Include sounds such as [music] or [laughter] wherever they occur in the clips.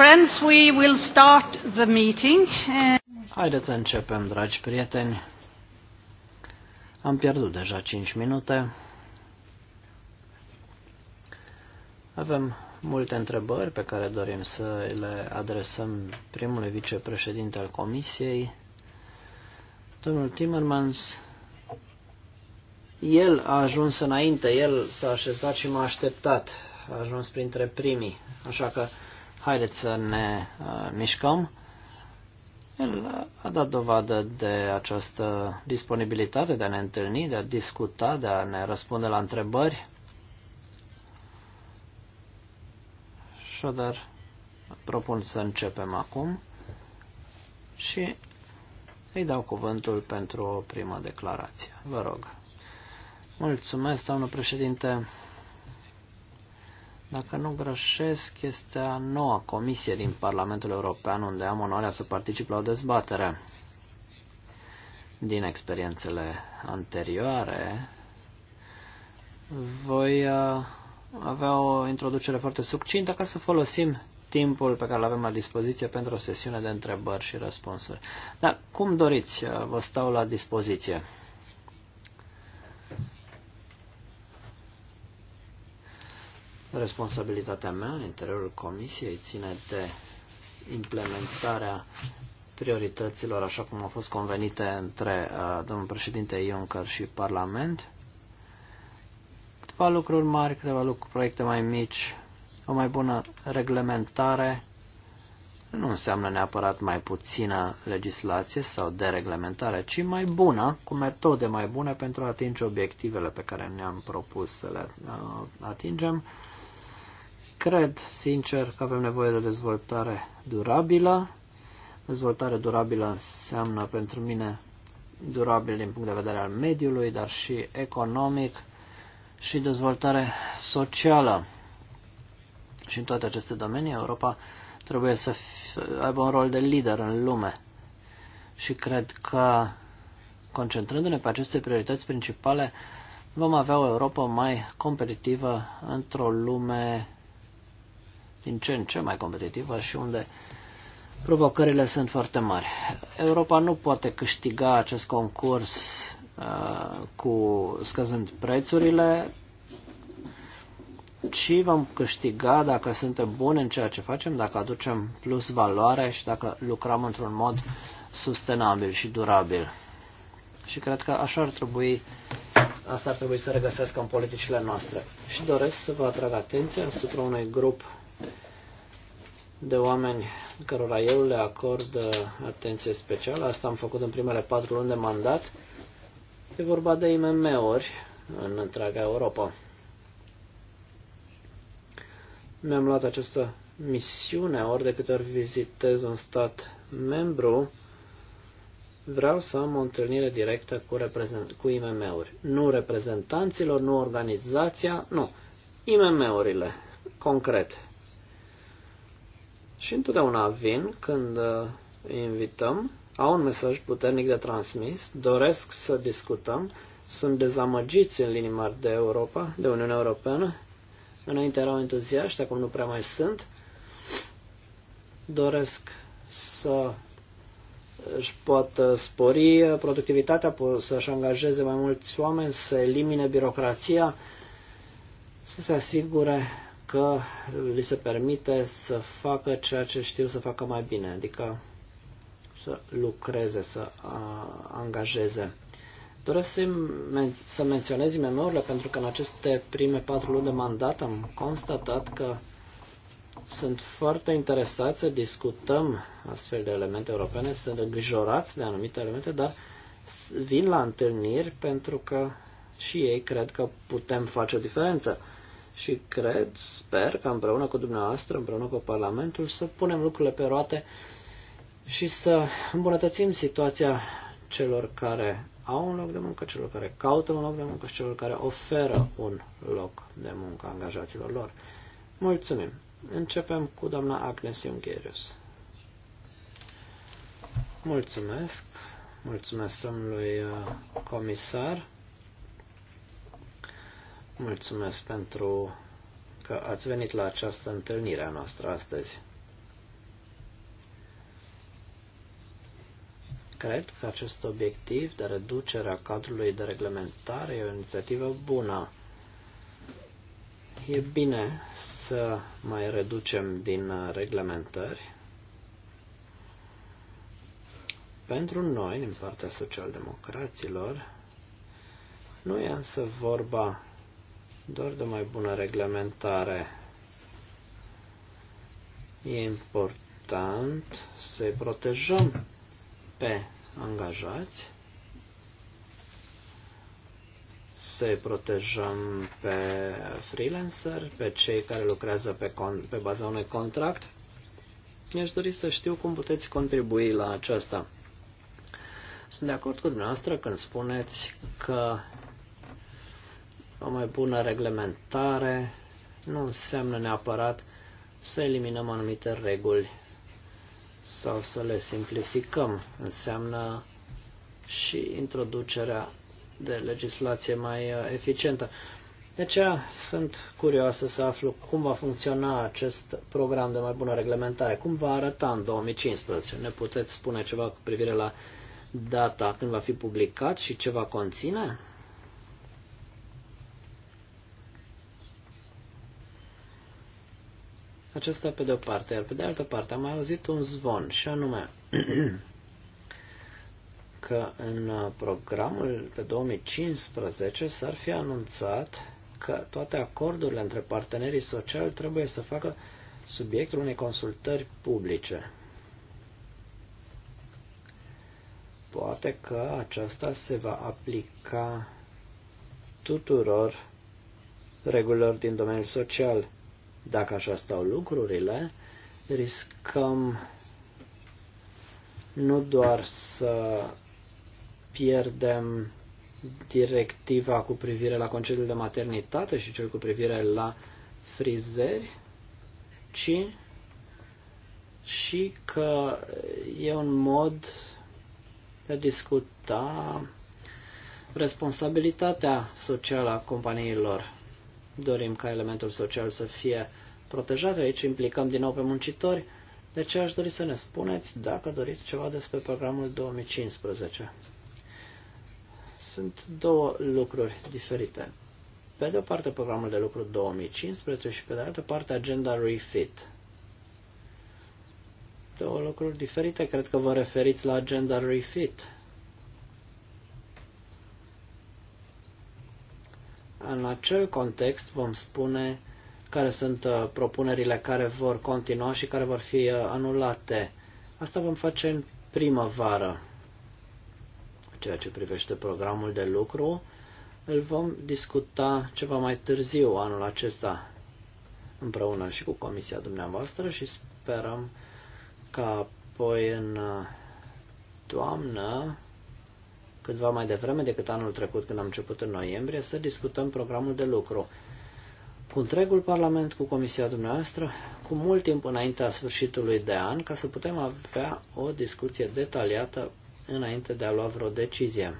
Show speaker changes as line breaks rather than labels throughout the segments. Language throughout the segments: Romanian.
friends, we will start the meeting.
Haideți să începem, dragi prieteni. Am pierdut deja 5 minute. Avem multe întrebări pe care dorim să le adresăm primului vicepreședinte al Comisiei, domnul Timmermans. El a ajuns înainte, el s-a așezat și m-a așteptat. A ajuns printre primii, așa că haideți să ne uh, mișcăm. El uh, a dat dovadă de această disponibilitate de a ne întâlni, de a discuta, de a ne răspunde la întrebări. Așadar, propun să începem acum și îi dau cuvântul pentru o primă declarație. Vă rog. Mulțumesc, domnul președinte. Dacă nu greșesc, este a noua comisie din Parlamentul European unde am onoarea să particip la o dezbatere. Din experiențele anterioare, voi uh, avea o introducere foarte succintă ca să folosim timpul pe care îl avem la dispoziție pentru o sesiune de întrebări și răspunsuri. Dar cum doriți, uh, vă stau la dispoziție. Responsabilitatea mea în interiorul comisiei ține de implementarea priorităților așa cum au fost convenite între uh, domnul președinte Juncker și Parlament. Câteva lucruri mari, câteva lucruri, proiecte mai mici, o mai bună reglementare nu înseamnă neapărat mai puțină legislație sau dereglementare, ci mai bună, cu metode mai bune pentru a atinge obiectivele pe care ne-am propus să le uh, atingem. Cred, sincer, că avem nevoie de dezvoltare durabilă. Dezvoltare durabilă înseamnă pentru mine durabil din punct de vedere al mediului, dar și economic și dezvoltare socială. Și în toate aceste domenii Europa trebuie să aibă un rol de lider în lume. Și cred că concentrându-ne pe aceste priorități principale, vom avea o Europa mai competitivă într-o lume din ce în ce mai competitivă și unde provocările sunt foarte mari. Europa nu poate câștiga acest concurs uh, cu scăzând prețurile, ci vom câștiga dacă suntem buni în ceea ce facem, dacă aducem plus valoare și dacă lucrăm într-un mod sustenabil și durabil. Și cred că așa ar trebui, asta ar trebui să regăsească în politicile noastre. Și doresc să vă atrag atenția asupra unui grup de oameni cărora eu le acord atenție specială. Asta am făcut în primele patru luni de mandat. E vorba de IMM-uri în întreaga Europa. Mi-am luat această misiune ori de câte ori vizitez un stat membru, vreau să am o întâlnire directă cu, cu IMM-uri. Nu reprezentanților, nu organizația, nu. IMM-urile, concret. Și întotdeauna vin când uh, îi invităm, au un mesaj puternic de transmis, doresc să discutăm, sunt dezamăgiți în linii mari de Europa, de Uniunea Europeană. Înainte erau entuziaști, acum nu prea mai sunt. Doresc să își poată spori productivitatea, să-și angajeze mai mulți oameni, să elimine birocrația, să se asigure că li se permite să facă ceea ce știu să facă mai bine, adică să lucreze, să angajeze. Doresc să, men- să menționez imm pentru că în aceste prime patru luni de mandat am constatat că sunt foarte interesați să discutăm astfel de elemente europene, sunt îngrijorați de anumite elemente, dar vin la întâlniri pentru că și ei cred că putem face o diferență și cred, sper că împreună cu dumneavoastră, împreună cu Parlamentul, să punem lucrurile pe roate și să îmbunătățim situația celor care au un loc de muncă, celor care caută un loc de muncă și celor care oferă un loc de muncă angajaților lor. Mulțumim! Începem cu doamna Agnes Iungherius. Mulțumesc! Mulțumesc domnului uh, comisar. Mulțumesc pentru că ați venit la această întâlnire a noastră astăzi. Cred că acest obiectiv de reducere a cadrului de reglementare e o inițiativă bună. E bine să mai reducem din reglementări. Pentru noi, din partea socialdemocraților, nu e însă vorba doar de mai bună reglementare. E important să protejăm pe angajați, să protejăm pe freelancer, pe cei care lucrează pe, con- pe baza unui contract. Mi-aș dori să știu cum puteți contribui la aceasta. Sunt de acord cu dumneavoastră când spuneți că o mai bună reglementare nu înseamnă neapărat să eliminăm anumite reguli sau să le simplificăm. Înseamnă și introducerea de legislație mai uh, eficientă. De aceea sunt curioasă să aflu cum va funcționa acest program de mai bună reglementare, cum va arăta în 2015. Ne puteți spune ceva cu privire la data când va fi publicat și ce va conține? Acesta pe de-o parte, iar pe de altă parte am auzit un zvon și anume [clears throat] că în programul pe 2015 s-ar fi anunțat că toate acordurile între partenerii sociali trebuie să facă subiectul unei consultări publice. Poate că aceasta se va aplica tuturor regulilor din domeniul social. Dacă așa stau lucrurile, riscăm nu doar să pierdem directiva cu privire la concediul de maternitate și cel cu privire la frizeri, ci și că e un mod de a discuta responsabilitatea socială a companiilor dorim ca elementul social să fie protejat, aici implicăm din nou pe muncitori, de ce aș dori să ne spuneți dacă doriți ceva despre programul 2015. Sunt două lucruri diferite. Pe de o parte programul de lucru 2015 și pe de altă parte agenda refit. Două lucruri diferite, cred că vă referiți la agenda refit, În acel context vom spune care sunt uh, propunerile care vor continua și care vor fi uh, anulate. Asta vom face în primăvară. Ceea ce privește programul de lucru, îl vom discuta ceva mai târziu anul acesta împreună și cu comisia dumneavoastră și sperăm ca apoi în uh, toamnă cândva mai devreme decât anul trecut când am început în noiembrie să discutăm programul de lucru cu întregul Parlament, cu Comisia dumneavoastră, cu mult timp înaintea sfârșitului de an, ca să putem avea o discuție detaliată înainte de a lua vreo decizie.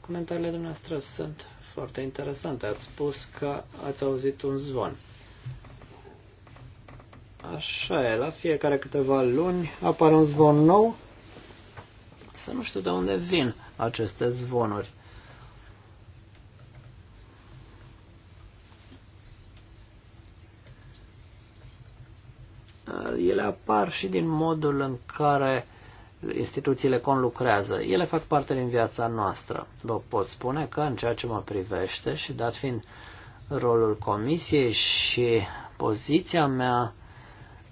Comentariile dumneavoastră sunt foarte interesante. Ați spus că ați auzit un zvon. Așa e, la fiecare câteva luni apare un zvon nou să nu știu de unde vin aceste zvonuri. Ele apar și din modul în care instituțiile conlucrează. Ele fac parte din viața noastră. Vă pot spune că în ceea ce mă privește și dat fiind rolul comisiei și poziția mea,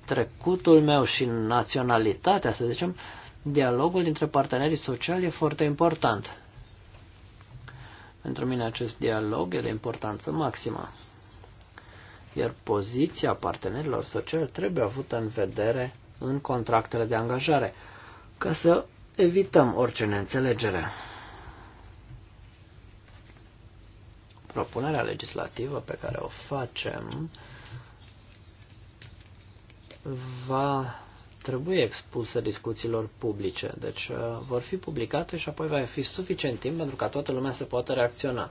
trecutul meu și naționalitatea, să zicem, dialogul dintre partenerii sociali e foarte important. Pentru mine acest dialog e de importanță maximă. Iar poziția partenerilor sociali trebuie avută în vedere în contractele de angajare, ca să evităm orice neînțelegere. Propunerea legislativă pe care o facem va trebui expusă discuțiilor publice. Deci uh, vor fi publicate și apoi va fi suficient timp pentru ca toată lumea să poată reacționa.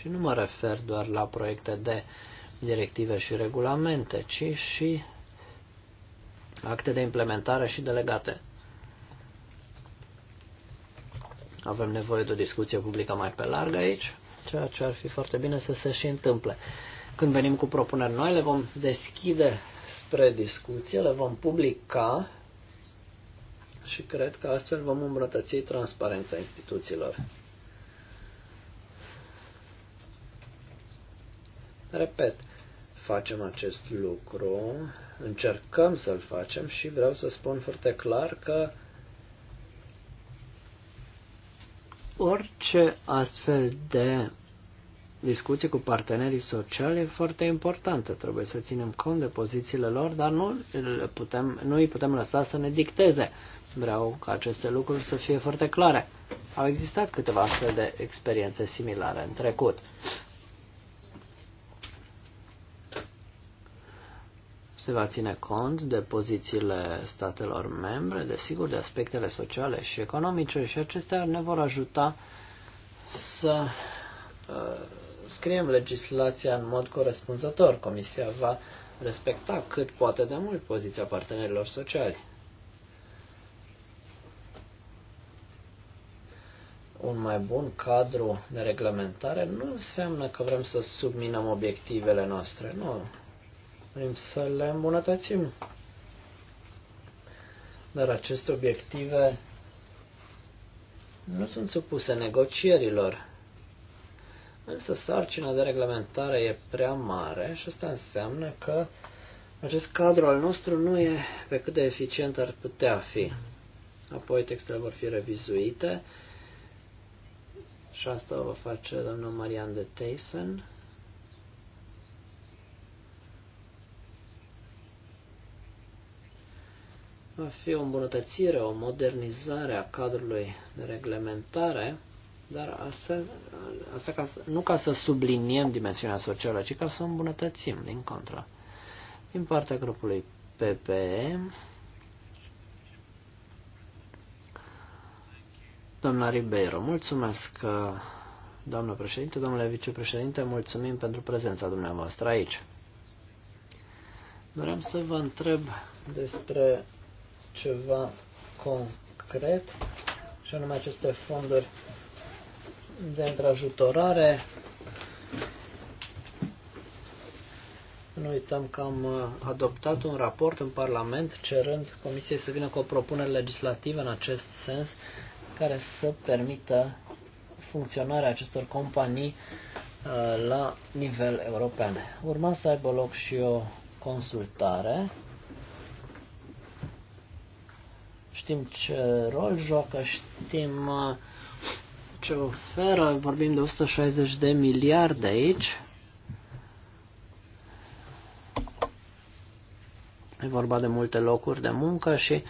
Și nu mă refer doar la proiecte de directive și regulamente, ci și acte de implementare și delegate. Avem nevoie de o discuție publică mai pe larg aici ceea ce ar fi foarte bine să se și întâmple. Când venim cu propuneri noi, le vom deschide spre discuție, le vom publica și cred că astfel vom îmbrătăți transparența instituțiilor. Repet, facem acest lucru, încercăm să-l facem și vreau să spun foarte clar că orice astfel de discuție cu partenerii sociali e foarte importantă. Trebuie să ținem cont de pozițiile lor, dar nu, le putem, nu îi putem lăsa să ne dicteze. Vreau ca aceste lucruri să fie foarte clare. Au existat câteva astfel de experiențe similare în trecut. se va ține cont de pozițiile statelor membre, desigur, de aspectele sociale și economice și acestea ne vor ajuta să uh, scriem legislația în mod corespunzător. Comisia va respecta cât poate de mult poziția partenerilor sociali. un mai bun cadru de reglementare nu înseamnă că vrem să subminăm obiectivele noastre. Nu, Vrem să le îmbunătățim. Dar aceste obiective nu sunt supuse negocierilor. Însă sarcina de reglementare e prea mare și asta înseamnă că acest cadru al nostru nu e pe cât de eficient ar putea fi. Apoi textele vor fi revizuite și asta o va face domnul Marian de Teysen. va fi o îmbunătățire, o modernizare a cadrului de reglementare, dar asta, asta ca, să, nu ca să subliniem dimensiunea socială, ci ca să o îmbunătățim, din contră. Din partea grupului PPE, doamna Ribeiro, mulțumesc, doamnă președinte, domnule vicepreședinte, mulțumim pentru prezența dumneavoastră aici. Vreau să vă întreb despre ceva concret, și anume aceste fonduri de întrajutorare. Nu uităm că am uh, adoptat un raport în Parlament cerând Comisiei să vină cu o propunere legislativă în acest sens care să permită funcționarea acestor companii uh, la nivel european. Urma să aibă loc și o consultare știm ce rol joacă, știm uh, ce oferă, vorbim de 160 de miliarde aici. E vorba de multe locuri de muncă și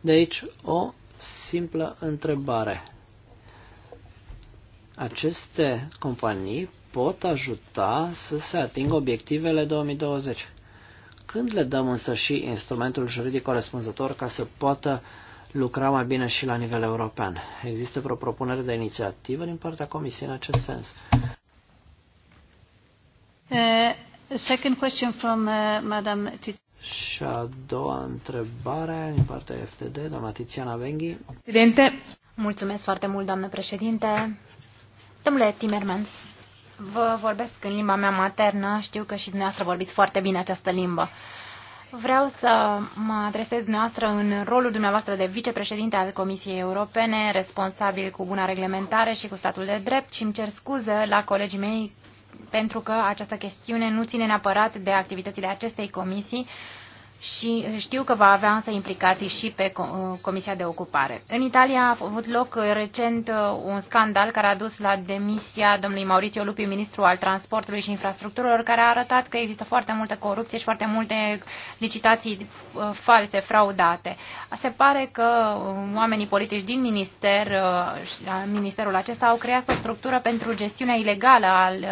de aici o simplă întrebare. Aceste companii pot ajuta să se atingă obiectivele 2020. Când le dăm însă și instrumentul juridic corespunzător ca să poată uh, lucra mai bine și la nivel european. Există vreo propunere de inițiativă din partea Comisiei în acest sens? Uh, second question from uh, Madam și a doua întrebare din partea FTD, doamna Tiziana Venghi.
Președinte. Mulțumesc foarte mult, doamnă președinte. Domnule Timmermans, vă vorbesc în limba mea maternă. Știu că și dumneavoastră vorbiți foarte bine această limbă. Uh, Vreau să mă adresez noastră în rolul dumneavoastră de vicepreședinte al Comisiei Europene, responsabil cu buna reglementare și cu statul de drept și îmi cer scuze la colegii mei pentru că această chestiune nu ține neapărat de activitățile acestei comisii, și știu că va avea însă implicații și pe uh, Comisia de Ocupare. În Italia a avut loc uh, recent uh, un scandal care a dus la demisia domnului Mauricio Lupi, ministru al transportului și infrastructurilor, care a arătat că există foarte multă corupție și foarte multe licitații false, fraudate. Se pare că oamenii politici din minister, ministerul acesta au creat o structură pentru gestiunea ilegală al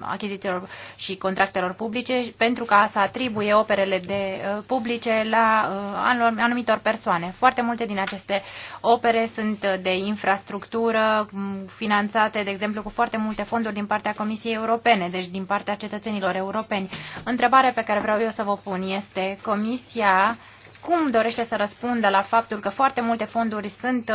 achizițiilor și contractelor publice pentru ca să atribuie operele de publice la uh, anumitor persoane. Foarte multe din aceste opere sunt uh, de infrastructură, finanțate, de exemplu, cu foarte multe fonduri din partea Comisiei Europene, deci din partea cetățenilor europeni. Întrebarea pe care vreau eu să vă pun este, Comisia cum dorește să răspundă la faptul că foarte multe fonduri sunt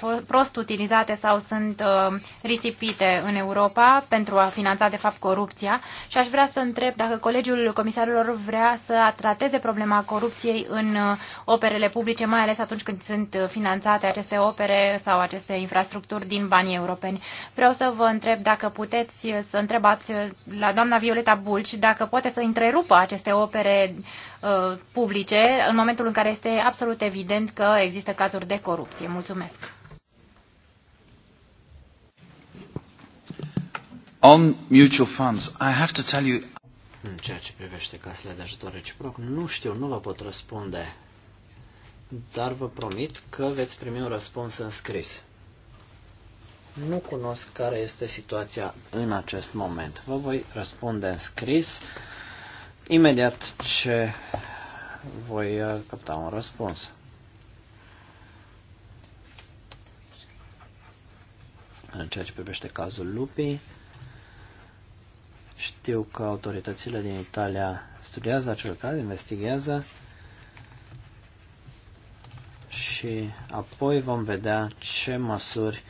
uh, prost utilizate sau sunt uh, risipite în Europa pentru a finanța, de fapt, corupția. Și aș vrea să întreb dacă Colegiul Comisarilor vrea să trateze problema corupției în uh, operele publice, mai ales atunci când sunt uh, finanțate aceste opere sau aceste infrastructuri din banii europeni. Vreau să vă întreb dacă puteți uh, să întrebați la doamna Violeta Bulci dacă poate să întrerupă aceste opere Uh, publice în momentul în care este absolut evident că există cazuri de corupție. Mulțumesc. On
mutual funds, I have to tell you... În ceea ce privește casele de ajutor reciproc, nu știu, nu vă pot răspunde, dar vă promit că veți primi un răspuns în scris. Nu cunosc care este situația în acest moment. Vă voi răspunde în scris imediat ce voi uh, capta un răspuns. În ceea ce privește cazul Lupi, știu că autoritățile din Italia studiază acel caz, investigează și apoi vom vedea ce măsuri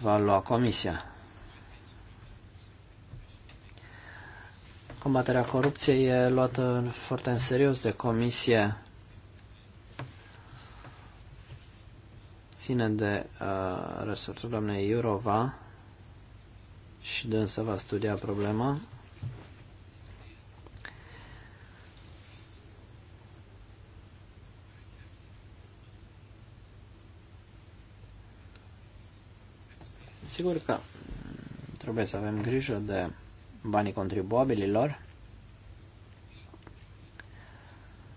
va lua comisia. Combaterea corupției e luată foarte în serios de comisie. Ține de uh, resortul doamnei Iurova și dânsă va studia problema. Sigur că trebuie să avem grijă de banii contribuabililor.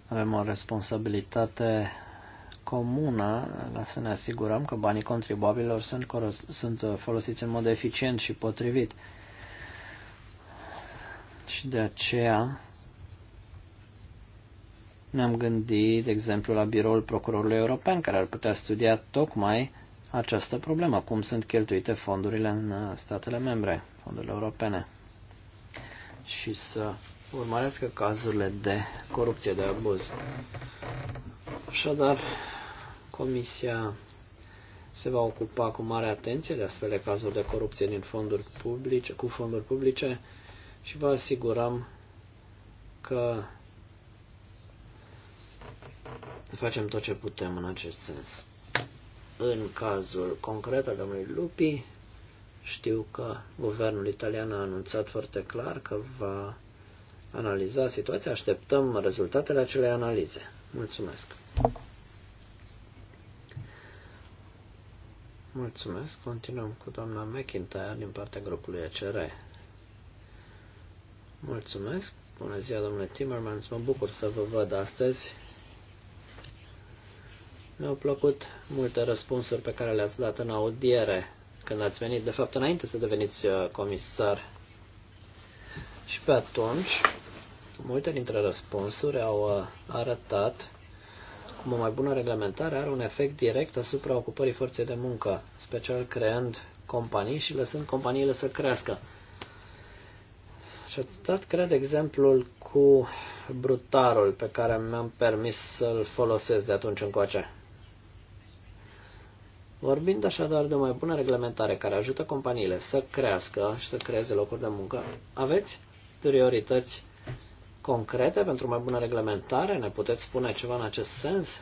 Avem o responsabilitate comună la să ne asigurăm că banii contribuabililor sunt, sunt uh, folosiți în mod eficient și potrivit. Și de aceea ne-am gândit, de exemplu, la biroul procurorului european, care ar putea studia tocmai această problemă, cum sunt cheltuite fondurile în uh, statele membre, fondurile europene și să urmărească cazurile de corupție, de abuz. Așadar, Comisia se va ocupa cu mare atenție de astfel de cazuri de corupție din fonduri publice, cu fonduri publice și vă asigurăm că facem tot ce putem în acest sens. În cazul concret al domnului Lupi, știu că guvernul italian a anunțat foarte clar că va analiza situația. Așteptăm rezultatele acelei analize. Mulțumesc. Mulțumesc. Continuăm cu doamna McIntyre din partea grupului ECR. Mulțumesc. Bună ziua, domnule Timmermans. Mă bucur să vă văd astăzi. Mi-au plăcut multe răspunsuri pe care le-ați dat în audiere când ați venit, de fapt înainte să deveniți uh, comisar. Și pe atunci, multe dintre răspunsuri au uh, arătat cum o mai bună reglementare are un efect direct asupra ocupării forței de muncă, special creând companii și lăsând companiile să crească. Și ați dat, cred, exemplul cu brutarul pe care mi-am permis să-l folosesc de atunci încoace. Vorbind așadar de o mai bună reglementare care ajută companiile să crească și să creeze locuri de muncă, aveți priorități concrete pentru mai bună reglementare? Ne puteți spune ceva în acest sens?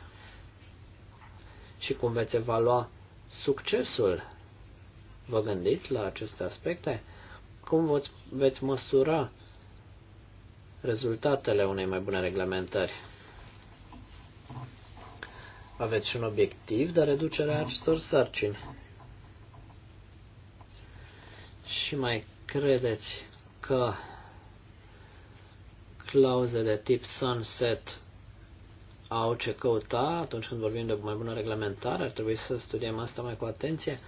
Și cum veți evalua succesul? Vă gândiți la aceste aspecte? Cum veți măsura rezultatele unei mai bune reglementări? aveți și un obiectiv de reducere a mhm. acestor sarcini. Și mai credeți că clauze de tip sunset au ce căuta atunci când vorbim de mai bună reglementare, ar trebui să studiem asta mai cu atenție.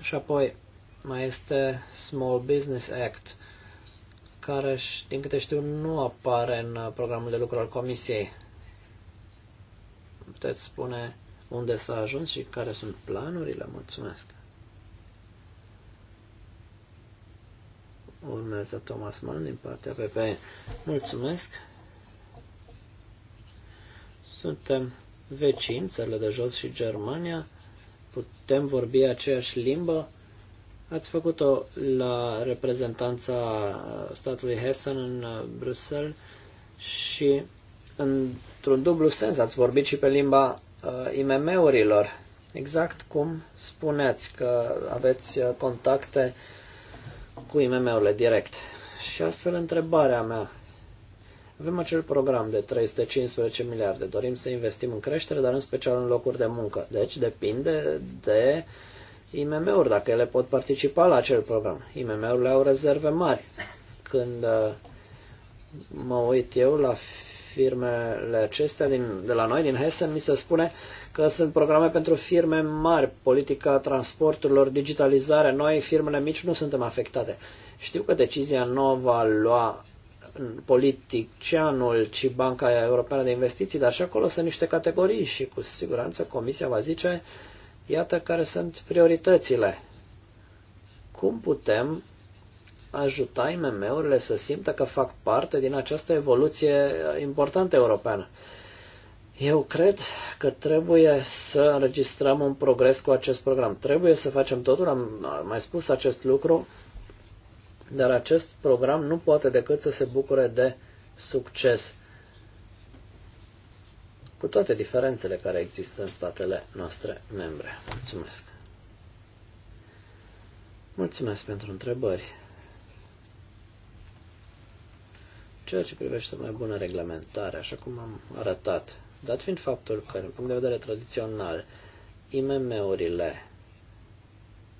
Și apoi mai este Small Business Act, care, din câte știu, nu apare în programul de lucru al Comisiei puteți spune unde s-a ajuns și care sunt planurile? Mulțumesc! Urmează Thomas Mann din partea PP. Mulțumesc! Suntem vecini, țările de jos și Germania. Putem vorbi aceeași limbă. Ați făcut-o la reprezentanța statului Hessen în uh, Bruxelles și într-un dublu sens, ați vorbit și pe limba uh, IMM-urilor, exact cum spuneți că aveți uh, contacte cu IMM-urile direct. Și astfel întrebarea mea, avem acel program de 315 miliarde, dorim să investim în creștere, dar în special în locuri de muncă. Deci depinde de IMM-uri, dacă ele pot participa la acel program. IMM-urile au rezerve mari. Când uh, mă uit eu la firmele acestea din, de la noi, din Hessen, mi se spune că sunt programe pentru firme mari, politica transporturilor, digitalizare. Noi, firmele mici, nu suntem afectate. Știu că decizia nouă va lua politicianul, ci Banca Europeană de Investiții, dar și acolo sunt niște categorii și cu siguranță Comisia va zice, iată care sunt prioritățile. Cum putem ajuta IMM-urile să simtă că fac parte din această evoluție importantă europeană. Eu cred că trebuie să înregistrăm un progres cu acest program. Trebuie să facem totul, am mai spus acest lucru, dar acest program nu poate decât să se bucure de succes cu toate diferențele care există în statele noastre membre. Mulțumesc! Mulțumesc pentru întrebări. ceea ce privește mai bună reglementare, așa cum am arătat, dat fiind faptul că, din punct de vedere tradițional, IMM-urile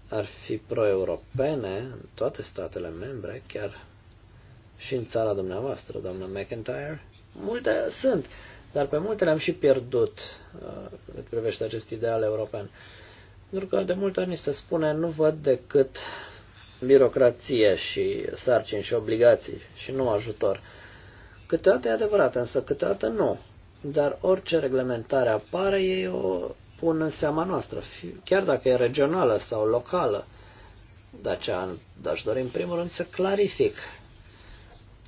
ar fi pro-europene în toate statele membre, chiar și în țara dumneavoastră, doamna McIntyre, multe sunt, dar pe multe le-am și pierdut uh, cât privește acest ideal european. Pentru că de multe ori ni se spune nu văd decât birocrație și sarcini și obligații și nu ajutor. Câteodată e adevărat, însă câteodată nu. Dar orice reglementare apare, ei o pun în seama noastră, chiar dacă e regională sau locală. De aceea aș dori în primul rând să clarific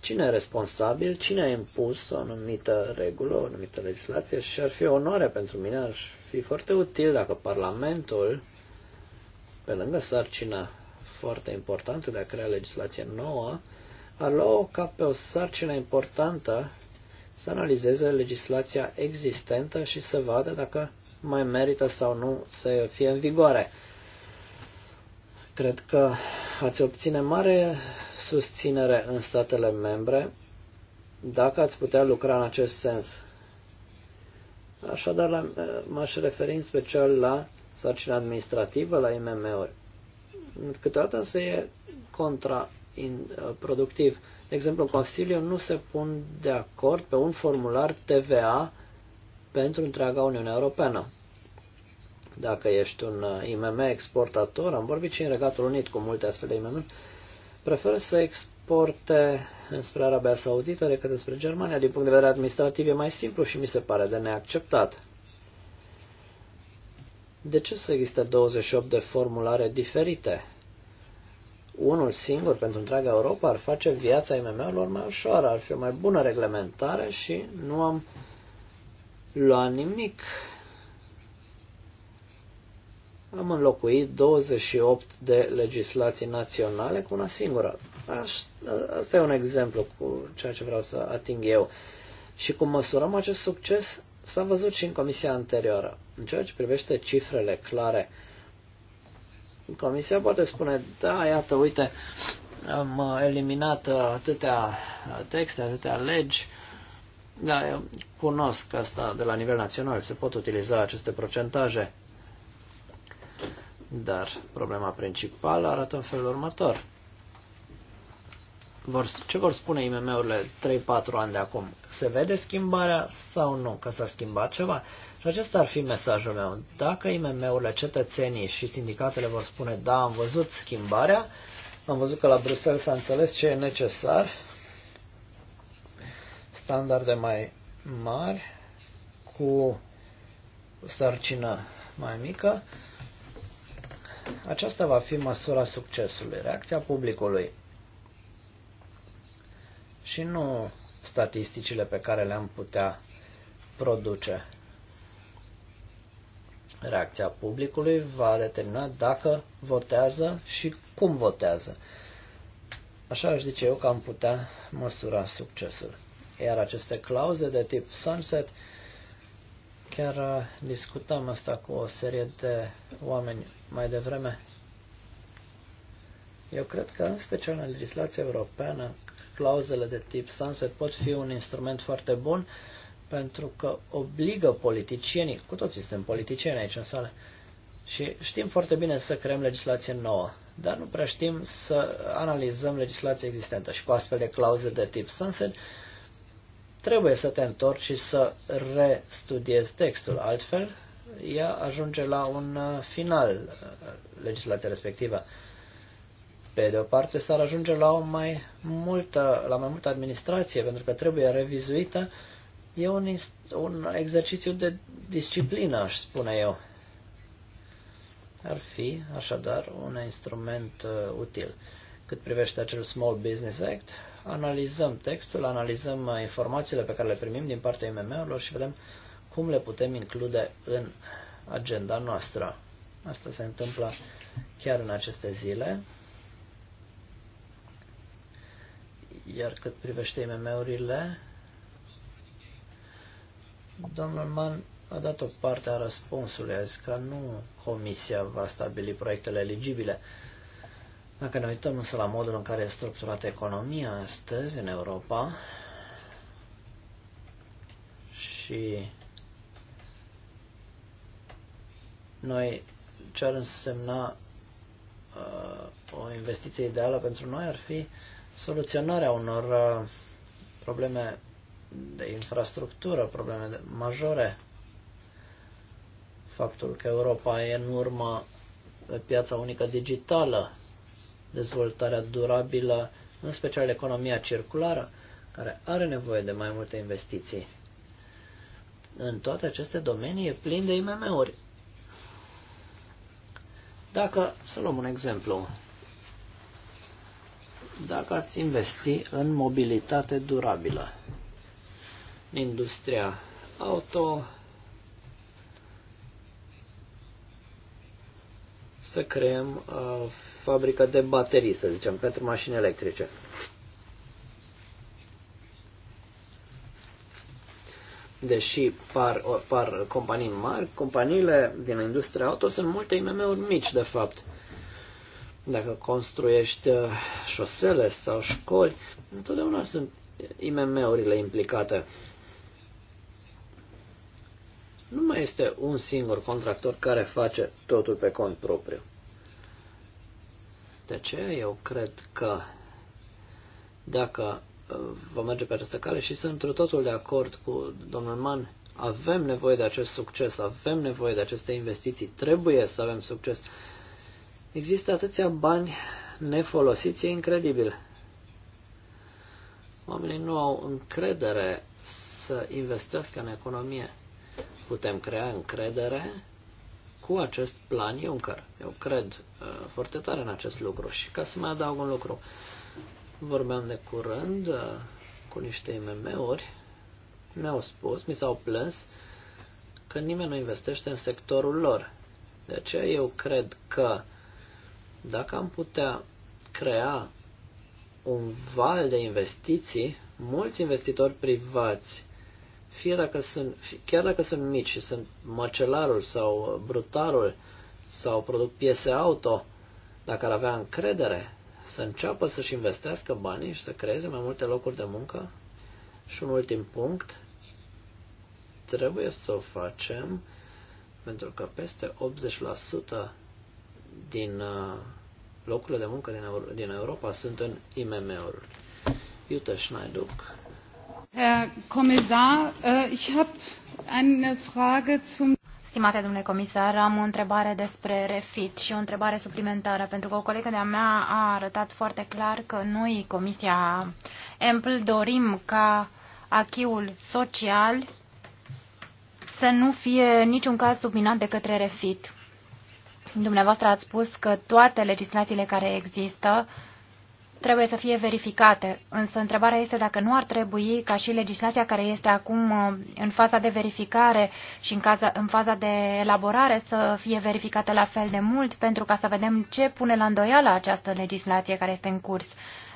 cine e responsabil, cine a impus o anumită regulă, o anumită legislație și ar fi o onoare pentru mine, ar fi foarte util dacă Parlamentul, pe lângă sarcina foarte importantă de a crea legislație nouă, ar lua ca pe o sarcină importantă să analizeze legislația existentă și să vadă dacă mai merită sau nu să fie în vigoare. Cred că ați obține mare susținere în statele membre dacă ați putea lucra în acest sens. Așadar, m-aș referi în special la sarcina administrativă, la IMM-uri. Câteodată se e contra in, uh, productiv. De exemplu, Consiliul nu se pun de acord pe un formular TVA pentru întreaga Uniune Europeană. Dacă ești un uh, IMM exportator, am vorbit și în Regatul Unit cu multe astfel de IMM, preferă să exporte înspre Arabia Saudită decât înspre Germania. Din punct de vedere administrativ e mai simplu și mi se pare de neacceptat. De ce să existe 28 de formulare diferite? unul singur pentru întreaga Europa ar face viața IMM-urilor mai ușoară, ar fi o mai bună reglementare și nu am luat nimic. Am înlocuit 28 de legislații naționale cu una singură. Asta e un exemplu cu ceea ce vreau să ating eu. Și cum măsurăm acest succes, s-a văzut și în comisia anterioară. În ceea ce privește cifrele clare, uh, Comisia poate spune, da, iată, uite, am eliminat atâtea texte, atâtea legi, da, eu cunosc asta de la nivel național, se pot utiliza aceste procentaje. Dar problema principală arată în felul următor. Vor, ce vor spune IMM-urile 3-4 ani de acum? Se vede schimbarea sau nu? Că s-a schimbat ceva? Acesta ar fi mesajul meu. Dacă IMM-urile, cetățenii și sindicatele vor spune da, am văzut schimbarea, am văzut că la Bruxelles s-a înțeles ce e necesar, standarde mai mari, cu sarcină mai mică, aceasta va fi măsura succesului, reacția publicului și nu statisticile pe care le-am putea produce. Reacția publicului va determina dacă votează și cum votează. Așa aș zice eu că am putea măsura succesul. Iar aceste clauze de tip sunset, chiar uh, discutam asta cu o serie de oameni mai devreme. Eu cred că, în special în legislația europeană, clauzele de tip sunset pot fi un instrument foarte bun pentru că obligă politicienii, cu toții suntem politicieni aici în sală, și știm foarte bine să creăm legislație nouă, dar nu prea știm să analizăm legislația existentă și cu astfel de clauze de tip sunset trebuie să te întorci și să restudiezi textul, altfel ea ajunge la un uh, final uh, legislația respectivă. Pe de o parte s-ar ajunge la, o mai multă, la mai multă administrație, pentru că trebuie revizuită uh, E un, un exercițiu de disciplină, aș spune eu. Ar fi, așadar, un instrument uh, util. Cât privește acel Small Business Act, analizăm textul, analizăm uh, informațiile pe care le primim din partea IMM-urilor și vedem cum le putem include în agenda noastră. Asta se întâmplă chiar în aceste zile. Iar cât privește IMM-urile, Domnul Mann a dat o parte a răspunsului, a zis că nu comisia va stabili proiectele eligibile. Dacă ne uităm însă la modul în care e structurată economia astăzi în Europa și noi ce ar însemna uh, o investiție ideală pentru noi ar fi soluționarea unor uh, probleme de infrastructură, probleme majore. Faptul că Europa e în urmă pe piața unică digitală, dezvoltarea durabilă, în special economia circulară, care are nevoie de mai multe investiții. În toate aceste domenii e plin de IMM-uri. Dacă, să luăm un exemplu, dacă ați investi în mobilitate durabilă, industria auto să creăm uh, fabrică de baterii, să zicem, pentru mașini electrice. Deși par, par companii mari, companiile din industria auto sunt multe IMM-uri mici, de fapt. Dacă construiești uh, șosele sau școli, întotdeauna sunt IMM-urile implicate. Nu mai este un singur contractor care face totul pe cont propriu. De aceea eu cred că dacă uh, vom merge pe această cale și sunt într totul de acord cu domnul Mann, avem nevoie de acest succes, avem nevoie de aceste investiții, trebuie să avem succes. Există atâția bani nefolosiți, e incredibil. Oamenii nu au încredere să investească în economie putem crea încredere cu acest plan Juncker. Eu cred uh, foarte tare în acest lucru și ca să mai adaug un lucru, vorbeam de curând uh, cu niște IMM-uri, mi-au spus, mi s-au plâns că nimeni nu investește în sectorul lor. De aceea eu cred că dacă am putea crea un val de investiții, mulți investitori privați fie dacă sunt, chiar dacă sunt mici și sunt măcelarul sau brutarul sau produc piese auto, dacă ar avea încredere să înceapă să-și investească banii și să creeze mai multe locuri de muncă. Și un ultim punct, trebuie să o facem pentru că peste 80% din uh, locurile de muncă din Europa sunt în IMM-uri. Iute Schneiduc.
Herr Kommissar, äh, ich habe eine Frage zum Stimate domnule comisar, am o întrebare despre refit și o întrebare suplimentară, pentru că o colegă de-a mea a arătat foarte clar că noi, Comisia EMPL, dorim ca achiul social să nu fie în niciun caz subminat de către refit. Dumneavoastră ați spus că toate legislațiile care există uh, trebuie să fie verificate, însă întrebarea este dacă nu ar trebui ca și legislația care este acum uh, în faza de verificare și în, caza, în faza de elaborare să fie verificată la fel de mult pentru ca să vedem ce pune la îndoială această legislație care este în curs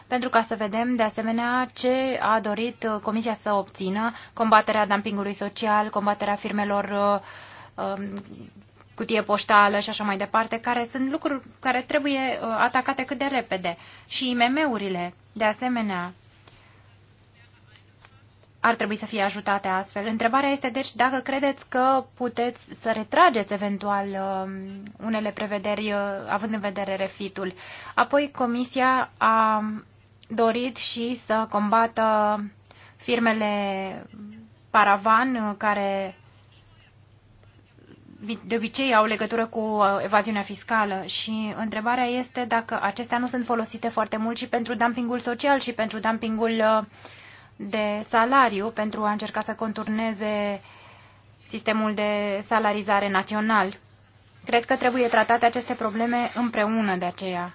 pentru ca să vedem, de asemenea, ce a dorit uh, Comisia să obțină, combaterea dumpingului social, combaterea firmelor uh, um, cutie poștală și așa mai departe, care sunt lucruri care trebuie uh, atacate cât de repede. Și IMM-urile, de asemenea, ar trebui să fie ajutate astfel. Întrebarea este, deci, dacă credeți că puteți să retrageți eventual uh, unele prevederi, uh, având în vedere refitul. Apoi, Comisia a dorit și să combată firmele paravan uh, care de obicei au legătură cu uh, evaziunea fiscală și întrebarea este dacă acestea nu sunt folosite foarte mult și pentru dumpingul social și pentru dumpingul uh, de salariu, pentru a încerca să conturneze sistemul de salarizare național. Cred că trebuie tratate aceste probleme împreună de aceea.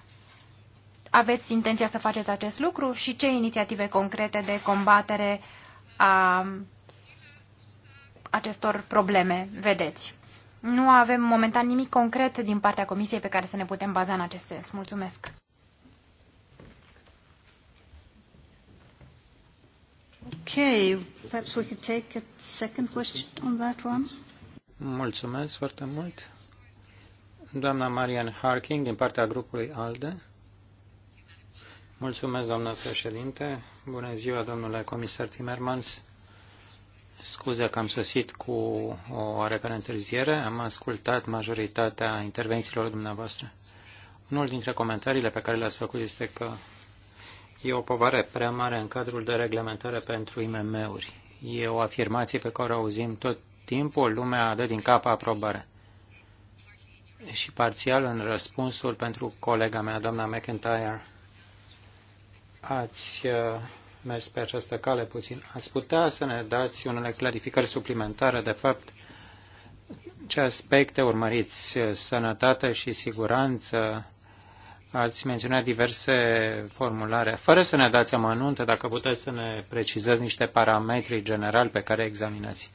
Aveți intenția să faceți acest lucru și ce inițiative concrete de combatere a acestor probleme vedeți? nu avem momentan nimic concret din partea Comisiei pe care să ne putem baza în acest sens. Mulțumesc! Okay, perhaps we could take a second question on that one.
Mulțumesc foarte mult. Doamna Marian Harking, din partea grupului ALDE. Mulțumesc, doamnă președinte. Bună ziua, domnule comisar Timmermans scuze că am sosit cu o oarecare întârziere. Am ascultat majoritatea intervențiilor dumneavoastră. Unul dintre comentariile pe care le-ați făcut este că e o povară prea mare în cadrul de reglementare pentru IMM-uri. E o afirmație pe care o auzim tot timpul, lumea dă din cap aprobare. Și parțial în răspunsul pentru colega mea, doamna McIntyre, ați uh, mers pe această cale puțin. Ați putea să ne dați unele clarificări suplimentare, de fapt, ce aspecte urmăriți, sănătate și siguranță, ați menționat diverse formulare. Fără să ne dați amănunte, dacă puteți să ne precizați niște parametri generali pe care examinați.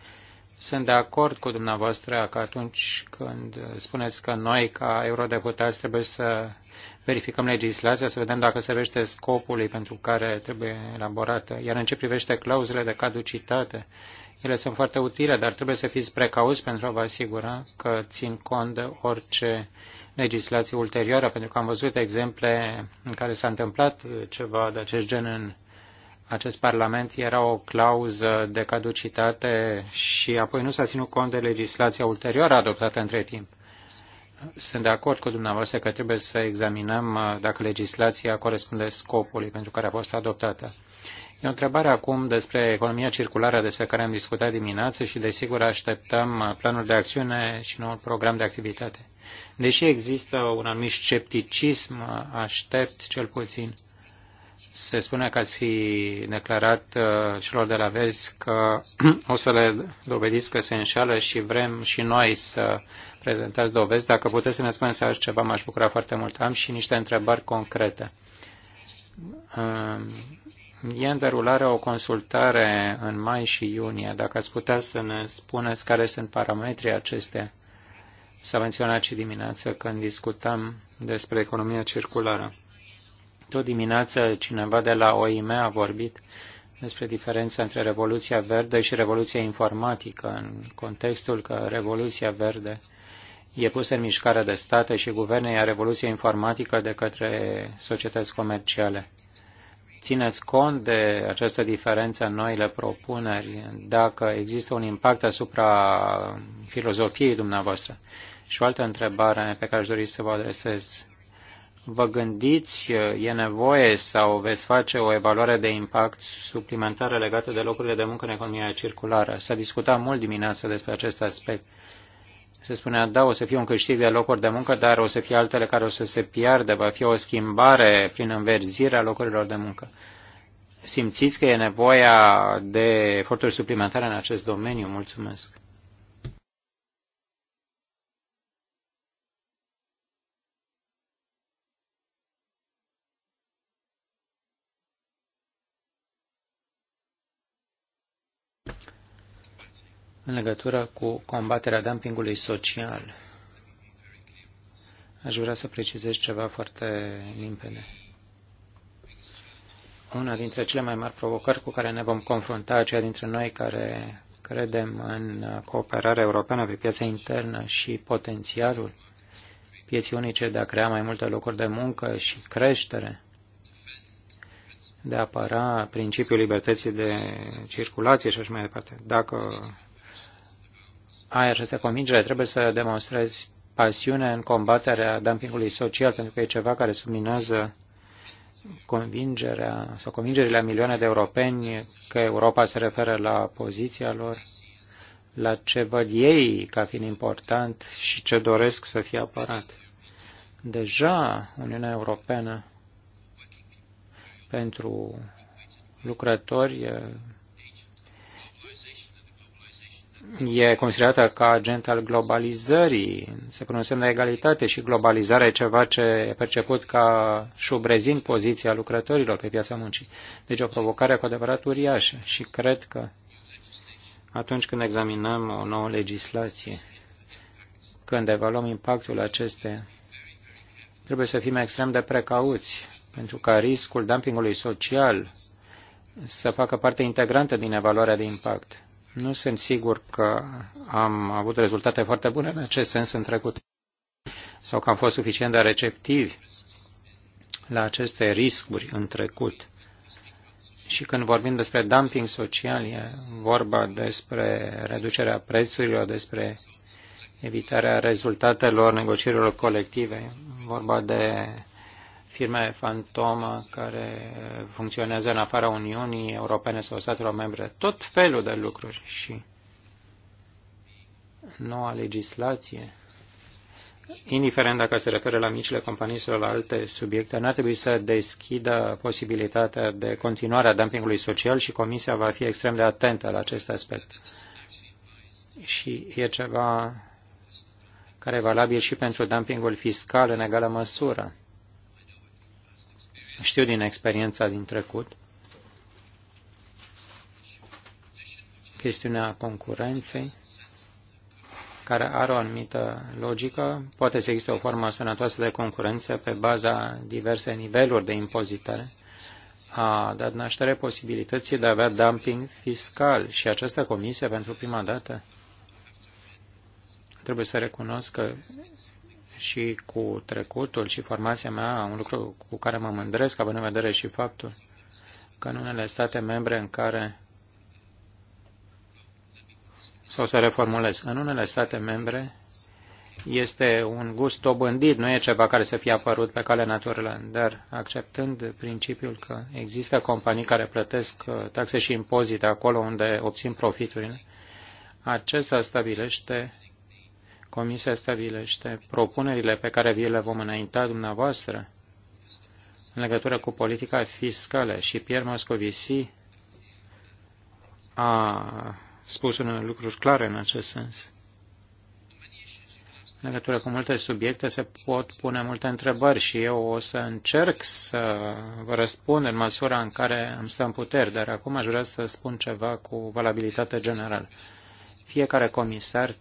Sunt de acord cu dumneavoastră că atunci când spuneți că noi, ca eurodeputați, trebuie să verificăm legislația să vedem dacă servește scopului pentru care trebuie elaborată. Iar în ce privește clauzele de caducitate, ele sunt foarte utile, dar trebuie să fiți precauți pentru a vă asigura că țin cont de orice legislație ulterioară, pentru că am văzut exemple în care s-a întâmplat ceva de acest gen în acest Parlament. Era o clauză de caducitate și apoi nu s-a ținut cont de legislația ulterioară adoptată între timp. Sunt de acord cu dumneavoastră că trebuie să examinăm uh, dacă legislația corespunde scopului pentru care a fost adoptată. E o întrebare acum despre economia circulară despre care am discutat dimineață și desigur așteptăm uh, planul de acțiune și noul program de activitate. Deși există un anumit scepticism, uh, aștept cel puțin se spune că ați fi declarat uh, celor de la vezi că [clears throat] o să le dovediți că se înșală și vrem și noi să prezentați dovezi. Dacă puteți să ne spuneți să ceva, m-aș bucura foarte mult. Am și niște întrebări concrete. Uh, e în derulare o consultare în mai și iunie. Dacă ați putea să ne spuneți care sunt parametrii acestea, s-a menționat și dimineață când discutam despre economia circulară tot dimineață cineva de la OIM a vorbit despre diferența între Revoluția Verde și Revoluția Informatică, în contextul că Revoluția Verde e pusă în mișcare de state și guverne, iar Revoluția Informatică de către societăți comerciale. Țineți cont de această diferență în noile propuneri, dacă există un impact asupra filozofiei dumneavoastră. Și o altă întrebare pe care aș dori să vă adresez vă gândiți, e nevoie sau veți face o evaluare de impact suplimentară legată de locurile de muncă în economia circulară? S-a discutat mult dimineața despre acest aspect. Se spunea, da, o să fie un câștig de locuri de muncă, dar o să fie altele care o să se piardă, va fi o schimbare prin înverzirea locurilor de muncă. Simțiți că e nevoia de eforturi suplimentare în acest domeniu? Mulțumesc! în legătură cu combaterea dumpingului social. Aș vrea să precizez ceva foarte limpede. Una dintre cele mai mari provocări cu care ne vom confrunta aceia dintre noi care credem în cooperarea europeană pe piața internă și potențialul pieții unice de a crea mai multe locuri de muncă și creștere, de a apăra principiul libertății de circulație și așa mai departe. Dacă ai această convingere, trebuie să demonstrezi pasiune în combaterea dumpingului social, pentru că e ceva care subminează convingerea sau convingerile a milioane de europeni că Europa se referă la poziția lor, la ce văd ei ca fiind important și ce doresc să fie apărat. Deja Uniunea Europeană pentru lucrători e considerată ca agent al globalizării, se pune un semn de egalitate și globalizarea e ceva ce e perceput ca șubrezind poziția lucrătorilor pe piața muncii. Deci o provocare cu adevărat uriașă și cred că atunci când examinăm o nouă legislație, când evaluăm impactul acesteia, trebuie să fim extrem de precauți, pentru ca riscul dumpingului social să facă parte integrantă din evaluarea de impact. Nu sunt sigur că am avut rezultate foarte bune în acest sens în trecut sau că am fost suficient de receptivi la aceste riscuri în trecut. Și când vorbim despre dumping social, e vorba despre reducerea prețurilor, despre evitarea rezultatelor negocierilor colective, e vorba de firme fantomă care funcționează în afara Uniunii Europene sau statelor membre, tot felul de lucruri și noua legislație, indiferent dacă se referă la micile companii sau la alte subiecte, nu ar trebui să deschidă posibilitatea de continuare a dumpingului social și Comisia va fi extrem de atentă la acest aspect. Și e ceva care e valabil și pentru dumpingul fiscal în egală măsură știu din experiența din trecut. Chestiunea concurenței, care are o anumită logică, poate să existe o formă sănătoasă de concurență pe baza diverse niveluri de impozitare, a dat naștere posibilității de a avea dumping fiscal și această comisie, pentru prima dată, trebuie să recunosc că și cu trecutul și formația mea, un lucru cu care mă mândresc, având în vedere și faptul că în unele state membre în care sau să reformulez, în unele state membre este un gust dobândit, nu e ceva care să fie apărut pe cale naturală, dar acceptând principiul că există companii care plătesc uh, taxe și impozite acolo unde obțin profiturile, acesta stabilește Comisia stabilește propunerile pe care vi le vom înainta dumneavoastră în legătură cu politica fiscală și Pierre Moscovici a spus un lucru clar în acest sens. În legătură cu multe subiecte se pot pune multe întrebări și eu o să încerc să vă răspund în măsura în care îmi stă în puteri, dar acum aș vrea să spun ceva cu valabilitate generală. Fiecare comisar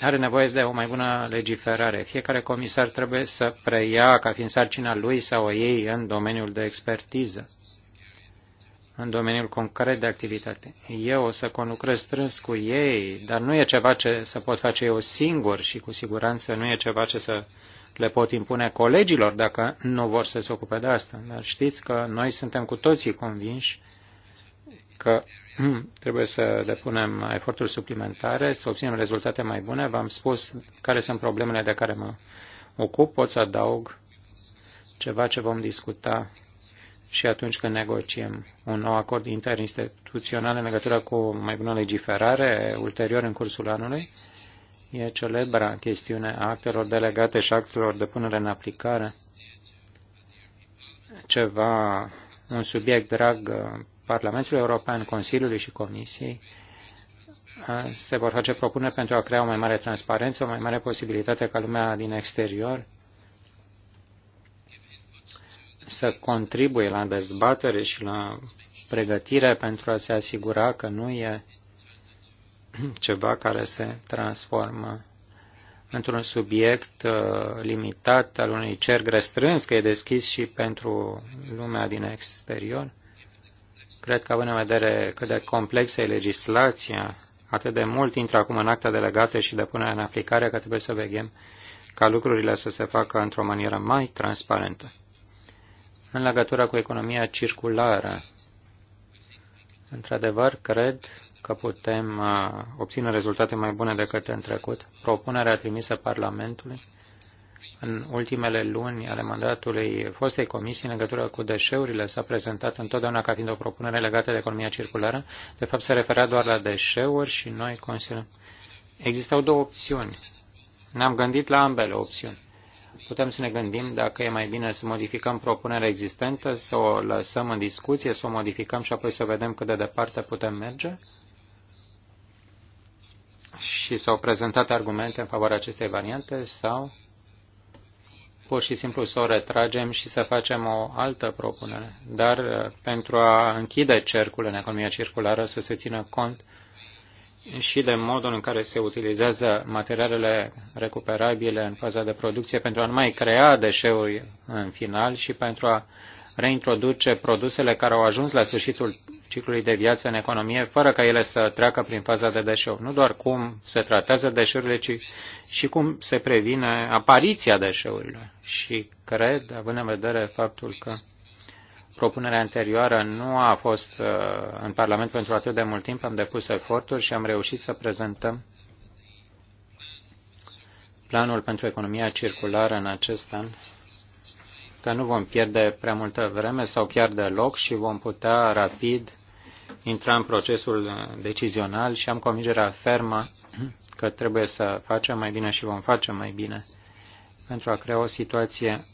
are nevoie de o mai bună legiferare. Fiecare comisar trebuie să preia ca fiind sarcina lui sau a ei în domeniul de expertiză, în domeniul concret de activitate. Eu o să conlucrez strâns cu ei, dar nu e ceva ce să pot face eu singur și cu siguranță nu e ceva ce să le pot impune colegilor dacă nu vor să se ocupe de asta. Dar știți că noi suntem cu toții convinși că hmm, trebuie să depunem eforturi suplimentare, să obținem rezultate mai bune. V-am spus care sunt problemele de care mă ocup. Pot să adaug ceva ce vom discuta și atunci când negociem un nou acord interinstituțional în legătură cu mai bună legiferare, ulterior în cursul anului, e celebra chestiune a actelor delegate și actelor de punere în aplicare. Ceva, un subiect drag Parlamentului European, Consiliului și Comisiei se vor face propuneri pentru a crea o mai mare transparență, o mai mare posibilitate ca lumea din exterior să contribuie la dezbatere și la pregătire pentru a se asigura că nu e ceva care se transformă într-un subiect limitat al unui cerc restrâns, că e deschis și pentru lumea din exterior Cred că având în vedere cât de complexă e legislația, atât de mult intră acum în acte delegate și de punere în aplicare că trebuie să veghem ca lucrurile să se facă într-o manieră mai transparentă. În legătură cu economia circulară, într-adevăr, cred că putem uh, obține rezultate mai bune decât în trecut. Propunerea trimisă Parlamentului în ultimele luni ale mandatului fostei comisii în legătură cu deșeurile s-a prezentat întotdeauna ca fiind o propunere legată de economia circulară. De fapt, se referea doar la deșeuri și noi considerăm. Existau două opțiuni. Ne-am gândit la ambele opțiuni. Putem să ne gândim dacă e mai bine să modificăm propunerea existentă, să o lăsăm în discuție, să o modificăm și apoi să vedem cât de departe putem merge. Și s-au prezentat argumente în favoarea acestei variante sau pur și simplu să o retragem și să facem o altă propunere. Dar uh, pentru a închide cercul în economia circulară, să se țină cont și de modul în care se utilizează materialele recuperabile în faza de producție pentru a nu mai crea deșeuri în final și pentru a reintroduce produsele care au ajuns la sfârșitul ciclului de viață în economie, fără ca ele să treacă prin faza de deșeu. Nu doar cum se tratează deșeurile, ci și cum se previne apariția deșeurilor. Și cred, având în vedere faptul că propunerea anterioară nu a fost uh, în Parlament pentru atât de mult timp, am depus eforturi și am reușit să prezentăm planul pentru economia circulară în acest an că nu vom pierde prea multă vreme sau chiar deloc și vom putea rapid intra în procesul decizional și am convingerea fermă că trebuie să facem mai bine și vom face mai bine pentru a crea o situație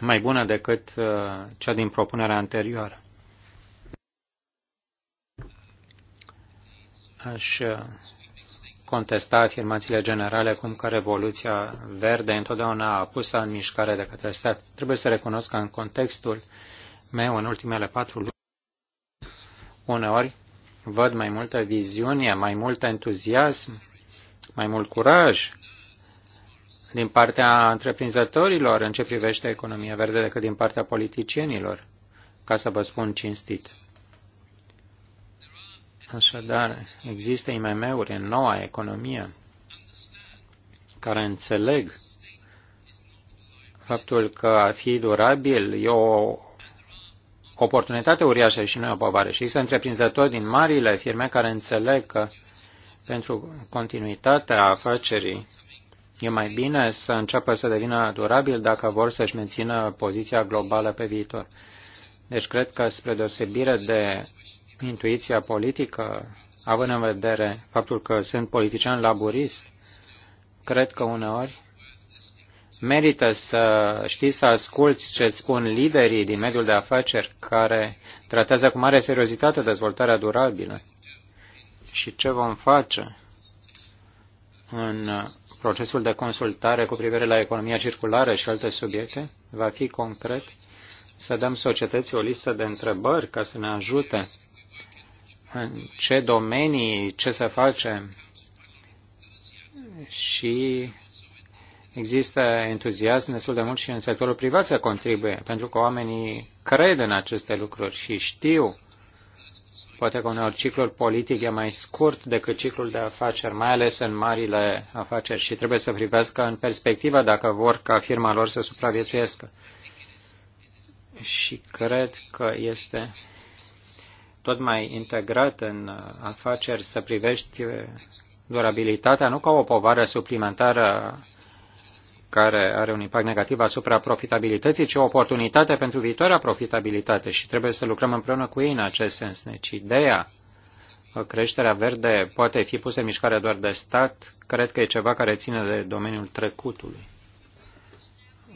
mai bună decât uh, cea din propunerea anterioară. Aș uh, contesta afirmațiile generale cum că Revoluția Verde întotdeauna a pus în mișcare de către stat. Trebuie să recunosc că în contextul meu, în ultimele patru luni, uneori văd mai multă viziune, mai mult entuziasm, mai mult curaj din partea întreprinzătorilor în ce privește economia verde decât din partea politicienilor, ca să vă spun cinstit. Așadar, există IMM-uri în noua economie care înțeleg faptul că a fi durabil e o oportunitate uriașă și nu e o povară. Și există întreprinzători din marile firme care înțeleg că pentru continuitatea afacerii e mai bine să înceapă să devină durabil dacă vor să-și mențină poziția globală pe viitor. Deci cred că spre deosebire de intuiția politică, având în vedere faptul că sunt politician laborist, cred că uneori merită să știi să asculți ce spun liderii din mediul de afaceri care tratează cu mare seriozitate dezvoltarea durabilă și ce vom face în procesul de consultare cu privire la economia circulară și alte subiecte va fi concret să dăm societății o listă de întrebări ca să ne ajute în ce domenii, ce să facem și există entuziasm destul de mult și în sectorul privat să contribuie, pentru că oamenii cred în aceste lucruri și știu. Poate că uneori ciclul politic e mai scurt decât ciclul de afaceri, mai ales în marile afaceri și trebuie să privească în perspectiva dacă vor ca firma lor să supraviețuiască. Și cred că este tot mai integrat în uh, afaceri să privești uh, durabilitatea nu ca o povară suplimentară care are un impact negativ asupra profitabilității, ci o oportunitate pentru viitoarea profitabilitate și trebuie să lucrăm împreună cu ei în acest sens. Deci ideea creșterea verde poate fi pusă în mișcare doar de stat, cred că e ceva care ține de domeniul trecutului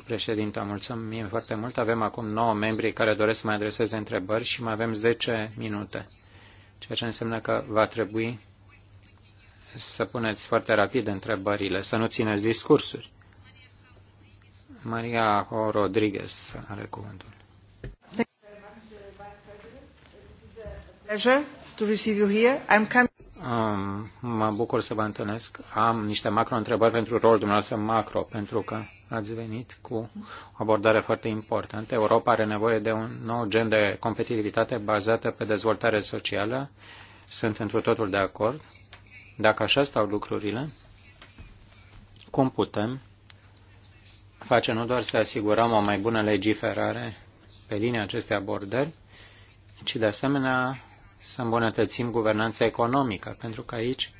președinte, mulțumim foarte mult. Avem acum 9 membri care doresc să mai adreseze întrebări și mai avem 10 minute, ceea ce înseamnă că va trebui să puneți foarte rapid întrebările, să nu țineți discursuri. Maria O. Rodriguez are cuvântul. Thank you very much, Vice President. It is a Pleasure to receive you here. I'm coming mă bucur să vă întâlnesc. Am niște macro-întrebări pentru rolul dumneavoastră macro, pentru că ați venit cu o abordare foarte importantă. Europa are nevoie de un nou gen de competitivitate bazată pe dezvoltare socială. Sunt întru totul de acord. Dacă așa stau lucrurile, cum putem face nu doar să asigurăm o mai bună legiferare pe linia acestei abordări, ci de asemenea să îmbunătățim guvernanța economică, pentru că aici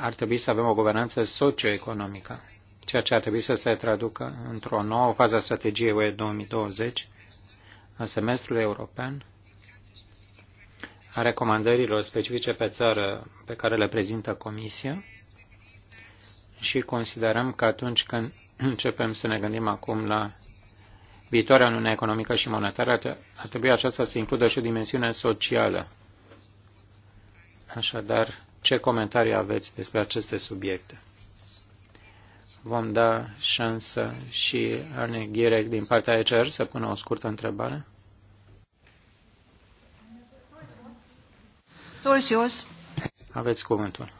ar trebui să avem o guvernanță socioeconomică, ceea ce ar trebui să se traducă într-o nouă fază a strategiei UE 2020, în semestrul european, a recomandărilor specifice pe țară pe care le prezintă Comisia și considerăm că atunci când începem să ne gândim acum la viitoarea Uniune Economică și Monetară, ar trebui aceasta să includă și o dimensiune socială. Așadar, ce comentarii aveți despre aceste subiecte? Vom da șansă și Arne Ghirec din partea ECR să pună o scurtă întrebare. Aveți cuvântul.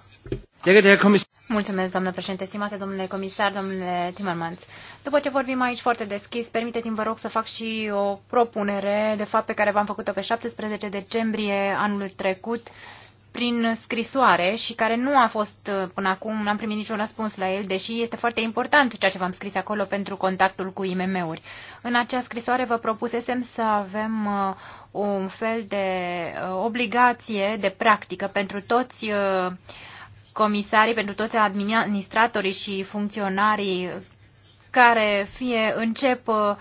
Mulțumesc, doamnă președinte, stimate domnule comisar, domnule Timmermans. După ce vorbim aici foarte deschis, permiteți-mi, vă rog, să fac și o propunere, de fapt, pe care v-am făcut-o pe 17 decembrie anul trecut, prin scrisoare și care nu a fost uh, până acum, n-am primit niciun răspuns la el, deși este foarte important ceea ce v-am scris acolo pentru contactul cu IMM-uri. În acea scrisoare vă propusesem să avem uh, un fel de uh, obligație de practică pentru toți uh, comisarii, pentru toți administratorii și funcționarii care fie încep uh,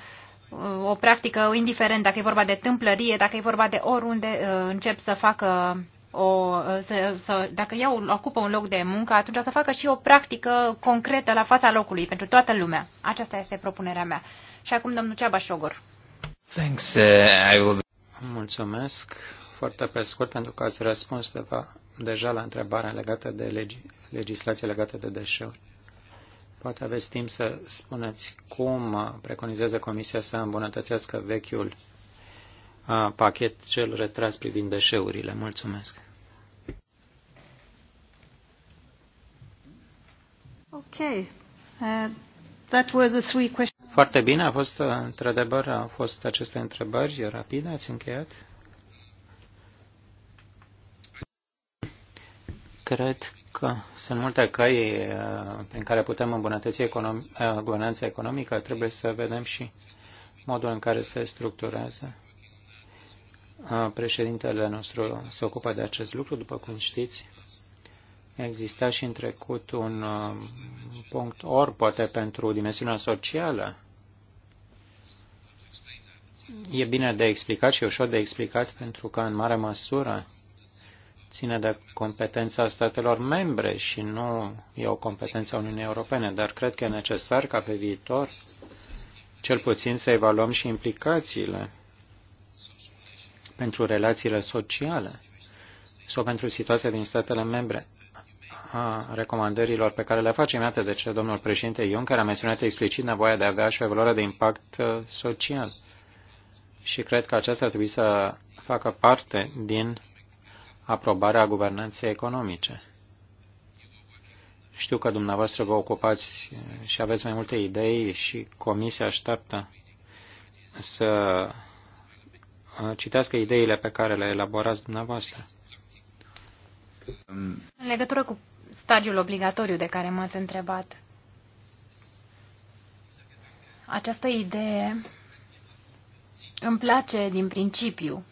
o practică, indiferent dacă e vorba de tâmplărie, dacă e vorba de oriunde uh, încep să facă o, uh, să, să, dacă iau, ocupă un loc de muncă, atunci să facă și o practică concretă la fața locului pentru toată lumea. Aceasta este propunerea mea. Și acum domnul Ceaba Șogor.
Thanks, uh, I will... Mulțumesc foarte pe scurt pentru că ați răspuns de deja la întrebarea legată de legi, legislație legată de deșeuri. Poate aveți timp să spuneți cum preconizează Comisia să îmbunătățească vechiul a, pachet cel retras privind deșeurile. Mulțumesc.
Ok, Uh, that were the three questions. Foarte bine,
a fost uh, într-adevăr, au fost aceste întrebări rapide, ați încheiat. Cred că sunt multe căi uh, prin care putem îmbunătăți uh, guvernanța economică. Trebuie să vedem și modul în care se structurează. Uh, președintele nostru se ocupă de acest lucru, după cum știți. Exista și în trecut un uh, punct or, poate, pentru dimensiunea socială. E bine de explicat și ușor de explicat pentru că, în mare măsură, ține de competența statelor membre și nu e o competență a Uniunii Europene, dar cred că e necesar ca pe viitor cel puțin să evaluăm și implicațiile pentru relațiile sociale sau pentru situația din statele membre a recomandărilor pe care le facem. Iată de ce domnul președinte Juncker a menționat explicit nevoia de a avea și o evaluare de impact uh, social. Și cred că aceasta ar trebui să facă parte din aprobarea guvernanței economice. Știu că dumneavoastră vă ocupați și aveți mai multe idei și comisia așteaptă să uh, citească ideile pe care le elaborați dumneavoastră. Um,
În legătură cu stagiul obligatoriu de care m-ați întrebat, această idee îmi place din principiu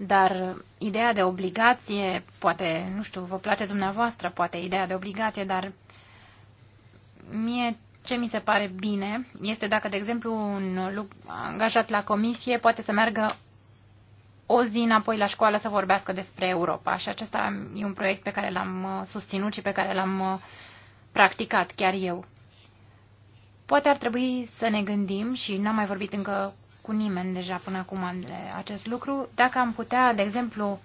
dar ideea de obligație, poate, nu știu, vă place dumneavoastră, poate ideea de obligație, dar mie ce mi se pare bine este dacă, de exemplu, un angajat la comisie poate să meargă o zi înapoi la școală să vorbească despre Europa. Și acesta e un proiect pe care l-am uh, susținut și pe care l-am uh, practicat chiar eu. Poate ar trebui să ne gândim, și n-am mai vorbit încă cu nimeni deja până acum acest lucru. Dacă am putea, de exemplu,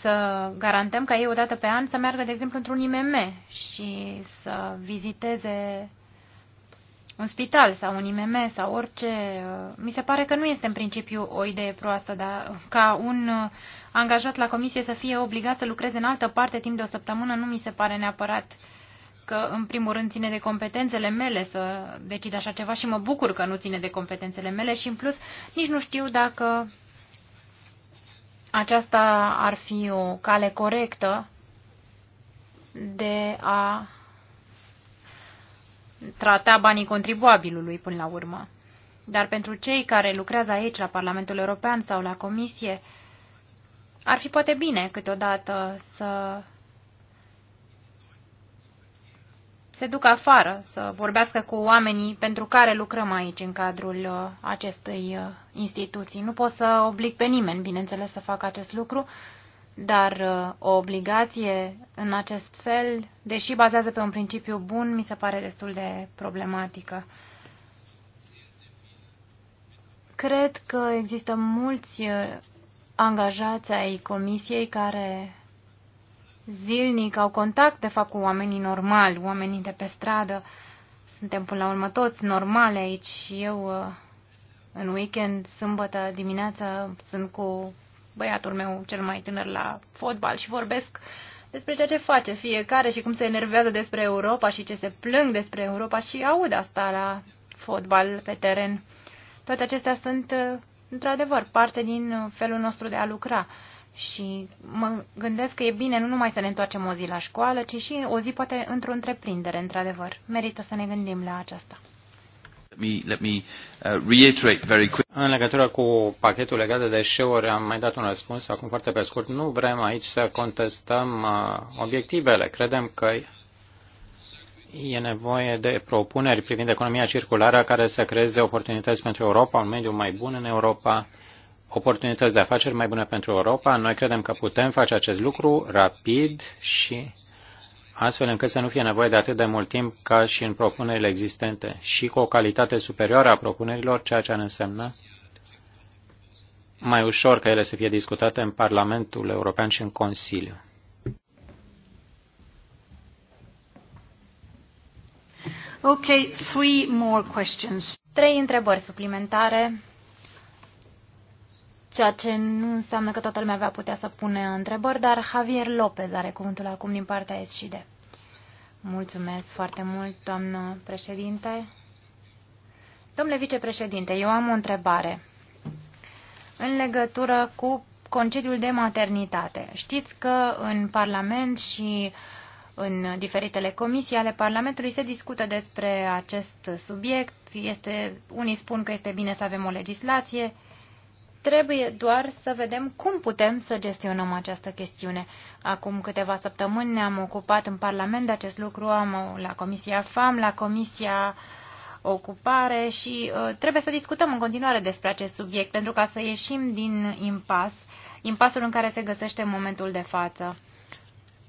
să garantăm ca ei o dată pe an să meargă, de exemplu, într-un IMM și să viziteze un spital sau un IMM sau orice. Mi se pare că nu este în principiu o idee proastă, dar ca un angajat la comisie să fie obligat să lucreze în altă parte timp de o săptămână nu mi se pare neapărat uh, că, în primul rând, ține de competențele mele să decid așa ceva și mă bucur că nu ține de competențele mele și, în plus, nici nu știu dacă aceasta ar fi o cale corectă de a trata banii contribuabilului până la urmă. Dar pentru cei care lucrează aici, la Parlamentul European sau la Comisie, ar fi poate bine câteodată să se ducă afară să vorbească cu oamenii pentru care lucrăm aici în cadrul uh, acestei uh, instituții. Nu pot să oblig pe nimeni, bineînțeles, să facă acest lucru, dar uh, o obligație în acest fel, deși bazează pe un principiu bun, mi se pare destul de problematică. Cred că există mulți angajați ai comisiei care zilnic au contact, de fapt, cu oamenii normali, oamenii de pe stradă. Suntem până la urmă toți normale aici și eu uh, în weekend, sâmbătă dimineața, sunt cu băiatul meu cel mai tânăr la fotbal și vorbesc despre ceea ce face fiecare și cum se enervează despre Europa și ce se plâng despre Europa și aud asta la fotbal pe teren. Toate acestea sunt, uh, într-adevăr, parte din uh, felul nostru de a lucra. Și mă gândesc că e bine nu numai să ne întoarcem o zi la școală, ci și o zi poate într-o întreprindere, într-adevăr. Merită să ne gândim la aceasta. Uh,
în legătură cu pachetul legat de deșeuri, am mai dat un răspuns, acum foarte pe scurt. Nu vrem aici să contestăm uh, obiectivele. Credem că e nevoie de propuneri privind economia circulară care să creeze oportunități pentru Europa, un mediu mai bun în Europa, oportunități de afaceri mai bune pentru Europa. Noi credem că putem face acest lucru rapid și astfel încât să nu fie nevoie de atât de mult timp ca și în propunerile existente și cu o calitate superioară a propunerilor, ceea ce ar însemna mai ușor ca ele să fie discutate în Parlamentul European și în Consiliu.
Okay, three more questions. Trei întrebări suplimentare ceea ce nu înseamnă că toată lumea avea putea să pune întrebări, dar Javier Lopez are cuvântul acum din partea SCD. Mulțumesc foarte mult, doamnă președinte. Domnule vicepreședinte, eu am o întrebare în legătură cu concediul de maternitate. Știți că în Parlament și în diferitele comisii ale Parlamentului se discută despre acest subiect. Este, unii spun că este bine să avem o legislație, Trebuie doar să vedem cum putem să gestionăm această chestiune. Acum câteva săptămâni ne-am ocupat în Parlament de acest lucru, am la Comisia FAM, la Comisia Ocupare și uh, trebuie să discutăm în continuare despre acest subiect pentru ca să ieșim din impas, impasul în care se găsește în momentul de față.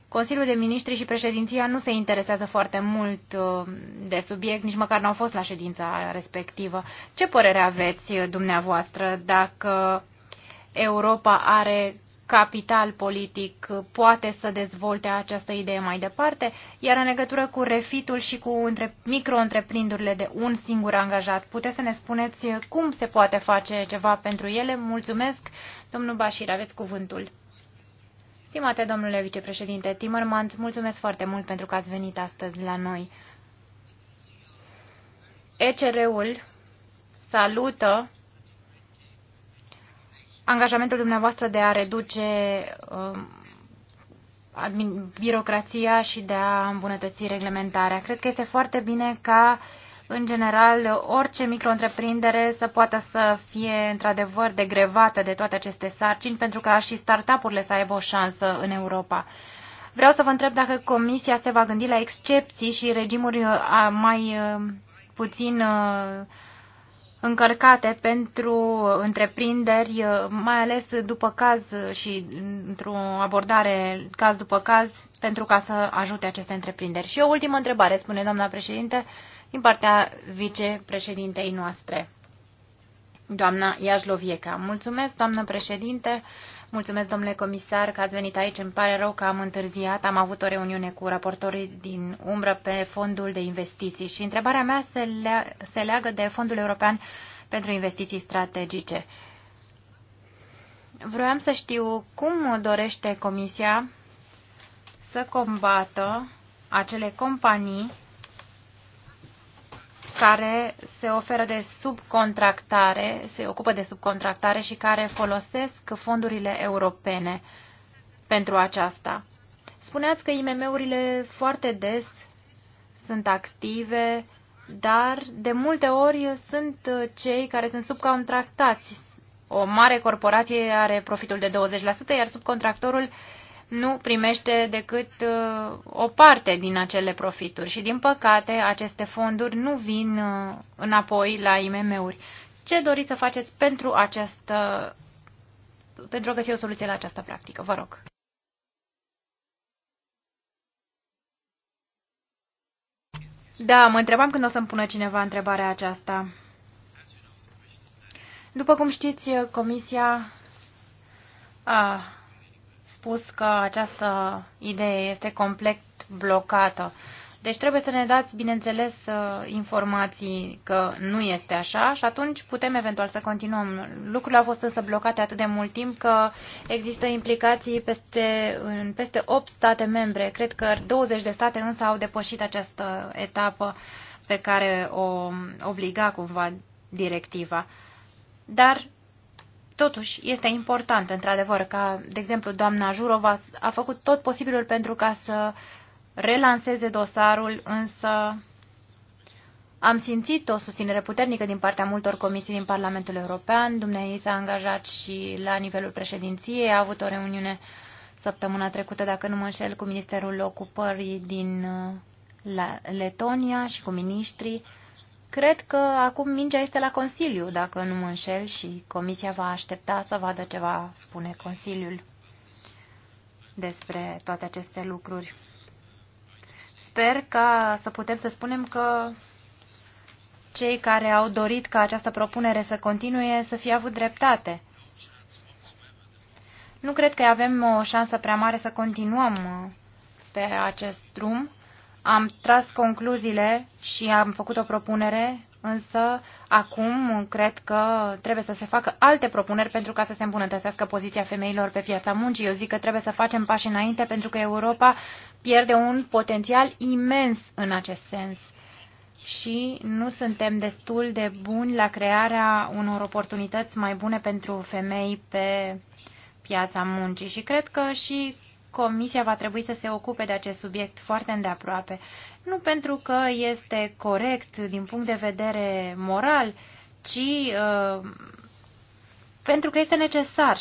Consiliul de Ministri și președinția nu se interesează foarte mult uh, de subiect, nici măcar n-au fost la ședința respectivă. Ce părere aveți uh, dumneavoastră dacă Europa are capital politic, uh, poate să dezvolte această idee mai departe, iar în legătură cu refitul și cu între, micro-întreprindurile de un singur angajat, puteți să ne spuneți cum se poate face ceva pentru ele? Mulțumesc, domnul Bașir, aveți cuvântul. Stimate domnule vicepreședinte Timmermans, mulțumesc foarte mult pentru că ați venit astăzi la noi. ECR-ul salută angajamentul dumneavoastră de a reduce um, birocrația și de a îmbunătăți reglementarea. Cred că este foarte bine ca uh, în general, orice micro-întreprindere să poată să fie într-adevăr degrevată de toate aceste sarcini pentru ca și startup-urile să aibă o șansă în Europa. Vreau să vă întreb dacă Comisia se va gândi la excepții și regimuri uh, mai uh, puțin uh, încărcate pentru întreprinderi, mai ales după caz și într-o abordare caz după caz, pentru ca să ajute aceste întreprinderi. Și o ultimă întrebare, spune doamna președinte, din partea vicepreședintei noastre, doamna Iajlovieca. Mulțumesc, doamnă președinte, mulțumesc, domnule comisar, că ați venit aici. Îmi pare rău că am întârziat. Am avut o reuniune cu raportorii din umbră pe fondul de investiții și întrebarea mea se, le- se leagă de Fondul European pentru Investiții Strategice. Vroiam să știu cum dorește Comisia să combată acele companii care se oferă de subcontractare, se ocupă de subcontractare și care folosesc fondurile europene pentru aceasta. Spuneați că IMM-urile foarte des sunt active, dar de multe ori sunt cei care sunt subcontractați. O mare corporație are profitul de 20%, iar subcontractorul nu primește decât uh, o parte din acele profituri și, din păcate, aceste fonduri nu vin uh, înapoi la IMM-uri. Ce doriți să faceți pentru, această, pentru a găsi o soluție la această practică? Vă rog. Da, mă întrebam când o să-mi pună cineva întrebarea aceasta. După cum știți, Comisia a spus că această idee este complet blocată. Deci trebuie să ne dați, bineînțeles, uh, informații că nu este așa și atunci putem eventual să continuăm. Lucrurile au fost însă blocate atât de mult timp că există implicații peste, în peste 8 state membre. Cred că 20 de state însă au depășit această etapă pe care o obliga cumva directiva. Dar Totuși, este important, într-adevăr, ca, de exemplu, doamna Jurova a făcut tot posibilul pentru ca să relanseze dosarul, însă am simțit o susținere puternică din partea multor comisii din Parlamentul European. Dumnezeu s-a angajat și la nivelul președinției, a avut o reuniune săptămâna trecută, dacă nu mă înșel, cu Ministerul Ocupării din uh, la Letonia și cu miniștrii Cred că acum mingea este la Consiliu, dacă nu mă înșel, și Comisia va aștepta să vadă ce va spune Consiliul despre toate aceste lucruri. Sper ca să putem să spunem că cei care au dorit ca această propunere să continue să fie avut dreptate. Nu cred că avem o șansă prea mare să continuăm pe acest drum am tras concluziile și am făcut o propunere, însă acum cred că trebuie să se facă alte propuneri pentru ca să se îmbunătățească poziția femeilor pe piața muncii. Eu zic că trebuie să facem pași înainte pentru că Europa pierde un potențial imens în acest sens și nu suntem destul de buni la crearea unor oportunități mai bune pentru femei pe piața muncii. Și cred că și Comisia va trebui să se ocupe de acest subiect foarte îndeaproape. Nu pentru că este corect din punct de vedere moral, ci uh, pentru că este necesar.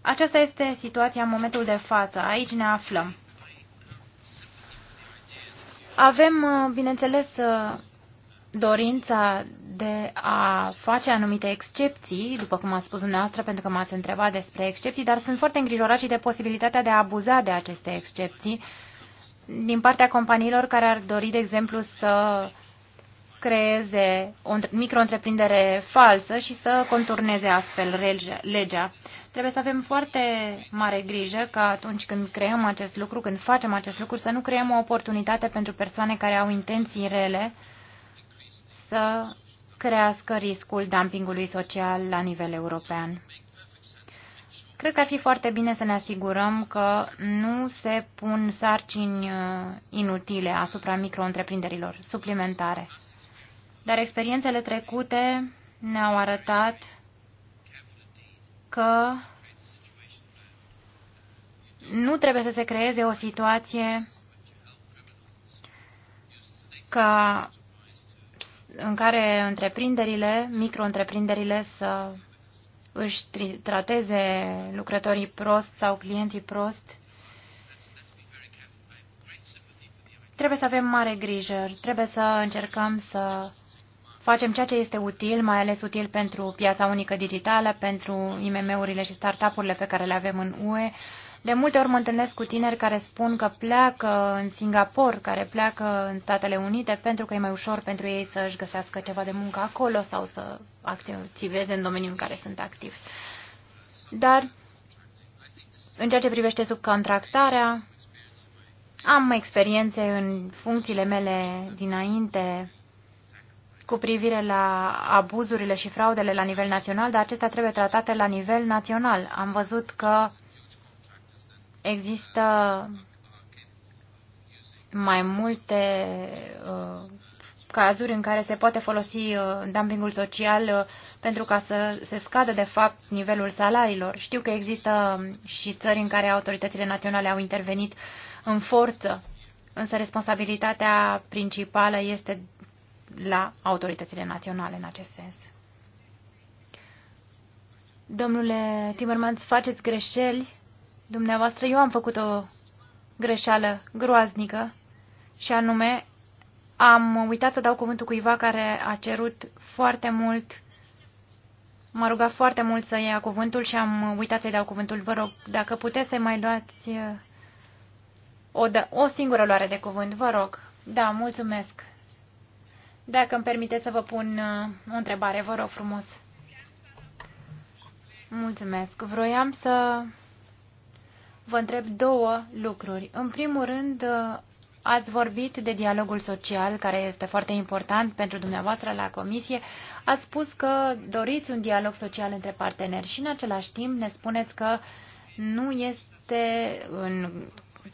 Aceasta este situația în momentul de față. Aici ne aflăm. Avem, uh, bineînțeles, uh, dorința de a face anumite excepții, după cum ați spus dumneavoastră, pentru că m-ați întrebat despre excepții, dar sunt foarte îngrijorat și de posibilitatea de a abuza de aceste excepții din partea companiilor care ar dori, de exemplu, să creeze o micro-întreprindere falsă și să conturneze astfel legea. Trebuie să avem foarte mare grijă că atunci când creăm acest lucru, când facem acest lucru, să nu creăm o oportunitate pentru persoane care au intenții rele, uh, să crească riscul dumpingului social la nivel european. Cred că ar fi foarte bine să ne asigurăm că nu se pun sarcini uh, inutile asupra micro-întreprinderilor suplimentare. Dar experiențele trecute ne-au arătat că nu trebuie să se creeze o situație ca în care întreprinderile, micro-întreprinderile să își trateze lucrătorii prost sau clienții prost. Trebuie să avem mare grijă, trebuie să încercăm să facem ceea ce este util, mai ales util pentru piața unică digitală, pentru IMM-urile și startup-urile pe care le avem în UE, de multe ori mă întâlnesc cu tineri care spun că pleacă în Singapore, care pleacă în Statele Unite pentru că e mai ușor pentru ei să își găsească ceva de muncă acolo sau să activeze în domeniul în care sunt activi. Dar în ceea ce privește subcontractarea, am experiențe în funcțiile mele dinainte cu privire la abuzurile și fraudele la nivel național, dar acestea trebuie tratate la nivel național. Am văzut că Există mai multe uh, cazuri în care se poate folosi uh, dumpingul social uh, pentru ca să se scadă, de fapt, nivelul salariilor. Știu că există um, și țări în care autoritățile naționale au intervenit în forță, însă responsabilitatea principală este la autoritățile naționale în acest sens. Domnule Timmermans, faceți greșeli dumneavoastră, eu am făcut o greșeală groaznică și anume am uitat să dau cuvântul cuiva care a cerut foarte mult, m-a rugat foarte mult să ia cuvântul și am uitat să-i dau cuvântul. Vă rog, dacă puteți să mai luați uh, o, o singură luare de cuvânt, vă rog. Da, mulțumesc. Dacă îmi permiteți să vă pun uh, o întrebare, vă rog frumos. Mulțumesc. Vroiam să vă întreb două lucruri. În primul rând, ați vorbit de dialogul social, care este foarte important pentru dumneavoastră la comisie. Ați spus că doriți un dialog social între parteneri și în același timp ne spuneți că nu este în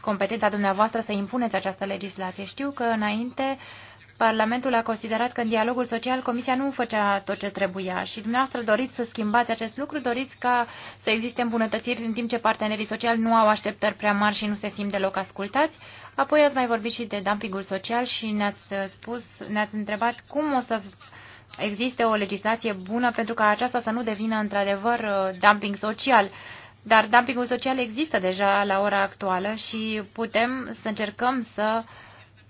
competența dumneavoastră să impuneți această legislație. Știu că înainte uh, Parlamentul a considerat că în dialogul social Comisia nu făcea tot ce trebuia și dumneavoastră doriți să schimbați acest lucru, doriți ca să existe îmbunătățiri în timp ce partenerii sociali nu au așteptări prea mari și nu se simt deloc ascultați. Apoi ați mai vorbit și de dumpingul social și ne-ați spus, ne-ați întrebat cum o să existe o legislație bună pentru ca aceasta să nu devină într-adevăr uh, dumping social. Dar dumpingul social există deja la ora actuală și putem să încercăm să uh,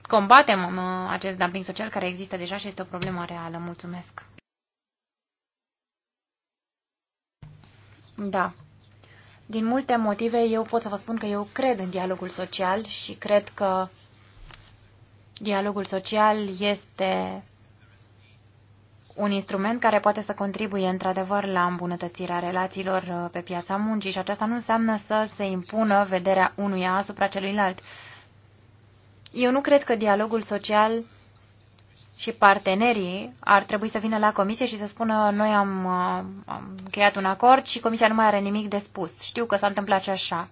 combatem uh, acest dumping social care există deja și este o problemă reală. Mulțumesc! Da. Din multe motive, eu pot să vă spun că eu cred în dialogul social și cred că dialogul social este un instrument care poate să contribuie într-adevăr la îmbunătățirea relațiilor uh, pe piața muncii și aceasta nu înseamnă să se impună vederea unuia asupra celuilalt. Eu nu cred că dialogul social și partenerii ar trebui să vină la comisie și să spună noi am, uh, am creat un acord și comisia nu mai are nimic de spus. Știu că s-a întâmplat și așa.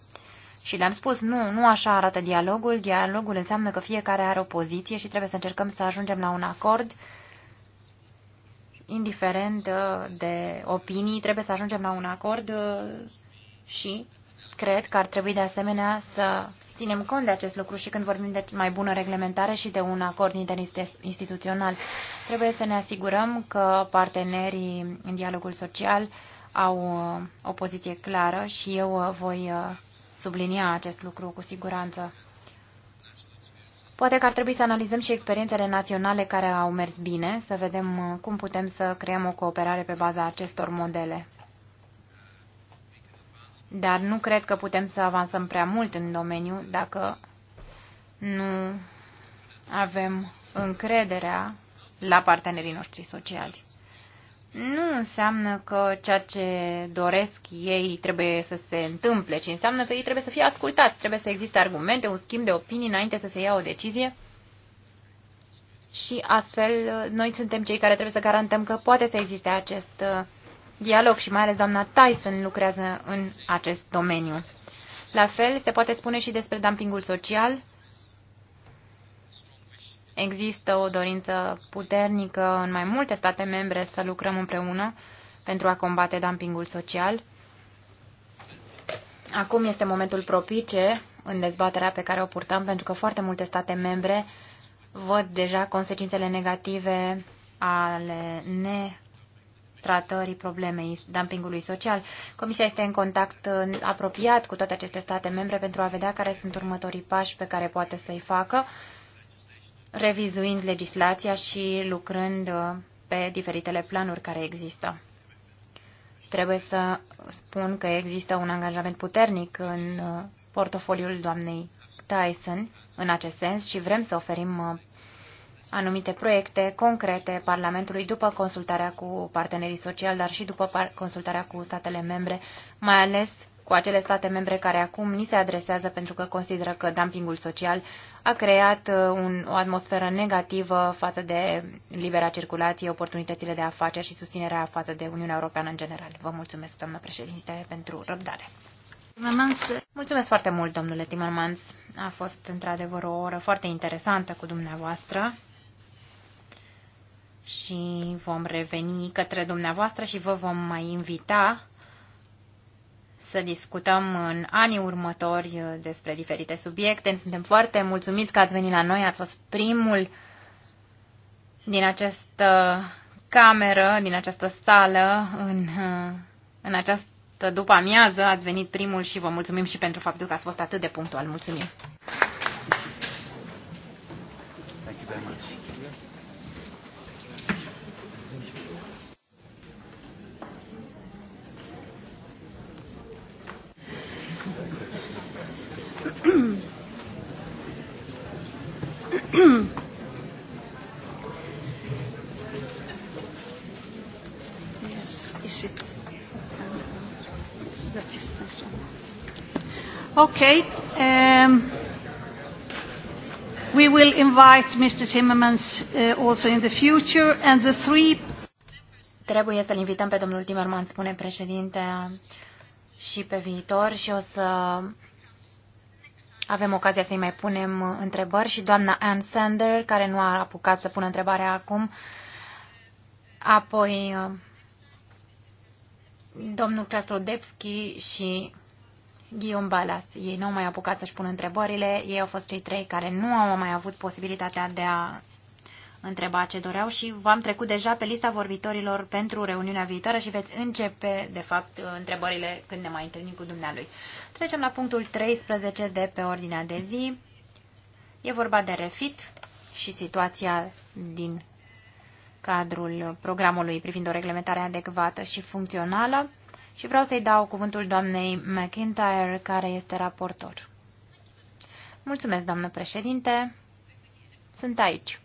Și le-am spus, nu, nu așa arată dialogul. Dialogul înseamnă că fiecare are o poziție și trebuie să încercăm să ajungem la un acord. Indiferent uh, de opinii, trebuie să ajungem la un acord uh, și cred că ar trebui de asemenea să ținem cont de acest lucru și când vorbim de mai bună reglementare și de un acord interinstituțional. Trebuie să ne asigurăm că partenerii în dialogul social au uh, o poziție clară și eu uh, voi uh, sublinia acest lucru cu siguranță. Poate că ar trebui să analizăm și experiențele naționale care au mers bine, să vedem cum putem să creăm o cooperare pe baza acestor modele. Dar nu cred că putem să avansăm prea mult în domeniu dacă nu avem încrederea la partenerii noștri sociali. Nu înseamnă că ceea ce doresc ei trebuie să se întâmple, ci înseamnă că ei trebuie să fie ascultați, trebuie să existe argumente, un schimb de opinii înainte să se ia o decizie. Și astfel, noi suntem cei care trebuie să garantăm că poate să existe acest dialog și mai ales doamna Tyson lucrează în acest domeniu. La fel, se poate spune și despre dumpingul social. Există o dorință puternică în mai multe state membre să lucrăm împreună pentru a combate dumpingul social. Acum este momentul propice în dezbaterea pe care o purtăm, pentru că foarte multe state membre văd deja consecințele negative ale ne tratării problemei dumpingului social. Comisia este în contact apropiat cu toate aceste state membre pentru a vedea care sunt următorii pași pe care poate să-i facă, revizuind legislația și lucrând uh, pe diferitele planuri care există. Trebuie să spun că există un angajament puternic în uh, portofoliul doamnei Tyson în acest sens și vrem să oferim uh, anumite proiecte concrete Parlamentului după consultarea cu partenerii sociali, dar și după consultarea cu statele membre, mai ales cu acele state membre care acum ni se adresează pentru că consideră că dumpingul social a creat uh, un, o atmosferă negativă față de libera circulație, oportunitățile de afaceri și susținerea față de Uniunea Europeană în general. Vă mulțumesc, doamnă președinte, pentru răbdare. Mulțumesc foarte mult, domnule Timmermans. A fost într-adevăr o oră foarte interesantă cu dumneavoastră și vom reveni către dumneavoastră și vă vom mai invita să discutăm în anii următori despre diferite subiecte. Suntem foarte mulțumiți că ați venit la noi, ați fost primul din această cameră, din această sală, în, în această după amiază. Ați venit primul și vă mulțumim și pentru faptul că ați fost atât de punctual. Mulțumim! Okay. Um, we will invite Mr. Timmermans uh, also in the future and the three Trebuie să-l invităm pe domnul Timmermans, spune președinte, și pe viitor și o să avem ocazia să-i mai punem întrebări și doamna Ann Sander, care nu a apucat să pună întrebarea acum, apoi uh, domnul Krasnodebski și Guillaume Balas. Ei nu au mai apucat să-și pună întrebările, ei au fost cei trei care nu au mai avut posibilitatea de a întreba ce doreau și v-am trecut deja pe lista vorbitorilor pentru reuniunea viitoare și veți începe, de fapt, întrebările când ne mai întâlnim cu dumnealui. Trecem la punctul 13 de pe ordinea de zi. E vorba de refit și situația din cadrul programului privind o reglementare adecvată și funcțională și vreau să-i dau cuvântul doamnei McIntyre, care este raportor. Mulțumesc, doamnă președinte. Sunt aici.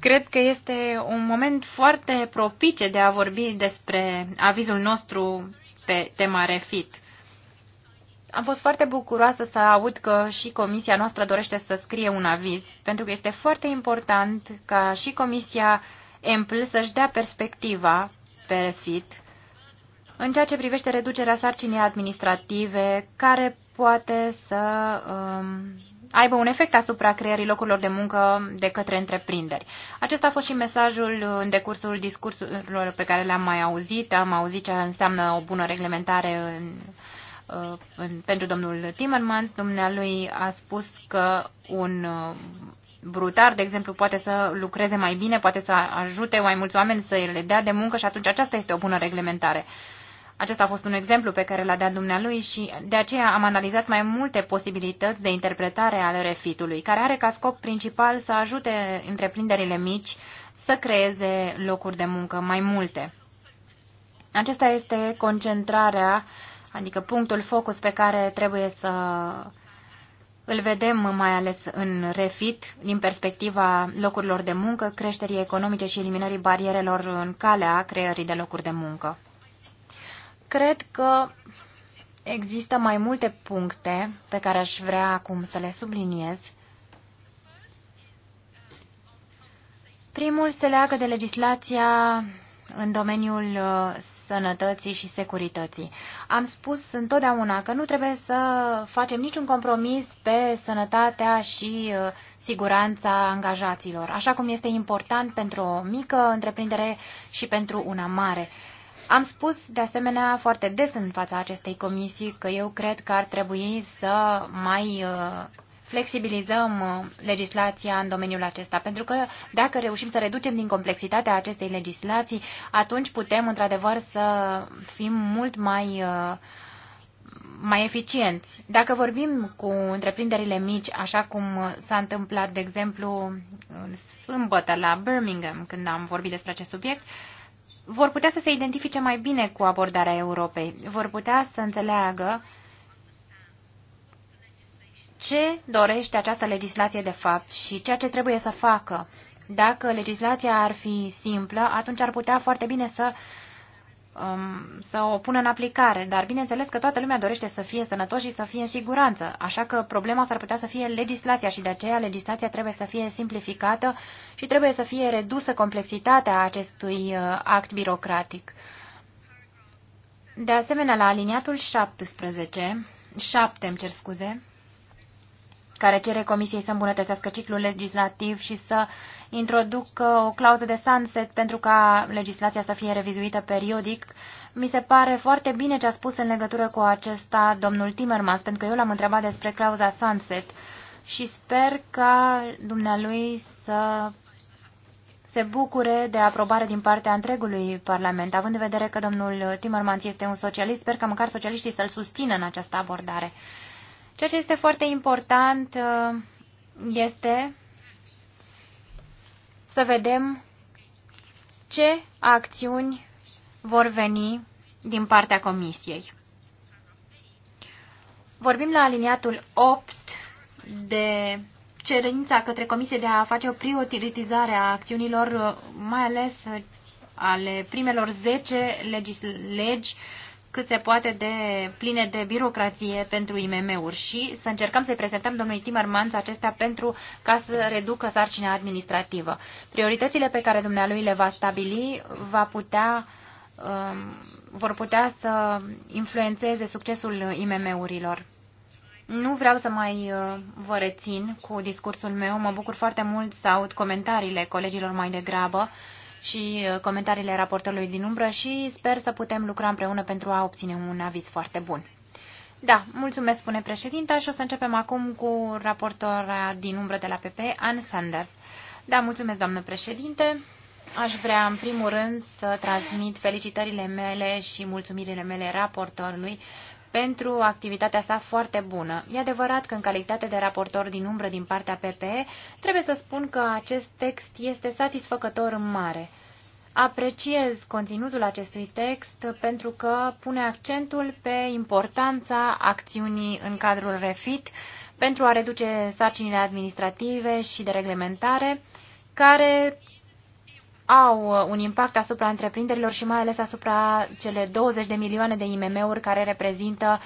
Cred că este un moment foarte propice de a vorbi despre avizul nostru pe tema refit. Am fost foarte bucuroasă să aud că și comisia noastră dorește să scrie un aviz, pentru că este foarte important ca și comisia EMPL să-și dea perspectiva pe fit în ceea ce privește reducerea sarcinii administrative, care poate să um, aibă un efect asupra creării locurilor de muncă de către întreprinderi. Acesta a fost și mesajul în decursul discursurilor pe care le-am mai auzit. Am auzit ce înseamnă o bună reglementare în, uh, în, pentru domnul Timmermans. Dumnealui a spus că un brutar, de exemplu, poate să lucreze mai bine, poate să ajute mai mulți oameni să le dea de muncă și atunci aceasta este o bună reglementare. Acesta a fost un exemplu pe care l-a dat dumnealui și de aceea am analizat mai multe posibilități de interpretare ale refitului, care are ca scop principal să ajute întreprinderile mici să creeze locuri de muncă mai multe. Acesta este concentrarea, adică punctul focus pe care trebuie să îl vedem mai ales în refit, din perspectiva locurilor de muncă, creșterii economice și eliminării barierelor în calea creării de locuri de muncă. Cred că există mai multe puncte pe care aș vrea acum să le subliniez. Primul se leagă de legislația în domeniul uh, sănătății și securității. Am spus întotdeauna că nu trebuie să facem niciun compromis pe sănătatea și uh, siguranța angajaților, așa cum este important pentru o mică întreprindere și pentru una mare. Am spus, de asemenea, foarte des în fața acestei comisii că eu cred că ar trebui să mai uh, flexibilizăm uh, legislația în domeniul acesta, pentru că dacă reușim să reducem din complexitatea acestei legislații, atunci putem într-adevăr să fim mult mai uh, mai eficienți. Dacă vorbim cu întreprinderile mici, așa cum s-a întâmplat, de exemplu, în sâmbătă la Birmingham, când am vorbit despre acest subiect, vor putea să se identifice mai bine cu abordarea Europei, vor putea să înțeleagă ce dorește această legislație de fapt și ceea ce trebuie să facă. Dacă legislația ar fi simplă, atunci ar putea foarte bine să, um, să o pună în aplicare. Dar bineînțeles că toată lumea dorește să fie sănătos și să fie în siguranță. Așa că problema s-ar putea să fie legislația și de aceea legislația trebuie să fie simplificată și trebuie să fie redusă complexitatea acestui uh, act birocratic. De asemenea, la aliniatul 17, 7, îmi cer scuze, care cere Comisiei să îmbunătățească ciclul legislativ și să introducă o clauză de sunset pentru ca legislația să fie revizuită periodic. Mi se pare foarte bine ce a spus în legătură cu acesta domnul Timmermans, pentru că eu l-am întrebat despre clauza sunset și sper ca dumnealui să se bucure de aprobare din partea întregului Parlament, având în vedere că domnul Timmermans este un socialist, sper că măcar socialiștii să-l susțină în această abordare. Ceea ce este foarte important uh, este să vedem ce acțiuni vor veni din partea Comisiei. Vorbim la aliniatul 8 de cerința către Comisie de a face o prioritizare a acțiunilor, uh, mai ales uh, ale primelor 10 legi, legi cât se poate de pline de birocrație pentru IMM-uri și să încercăm să-i prezentăm domnului Timmermans acestea pentru ca să reducă sarcina administrativă. Prioritățile pe care dumnealui le va stabili va putea, um, vor putea să influențeze succesul IMM-urilor. Nu vreau să mai uh, vă rețin cu discursul meu, mă bucur foarte mult să aud comentariile colegilor mai degrabă și uh, comentariile raportorului din umbră și sper să putem lucra împreună pentru a obține un aviz foarte bun. Da, mulțumesc, spune președinta, și o să începem acum cu raportora din umbră de la PP, Anne Sanders. Da, mulțumesc, doamnă președinte. Aș vrea, în primul rând, să transmit felicitările mele și mulțumirile mele raportorului pentru activitatea sa foarte bună. E adevărat că în calitate de raportor din umbră din partea PPE, trebuie să spun că acest text este satisfăcător în mare. Apreciez conținutul acestui text pentru că pune accentul pe importanța acțiunii în cadrul REFIT pentru a reduce sarcinile administrative și de reglementare, care au uh, un impact asupra întreprinderilor și mai ales asupra cele 20 de milioane de IMM-uri care reprezintă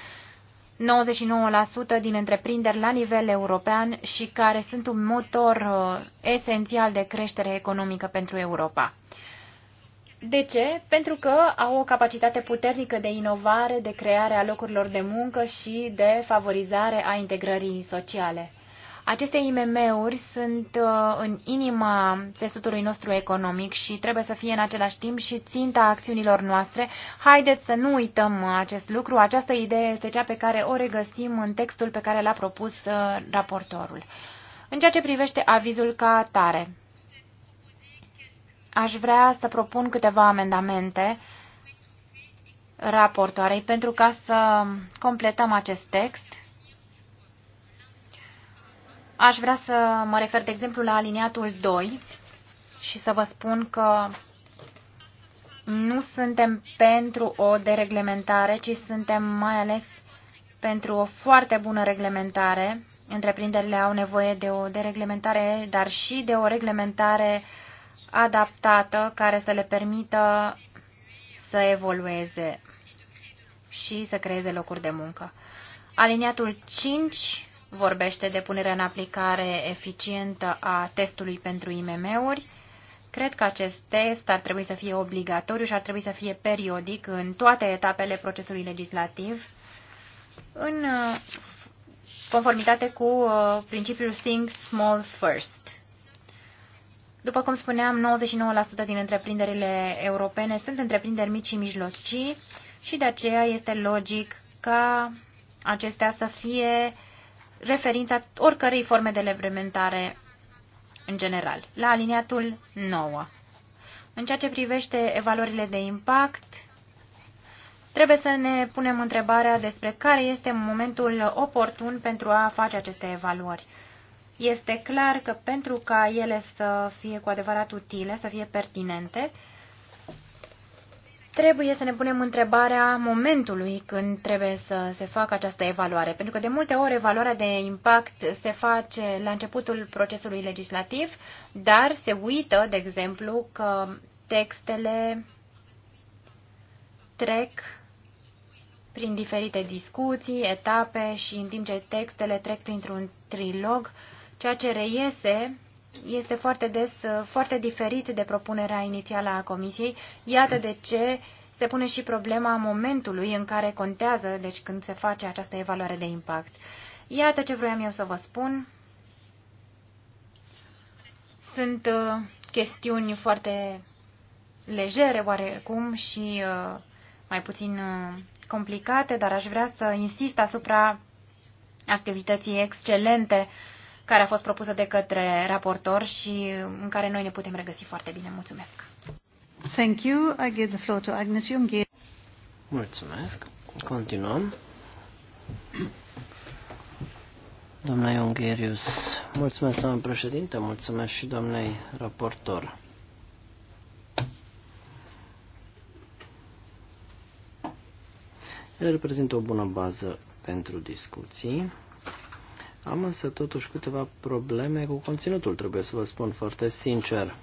99% din întreprinderi la nivel european și care sunt un motor uh, esențial de creștere economică pentru Europa. De ce? Pentru că au o capacitate puternică de inovare, de creare a locurilor de muncă și de favorizare a integrării sociale. Aceste IMM-uri sunt uh, în inima țesutului nostru economic și trebuie să fie în același timp și ținta acțiunilor noastre. Haideți să nu uităm uh, acest lucru. Această idee este cea pe care o regăsim în textul pe care l-a propus uh, raportorul. În ceea ce privește avizul ca atare, aș vrea să propun câteva amendamente raportoarei pentru ca să completăm acest text Aș vrea să mă refer, de exemplu, la aliniatul 2 și să vă spun că nu suntem pentru o dereglementare, ci suntem mai ales pentru o foarte bună reglementare. Întreprinderile au nevoie de o dereglementare, dar și de o reglementare adaptată care să le permită să evolueze și să creeze locuri de muncă. Aliniatul 5 vorbește de punerea în aplicare eficientă a testului pentru IMM-uri. Cred că acest test ar trebui să fie obligatoriu și ar trebui să fie periodic în toate etapele procesului legislativ, în conformitate cu uh, principiul Think Small First. După cum spuneam, 99% din întreprinderile europene sunt întreprinderi mici și mijlocii și de aceea este logic ca acestea să fie referința oricărei forme de reglementare în general. La aliniatul 9. În ceea ce privește evaluările de impact, trebuie să ne punem întrebarea despre care este momentul oportun pentru a face aceste evaluări. Este clar că pentru ca ele să fie cu adevărat utile, să fie pertinente, trebuie să ne punem întrebarea momentului când trebuie să se facă această evaluare, pentru că de multe ori evaluarea de impact se face la începutul procesului legislativ, dar se uită, de exemplu, că textele trec prin diferite discuții, etape și în timp ce textele trec printr-un trilog, ceea ce reiese este foarte des uh, foarte diferit de propunerea inițială a Comisiei. Iată de ce se pune și problema momentului în care contează, deci când se face această evaluare de impact. Iată ce vroiam eu să vă spun. Sunt uh, chestiuni foarte legere oarecum și uh, mai puțin complicate, dar aș vrea să insist asupra activității excelente uh, care a fost propusă de către raportor și în care noi ne putem regăsi foarte bine. Mulțumesc!
Thank you. I give the floor to Agnes Junghi.
Mulțumesc. Continuăm. Doamna Iungherius, mulțumesc, doamnă președinte, mulțumesc și doamnei raportor. El reprezintă o bună bază pentru discuții. Am însă totuși câteva probleme cu conținutul, trebuie să vă spun foarte sincer.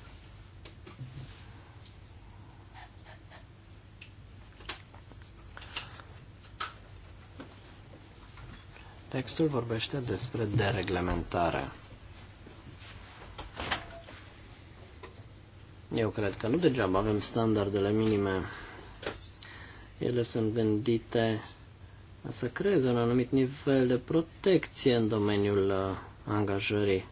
Textul vorbește despre dereglementare. Eu cred că nu degeaba avem standardele minime. Ele sunt gândite să creeze un anumit nivel de protecție în domeniul uh, angajării.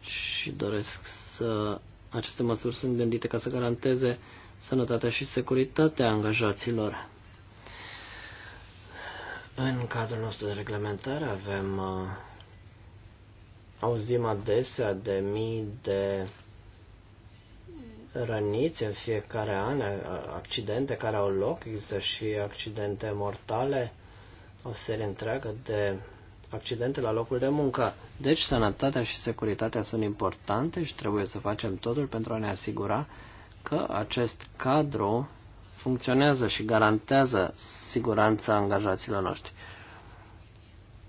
Și doresc să... Aceste măsuri sunt gândite ca să garanteze sănătatea și securitatea angajaților. În cadrul nostru de reglementare avem... Uh, auzim adesea de mii de răniți în fiecare an, accidente care au loc, există și accidente mortale, o serie întreagă de accidente la locul de muncă. Deci sănătatea și securitatea sunt importante și trebuie să facem totul pentru a ne asigura că acest cadru funcționează și garantează siguranța angajaților noștri.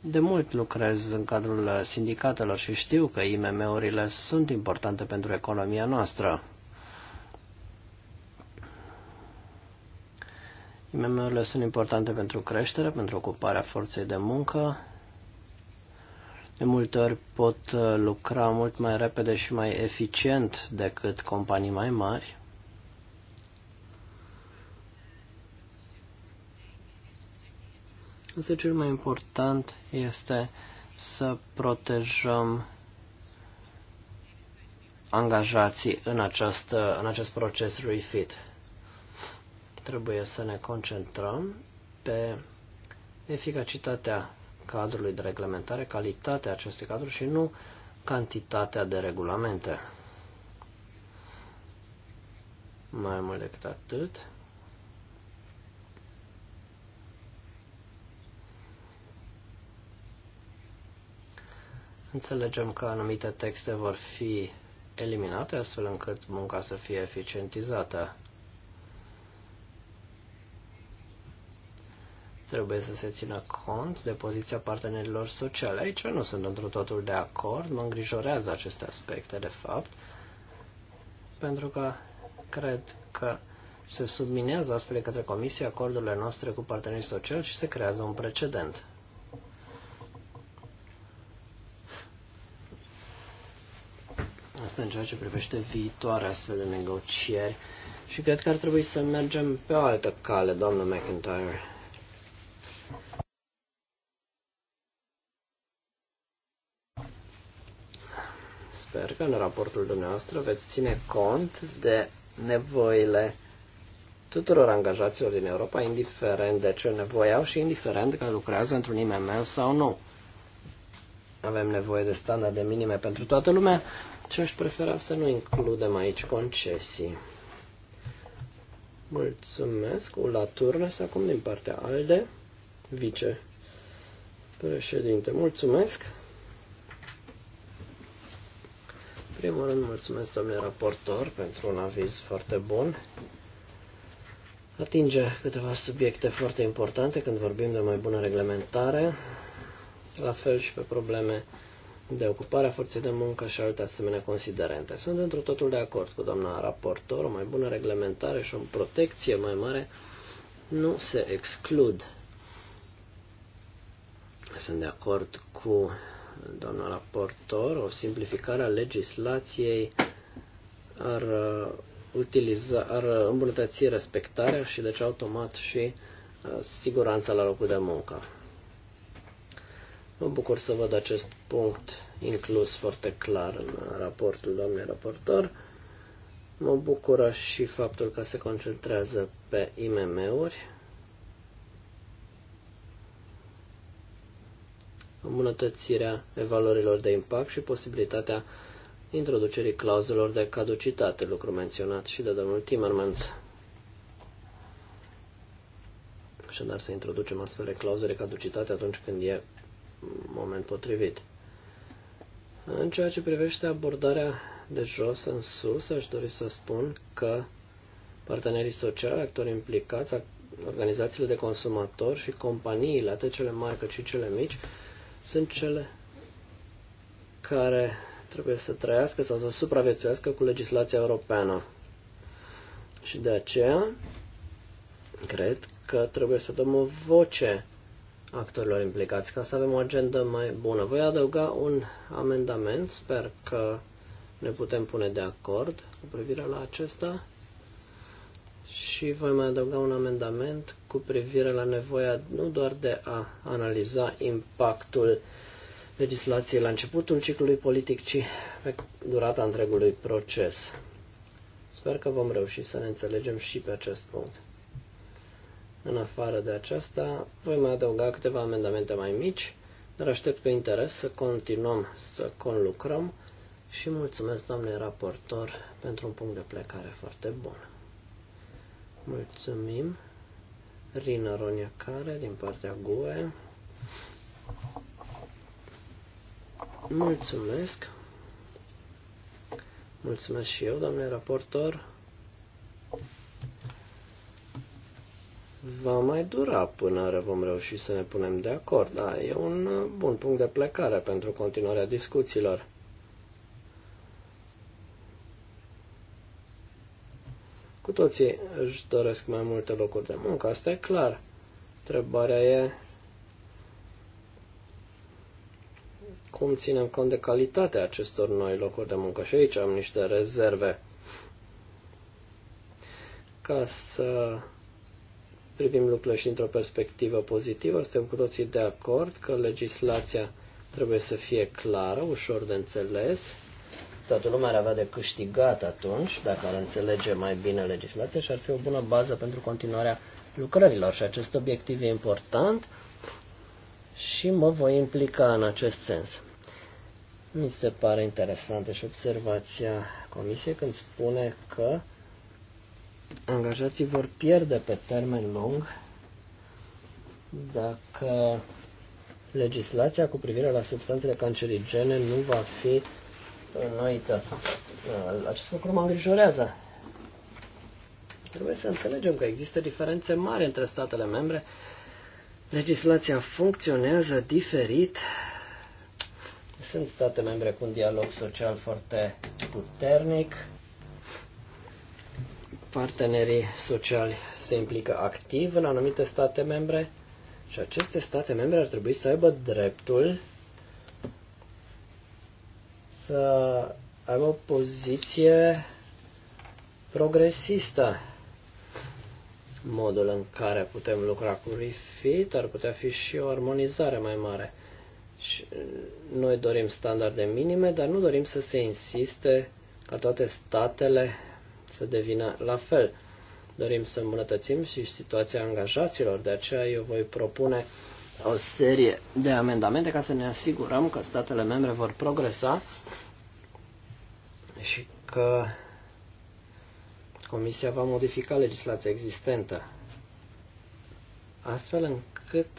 De mult lucrez în cadrul sindicatelor și știu că IMM-urile sunt importante pentru economia noastră. IMM-urile sunt importante pentru creștere, pentru ocuparea forței de muncă. De multe ori pot uh, lucra mult mai repede și mai eficient decât companii mai mari. Însă cel mai important este să protejăm angajații în, această, în acest proces refit trebuie să ne concentrăm pe eficacitatea cadrului de reglementare, calitatea acestui cadru și nu cantitatea de regulamente. Mai mult decât atât, înțelegem că anumite texte vor fi eliminate astfel încât munca să fie eficientizată. Trebuie să se țină cont de poziția partenerilor sociale. Aici nu sunt într totul de acord, mă îngrijorează aceste aspecte, de fapt, pentru că cred că se subminează astfel către Comisie acordurile noastre cu partenerii sociali și se creează un precedent. Asta în ceea ce privește viitoare astfel de negocieri și cred că ar trebui să mergem pe o altă cale, doamnă McIntyre. Sper că în raportul dumneavoastră veți ține cont de nevoile tuturor angajaților din Europa, indiferent de ce nevoie au și indiferent că lucrează într-un IMM sau nu. Avem nevoie de standarde minime pentru toată lumea ce aș prefera să nu includem aici concesii. Mulțumesc, Ula Turnes, acum din partea ALDE vice președinte. Mulțumesc! primul rând, mulțumesc, domnule raportor, pentru un aviz foarte bun. Atinge câteva subiecte foarte importante când vorbim de mai bună reglementare, la fel și pe probleme de ocupare a forței de muncă și alte asemenea considerente. Sunt într totul de acord cu doamna raportor, o mai bună reglementare și o protecție mai mare nu se exclud că sunt de acord cu domnul raportor, o simplificare a legislației ar, uh, utiliza, ar îmbunătăți respectarea și deci automat și uh, siguranța la locul de muncă. Mă bucur să văd acest punct inclus foarte clar în raportul doamnei raportor. Mă bucură și faptul că se concentrează pe IMM-uri. îmbunătățirea evaluărilor de impact și posibilitatea introducerii clauzelor de caducitate, lucru menționat și de domnul Timmermans. Așadar să introducem astfel de clauze de caducitate atunci când e moment potrivit. În ceea ce privește abordarea de jos în sus, aș dori să spun că partenerii sociali, actorii implicați, organizațiile de consumatori și companiile, atât cele mari cât și cele mici, sunt cele care trebuie să trăiască sau să supraviețuiască cu legislația europeană. Și de aceea, cred că trebuie să dăm o voce actorilor implicați ca să avem o agendă mai bună. Voi adăuga un amendament, sper că ne putem pune de acord cu privire la acesta și voi mai adăuga un amendament cu privire la nevoia nu doar de a analiza impactul legislației la începutul ciclului politic, ci pe durata întregului proces. Sper că vom reuși să ne înțelegem și pe acest punct. În afară de aceasta, voi mai adăuga câteva amendamente mai mici, dar aștept cu interes să continuăm să conlucrăm și mulțumesc, doamne raportor, pentru un punct de plecare foarte bun. Mulțumim. Rina Roniacare din partea GUE. Mulțumesc. Mulțumesc și eu, domnule raportor. Va mai dura până vom reuși să ne punem de acord, dar e un bun punct de plecare pentru continuarea discuțiilor. toții își doresc mai multe locuri de muncă, asta e clar. Întrebarea e cum ținem cont de calitatea acestor noi locuri de muncă și aici am niște rezerve ca să privim lucrurile și dintr-o perspectivă pozitivă. Suntem cu toții de acord că legislația trebuie să fie clară, ușor de înțeles, toată lumea ar avea de câștigat atunci, dacă ar înțelege mai bine legislația și ar fi o bună bază pentru continuarea lucrărilor. Și acest obiectiv e important și mă voi implica în acest sens. Mi se pare interesantă și observația Comisiei când spune că angajații vor pierde pe termen lung dacă legislația cu privire la substanțele cancerigene nu va fi înnoită. Da, acest lucru mă îngrijorează. Trebuie să înțelegem că există diferențe mari între statele membre. Legislația funcționează diferit. Sunt state membre cu un dialog social foarte puternic. Partenerii sociali se implică activ în anumite state membre și aceste state membre ar trebui să aibă dreptul să avem o poziție progresistă. Modul în care putem lucra cu refit ar putea fi și o armonizare mai mare. Și uh, noi dorim standarde minime, dar nu dorim să se insiste ca toate statele să devină la fel. Dorim să îmbunătățim și situația angajaților, de aceea eu voi propune uh, o serie de amendamente ca să ne asigurăm că statele membre vor progresa și că Comisia va modifica legislația existentă astfel încât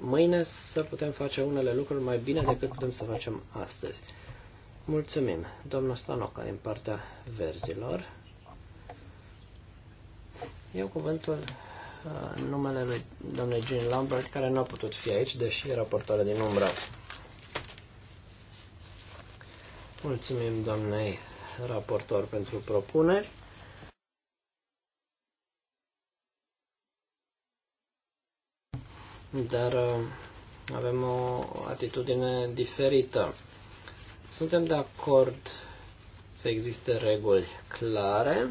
mâine să putem face unele lucruri mai bine decât putem să facem astăzi. Mulțumim, domnul Stanoca, din partea verzilor. Eu cuvântul în numele lui domnului Jean Lambert, care nu a putut fi aici, deși era portoare din umbră. Mulțumim doamnei raportor pentru propuneri. Dar uh, avem o atitudine diferită. Suntem de acord să existe reguli clare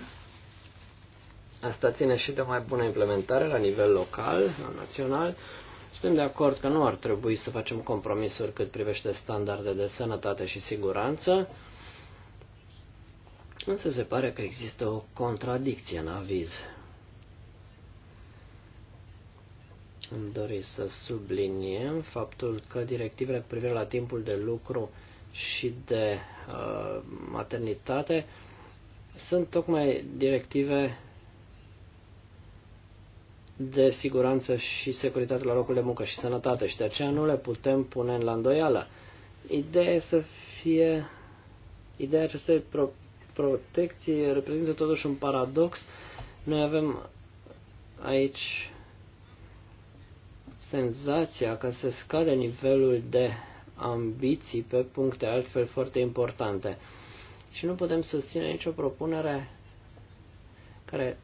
Asta ține și de mai bună implementare la nivel local, la național. Suntem de acord că nu ar trebui să facem compromisuri cât privește standarde de sănătate și siguranță, însă se pare că există o contradicție în aviz. Îmi dori să subliniem faptul că directivele cu privire la timpul de lucru și de uh, maternitate sunt tocmai directive de siguranță și securitate la locul de muncă și sănătate și de aceea nu le putem pune la îndoială. Ideea e să fie, ideea acestei pro, protecții reprezintă totuși un paradox. Noi avem aici senzația că se scade nivelul de ambiții pe puncte altfel foarte importante. Și nu putem susține nicio propunere care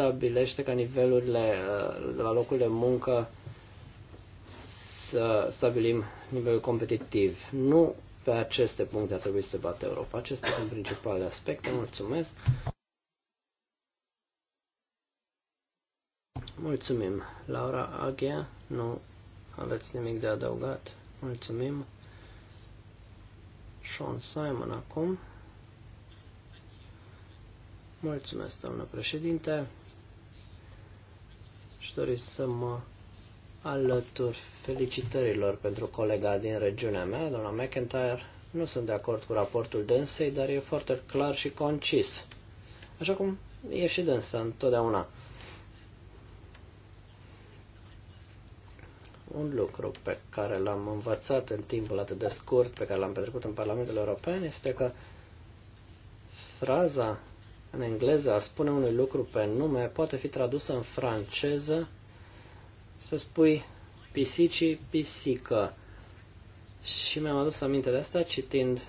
stabilește ca nivelurile uh, la locul de muncă să stabilim nivelul competitiv. Nu pe aceste puncte ar trebui să se bată Europa. Acestea sunt principalele aspecte. Mulțumesc! Mulțumim, Laura Aghea. Nu aveți nimic de adăugat. Mulțumim. Sean Simon acum. Mulțumesc, doamnă președinte dori să mă alătur felicitărilor pentru colega din regiunea mea, doamna McIntyre. Nu sunt de acord cu raportul dânsei, dar e foarte clar și concis. Așa cum e și dânsa întotdeauna. Un lucru pe care l-am învățat în timpul atât de scurt pe care l-am petrecut în Parlamentul European este că fraza în engleză, a spune unui lucru pe nume poate fi tradusă în franceză să spui pisicii pisică. Și mi-am adus aminte de asta citind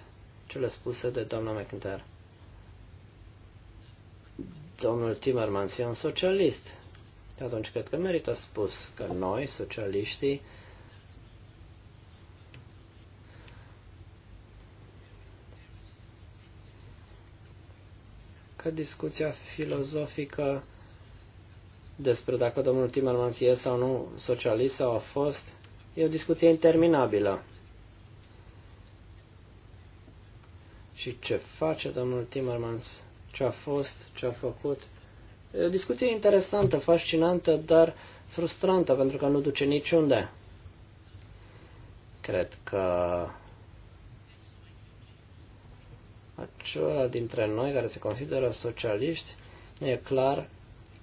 cele spuse de doamna McIntyre. Domnul Timmermans e un socialist. De atunci cred că merită spus că noi, socialiștii, că discuția filozofică despre dacă domnul Timmermans e sau nu socialist sau a fost, e o discuție interminabilă. Și ce face domnul Timmermans, ce a fost, ce a făcut. E o discuție interesantă, fascinantă, dar frustrantă, pentru că nu duce niciunde. Cred că acela dintre noi care se consideră socialiști, e clar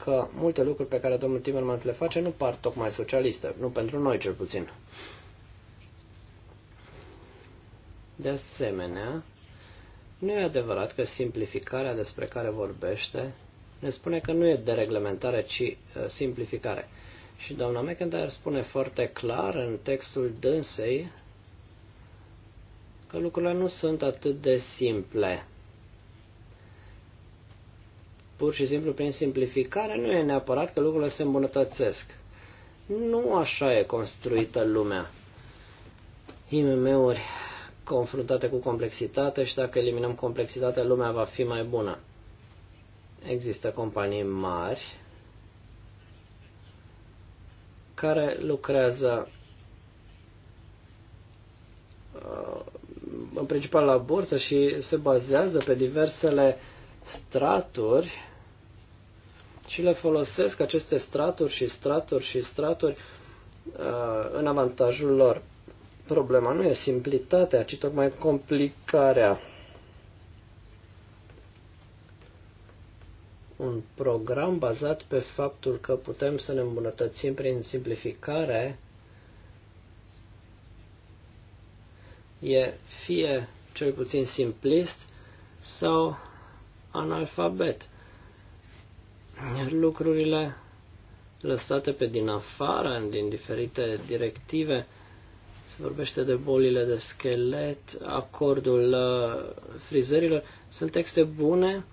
că multe lucruri pe care domnul Timmermans le face nu par tocmai socialiste, nu pentru noi cel puțin. De asemenea, nu e adevărat că simplificarea despre care vorbește ne spune că nu e dereglementare, ci uh, simplificare. Și doamna McIntyre spune foarte clar în textul dânsei că lucrurile nu sunt atât de simple. Pur și simplu, prin simplificare, nu e neapărat că lucrurile se îmbunătățesc. Nu așa e construită lumea. IMM-uri confruntate cu complexitate și dacă eliminăm complexitatea, lumea va fi mai bună. Există companii mari care lucrează uh, în principal la borsă și se bazează pe diversele straturi și le folosesc aceste straturi și straturi și straturi uh, în avantajul lor. Problema nu e simplitatea, ci tocmai complicarea. Un program bazat pe faptul că putem să ne îmbunătățim prin simplificare e fie cel puțin simplist sau analfabet. Iar lucrurile lăsate pe din afară, din diferite directive, se vorbește de bolile de schelet, acordul uh, frizerilor, sunt texte bune,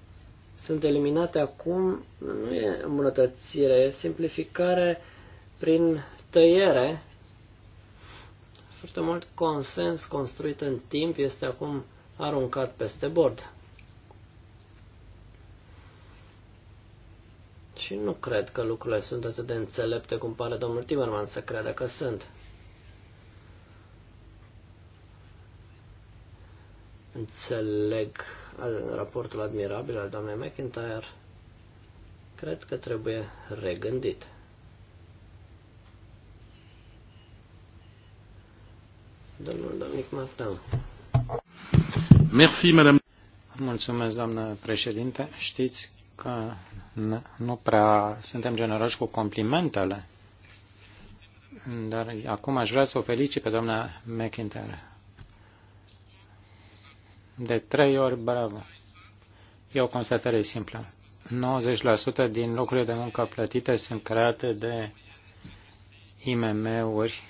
sunt eliminate acum, nu e îmbunătățire, e simplificare prin tăiere foarte mult consens construit în timp este acum aruncat peste bord. Și nu cred că lucrurile sunt atât de înțelepte cum pare domnul Timerman să crede că sunt. Înțeleg raportul admirabil al doamnei McIntyre. Cred că trebuie regândit.
Domnul Domnic madame. Mulțumesc, doamnă președinte. Știți că nu prea suntem generoși cu complimentele, dar acum aș vrea să o felicit pe doamna McIntyre. De trei ori bravo. E o constatare simplă. 90% din locurile de muncă plătite sunt create de IMM-uri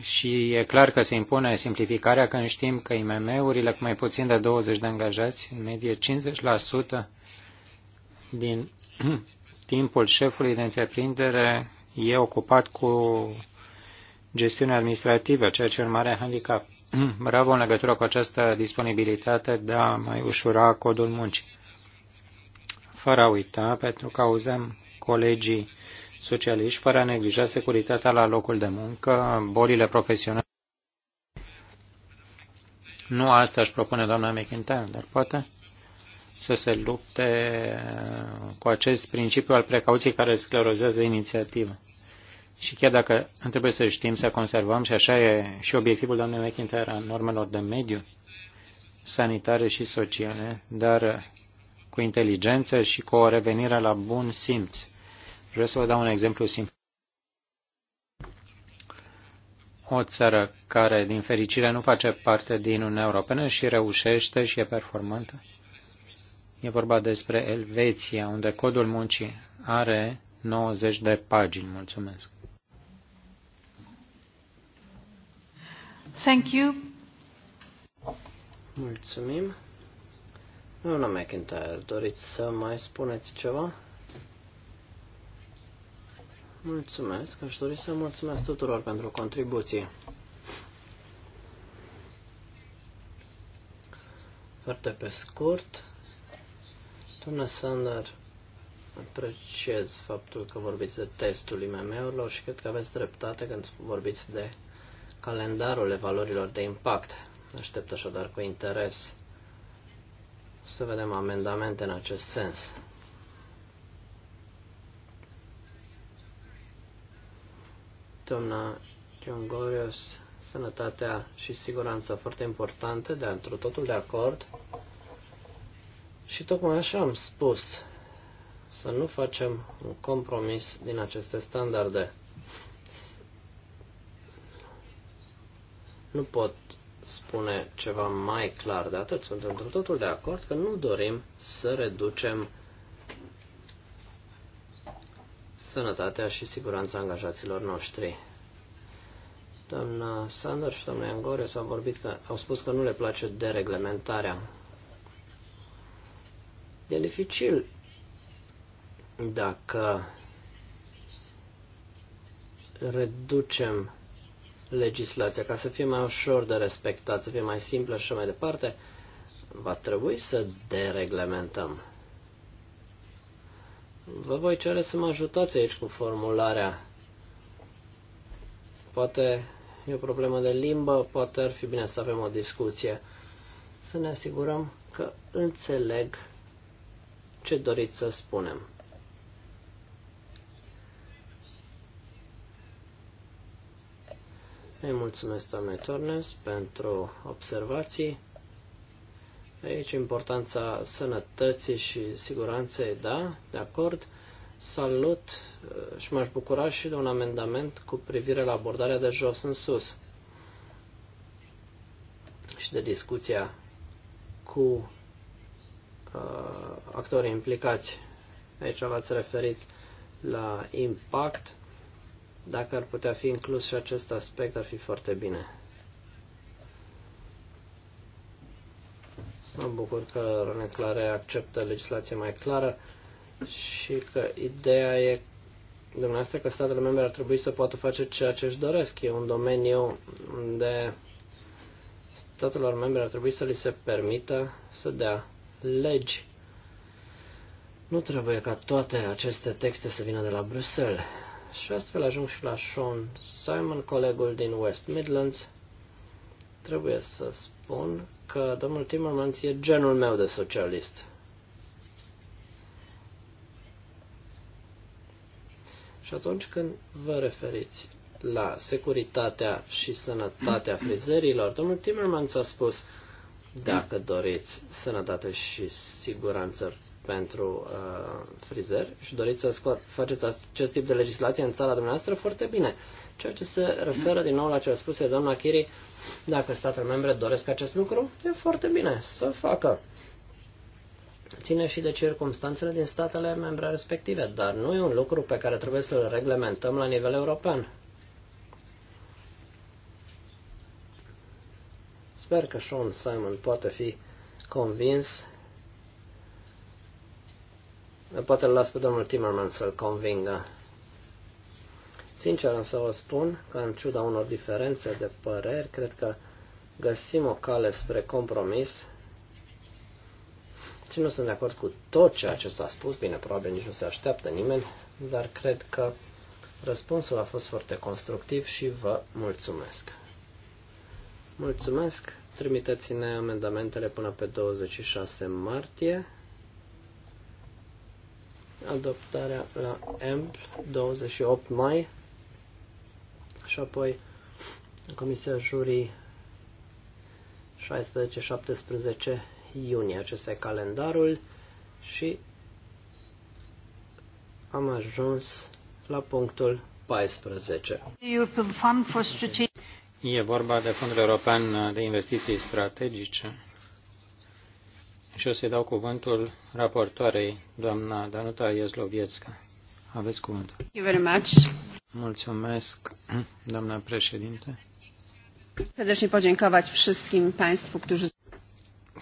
și e clar că se impune simplificarea când știm că IMM-urile cu mai puțin de 20 de angajați, în medie 50% din [clears throat] timpul șefului de întreprindere e ocupat cu gestiunea administrativă, ceea ce e un mare handicap. [clears throat] Bravo în legătură cu această disponibilitate de a mai ușura codul muncii. Fără a uita, pentru că auzăm colegii socialiști, fără a neglija securitatea la locul de muncă, bolile profesionale. Nu asta își propune doamna McIntyre, dar poate să se lupte uh, cu acest principiu al precauției care sclerozează inițiativa. Și chiar dacă trebuie să știm să conservăm, și așa e și obiectivul doamnei McIntyre a normelor de mediu, sanitare și sociale, dar cu inteligență și cu o revenire la bun simț Vreau să vă dau un exemplu simplu. O țară care, din fericire, nu face parte din Uniunea Europeană și reușește și e performantă. E vorba despre Elveția, unde codul muncii are 90 de pagini. Mulțumesc. Thank you.
Mulțumim. Doamna McIntyre, doriți să mai spuneți ceva? Mulțumesc. Aș dori să mulțumesc tuturor pentru contribuții. Foarte pe scurt, doamna Sander, apreciez faptul că vorbiți de testul IMM-urilor și cred că aveți dreptate când vorbiți de calendarul evaluărilor de impact. Aștept așadar cu interes să vedem amendamente în acest sens. doamna Giongorios, sănătatea și siguranța foarte importantă, de într totul de acord. Și tocmai așa am spus, să nu facem un compromis din aceste standarde. Nu pot spune ceva mai clar de atât. Sunt într totul de acord că nu dorim să reducem sănătatea și siguranța angajaților noștri. Doamna Sander și doamna Angore s-au, vorbit că, au spus că nu le place dereglementarea. E dificil dacă reducem legislația ca să fie mai ușor de respectat, să fie mai simplă și așa mai departe, va trebui să dereglementăm. Vă voi cere să mă ajutați aici cu formularea. Poate e o problemă de limbă, poate ar fi bine să avem o discuție. Să ne asigurăm că înțeleg ce doriți să spunem. Îi mulțumesc, doamne Tornes, pentru observații. Aici importanța sănătății și siguranței, da, de acord. Salut și m-aș bucura și de un amendament cu privire la abordarea de jos în sus și de discuția cu uh, actorii implicați. Aici v-ați referit la impact. Dacă ar putea fi inclus și acest aspect, ar fi foarte bine. Mă bucur că Rune Clare acceptă legislație mai clară și că ideea e dumneavoastră că statele membre ar trebui să poată face ceea ce își doresc. E un domeniu unde statelor membre ar trebui să li se permită să dea legi. Nu trebuie ca toate aceste texte să vină de la Bruxelles. Și astfel ajung și la Sean Simon, colegul din West Midlands. Trebuie să spun că domnul Timmermans e genul meu de socialist. Și atunci când vă referiți la securitatea și sănătatea frizerilor, domnul Timmermans a spus, dacă doriți sănătate și siguranță pentru uh, frizer și doriți să scoat, faceți acest tip de legislație în țara dumneavoastră, foarte bine. Ceea ce se referă din nou la ce a spus doamna Chiri, dacă statele membre doresc acest lucru, e foarte bine să facă. Ține și de circumstanțele din statele membre respective, dar nu e un lucru pe care trebuie să-l reglementăm la nivel european. Sper că Sean Simon poate fi convins. Poate îl las pe domnul Timmerman să-l convingă. Sincer să vă spun că în ciuda unor diferențe de păreri, cred că găsim o cale spre compromis și nu sunt de acord cu tot ceea ce s-a spus, bine, probabil nici nu se așteaptă nimeni, dar cred că răspunsul a fost foarte constructiv și vă mulțumesc. Mulțumesc, trimiteți-ne amendamentele până pe 26 martie. Adoptarea la EMPL 28 mai și apoi Comisia Jurii 16-17 iunie. Acesta e calendarul și am ajuns la punctul
14. E vorba de Fondul European de Investiții Strategice și o să-i dau cuvântul raportoarei, doamna Danuta Iezlovietska. Aveți cuvântul. Thank you very much. Mulțumesc, [clears throat] doamna președinte.
Serdecznie podziękować wszystkim Państwu, którzy...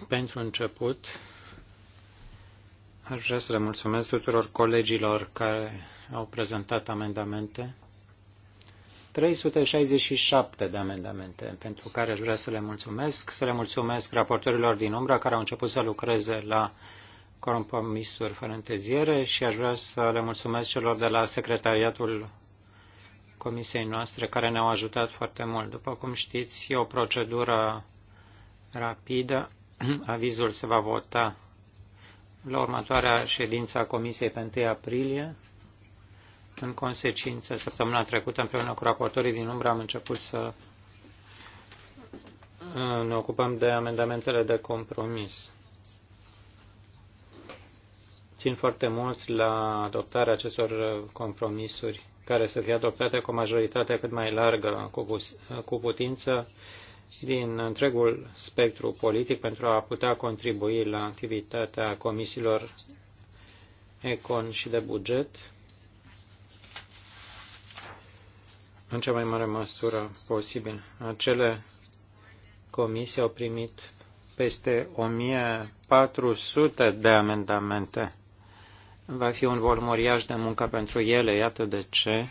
Pentru început, aș vrea să le mulțumesc tuturor colegilor care au prezentat amendamente. 367 de amendamente, pentru care aș vrea să le mulțumesc. Să le mulțumesc raportorilor din umbra care au început să lucreze la compromisuri fără și aș vrea să le mulțumesc celor de la Secretariatul comisiei noastre care ne-au ajutat foarte mult. După cum știți, e o procedură rapidă. [clears throat] Avizul se va vota la următoarea ședință a comisiei pe 1 aprilie. În consecință, săptămâna trecută, împreună cu raportorii din umbră, am început să uh, ne ocupăm de amendamentele de compromis. Țin foarte mult la adoptarea acestor compromisuri care să fie adoptate cu o majoritate cât mai largă, cu putință, din întregul spectru politic pentru a putea contribui la activitatea comisiilor econ și de buget în cea mai mare măsură posibil. Acele comisii au primit peste 1400 de amendamente Va fi un volum de muncă pentru ele, iată de ce.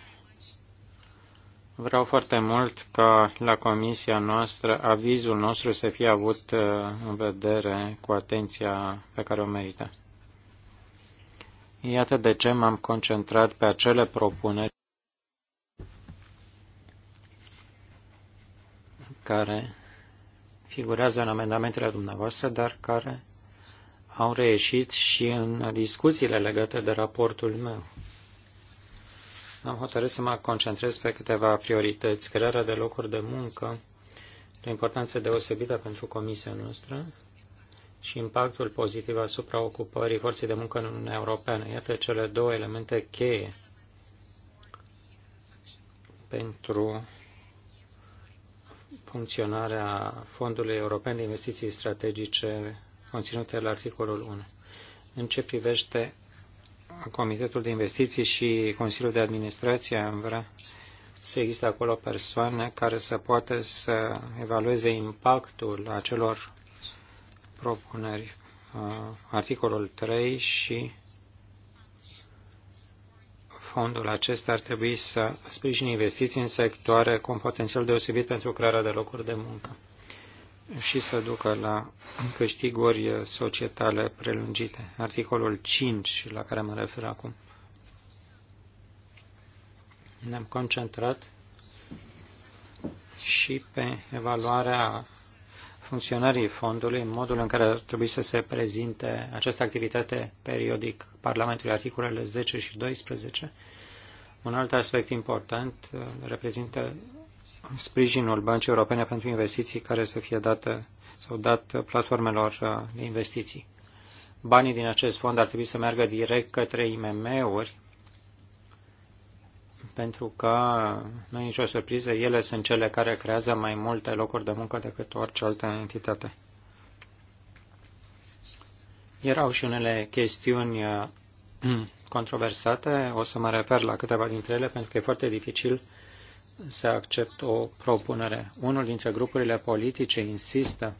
Vreau foarte mult ca la comisia noastră avizul nostru să fie avut uh, în vedere cu atenția pe care o merită. Iată de ce m-am concentrat pe acele propuneri care figurează în amendamentele dumneavoastră, dar care au reieșit și în discuțiile legate de raportul meu. Am hotărât să mă concentrez pe câteva priorități. Crearea de locuri de muncă, de importanță deosebită pentru comisia noastră și impactul pozitiv asupra ocupării forței de muncă în Uniunea Europeană. Iată cele două elemente cheie pentru funcționarea Fondului European de Investiții Strategice conținute la articolul 1. În ce privește Comitetul de Investiții și Consiliul de Administrație, am vrea să există acolo persoane care să poată să evalueze impactul acelor propuneri. Uh, articolul 3 și fondul acesta ar trebui să sprijine investiții în sectoare cu un potențial deosebit pentru crearea de locuri de muncă și să ducă la câștiguri societale prelungite. Articolul 5, la care mă refer acum. Ne-am concentrat și pe evaluarea funcționării fondului, în modul în care ar trebui să se prezinte această activitate periodic Parlamentului, articolele 10 și 12. Un alt aspect important reprezintă sprijinul Băncii Europene pentru Investiții care să fie dată sau dat platformelor de investiții. Banii din acest fond ar trebui să meargă direct către IMM-uri, pentru că nu e nicio surpriză, ele sunt cele care creează mai multe locuri de muncă decât orice altă entitate. Erau și unele chestiuni uh, [clears throat] controversate, o să mă refer la câteva dintre ele, pentru că e foarte dificil să accept o propunere. Unul dintre grupurile politice insistă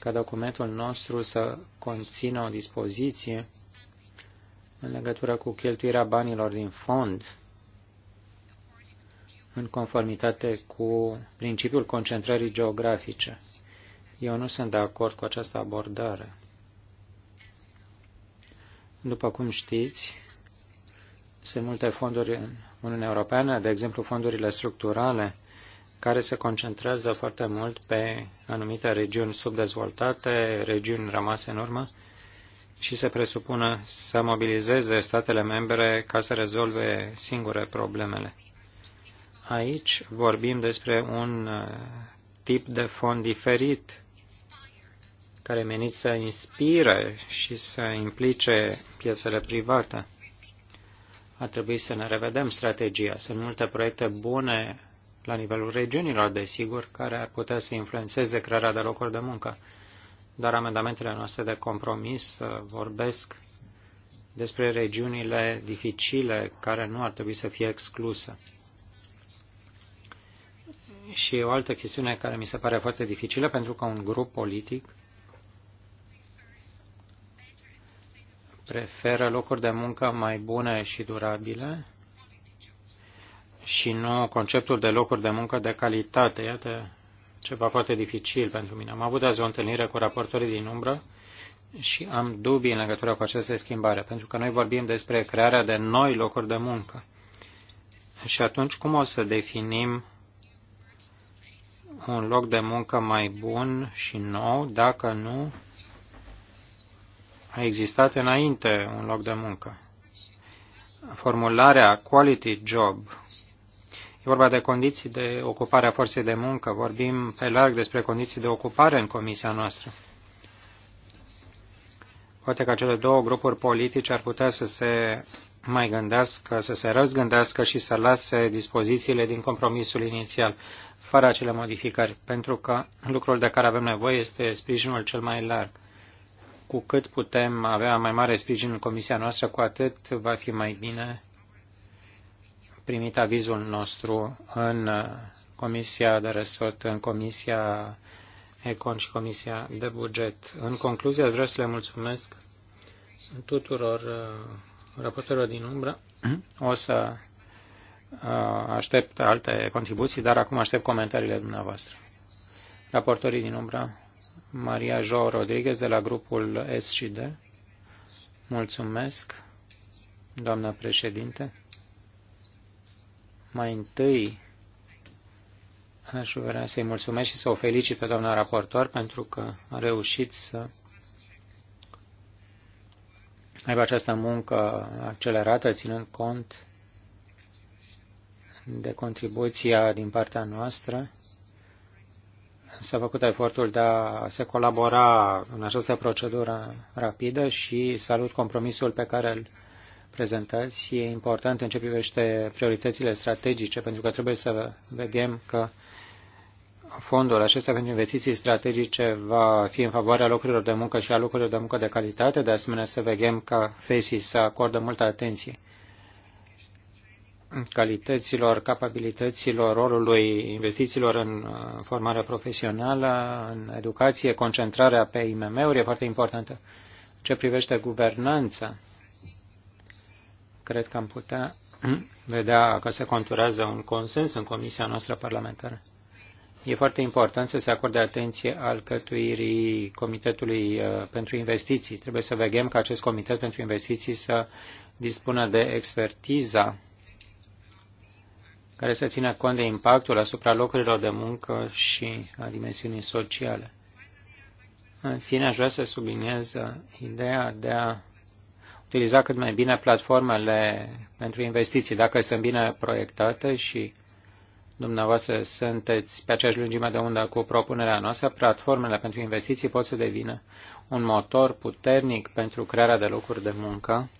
ca documentul nostru să conțină o dispoziție în legătură cu cheltuirea banilor din fond în conformitate cu principiul concentrării geografice. Eu nu sunt de acord cu această abordare. După cum știți, sunt multe fonduri în Uniunea Europeană, de exemplu fondurile structurale, care se concentrează foarte mult pe anumite regiuni subdezvoltate, regiuni rămase în urmă, și se presupune să mobilizeze statele membre ca să rezolve singure problemele. Aici vorbim despre un uh, tip de fond diferit care menit să inspire și să implice piețele private ar trebui să ne revedem strategia. Sunt multe proiecte bune la nivelul regiunilor, desigur, care ar putea să influențeze crearea de locuri de muncă. Dar amendamentele noastre de compromis uh, vorbesc despre regiunile dificile care nu ar trebui să fie excluse. Și o altă chestiune care mi se pare foarte dificilă pentru că un grup politic preferă locuri de muncă mai bune și durabile și nu conceptul de locuri de muncă de calitate. Iată ceva foarte dificil pentru mine. Am avut azi o întâlnire cu raportorii din umbră și am dubii în legătură cu această schimbare, pentru că noi vorbim despre crearea de noi locuri de muncă. Și atunci cum o să definim un loc de muncă mai bun și nou dacă nu a existat înainte un loc de muncă. Formularea quality job E vorba de condiții de ocupare a forței de muncă. Vorbim pe larg despre condiții de ocupare în comisia noastră. Poate că cele două grupuri politice ar putea să se mai gândească, să se răzgândească și să lase dispozițiile din compromisul inițial, fără acele modificări, pentru că lucrul de care avem nevoie este sprijinul cel mai larg cu cât putem avea mai mare sprijin în comisia noastră, cu atât va fi mai bine primit avizul nostru în comisia de resort, în comisia Econ și comisia de buget. În concluzie, vreau să le mulțumesc tuturor uh, raportorilor din umbră. O să uh, aștept alte contribuții, dar acum aștept comentariile dumneavoastră. Raportorii din umbră Maria João Rodriguez de la grupul S și D. Mulțumesc, doamnă președinte. Mai întâi aș vrea să-i mulțumesc și să o felicit pe doamna raportor pentru că a reușit să aibă această muncă accelerată, ținând cont de contribuția din partea noastră s-a făcut efortul de a se colabora în această procedură rapidă și salut compromisul pe care îl prezentați. E important în ce privește prioritățile strategice, pentru că trebuie să vedem că fondul acesta pentru investiții strategice va fi în favoarea locurilor de muncă și a locurilor de muncă de calitate, de asemenea să vedem că FESI să acordă multă atenție calităților, capabilităților, rolului investițiilor în uh, formarea profesională, în educație, concentrarea pe IMM-uri e foarte importantă. Ce privește guvernanța, cred că am putea [clears throat] vedea că se conturează un consens în Comisia noastră parlamentară. E foarte important să se acorde atenție cătuirii Comitetului uh, pentru Investiții. Trebuie să vegem ca acest Comitet pentru Investiții să dispună de expertiza care să țină cont de impactul asupra locurilor de muncă și a dimensiunii sociale. În fine, aș vrea să subliniez ideea de a utiliza cât mai bine platformele pentru investiții, dacă sunt bine proiectate și dumneavoastră sunteți pe aceeași lungime de undă cu propunerea noastră, platformele pentru investiții pot să devină un motor puternic pentru crearea de locuri de muncă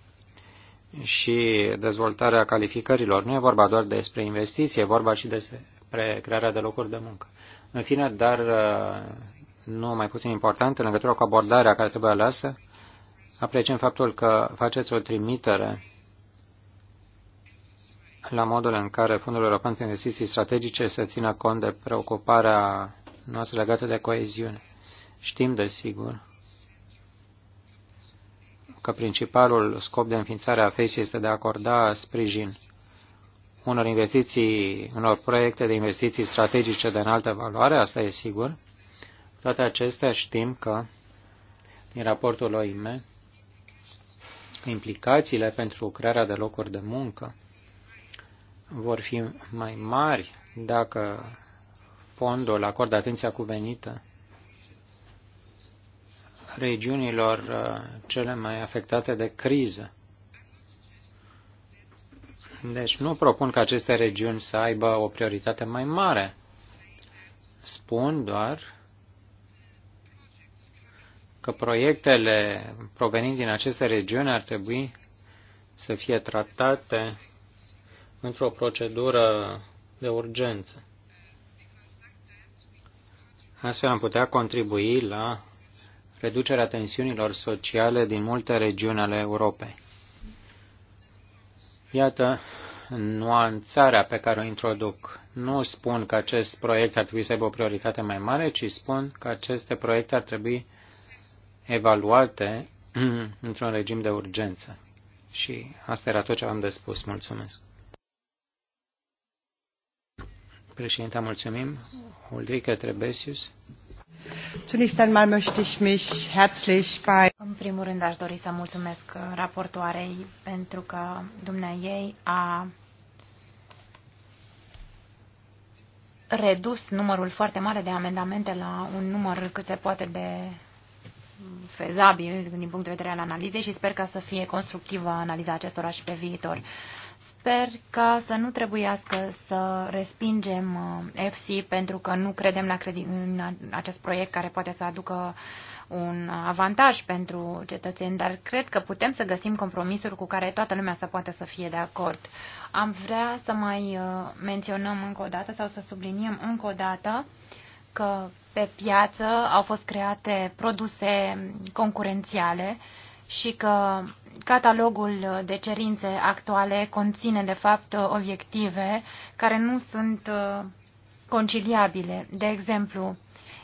și dezvoltarea calificărilor. Nu e vorba doar despre investiții, e vorba și despre crearea de locuri de muncă. În fine, dar uh, nu mai puțin important, în legătură cu abordarea care trebuie aleasă, apreciem faptul că faceți o trimitere la modul în care Fondul European pentru Investiții Strategice să țină cont de preocuparea noastră legată de coeziune. Știm, desigur, că principalul scop de înființare a FACE este de a acorda sprijin unor investiții, unor proiecte de investiții strategice de înaltă valoare, asta e sigur. Toate acestea știm că din raportul OIM implicațiile pentru crearea de locuri de muncă vor fi mai mari dacă fondul acordă atenția cuvenită regiunilor uh, cele mai afectate de criză. Deci nu propun ca aceste regiuni să aibă o prioritate mai mare. Spun doar că proiectele provenind din aceste regiuni ar trebui să fie tratate într-o procedură de urgență. Astfel am putea contribui la reducerea tensiunilor sociale din multe regiuni ale Europei. Iată nuanțarea pe care o introduc. Nu spun că acest proiect ar trebui să aibă o prioritate mai mare, ci spun că aceste proiecte ar trebui evaluate [clears throat] într-un regim de urgență. Și asta era tot ce am de spus. Mulțumesc. Președinte, mulțumim. Ulrike Trebesius.
Zunächst einmal möchte ich mich herzlich bei În primul rând aș dori să mulțumesc uh, raportoarei pentru că dumneai a redus numărul foarte mare de amendamente la un număr cât se poate de fezabil din punct de vedere al analizei și sper ca să fie constructivă analiza acestora și pe viitor. Sper ca să nu trebuiască să respingem uh, FC pentru că nu credem la credi- în acest proiect care poate să aducă un avantaj pentru cetățeni, dar cred că putem să găsim compromisuri cu care toată lumea să poată să fie de acord. Am vrea să mai uh, menționăm încă o dată sau să subliniem încă o dată că pe piață au fost create produse concurențiale uh, și că catalogul de cerințe actuale conține, de fapt, obiective care nu sunt uh, conciliabile. De exemplu,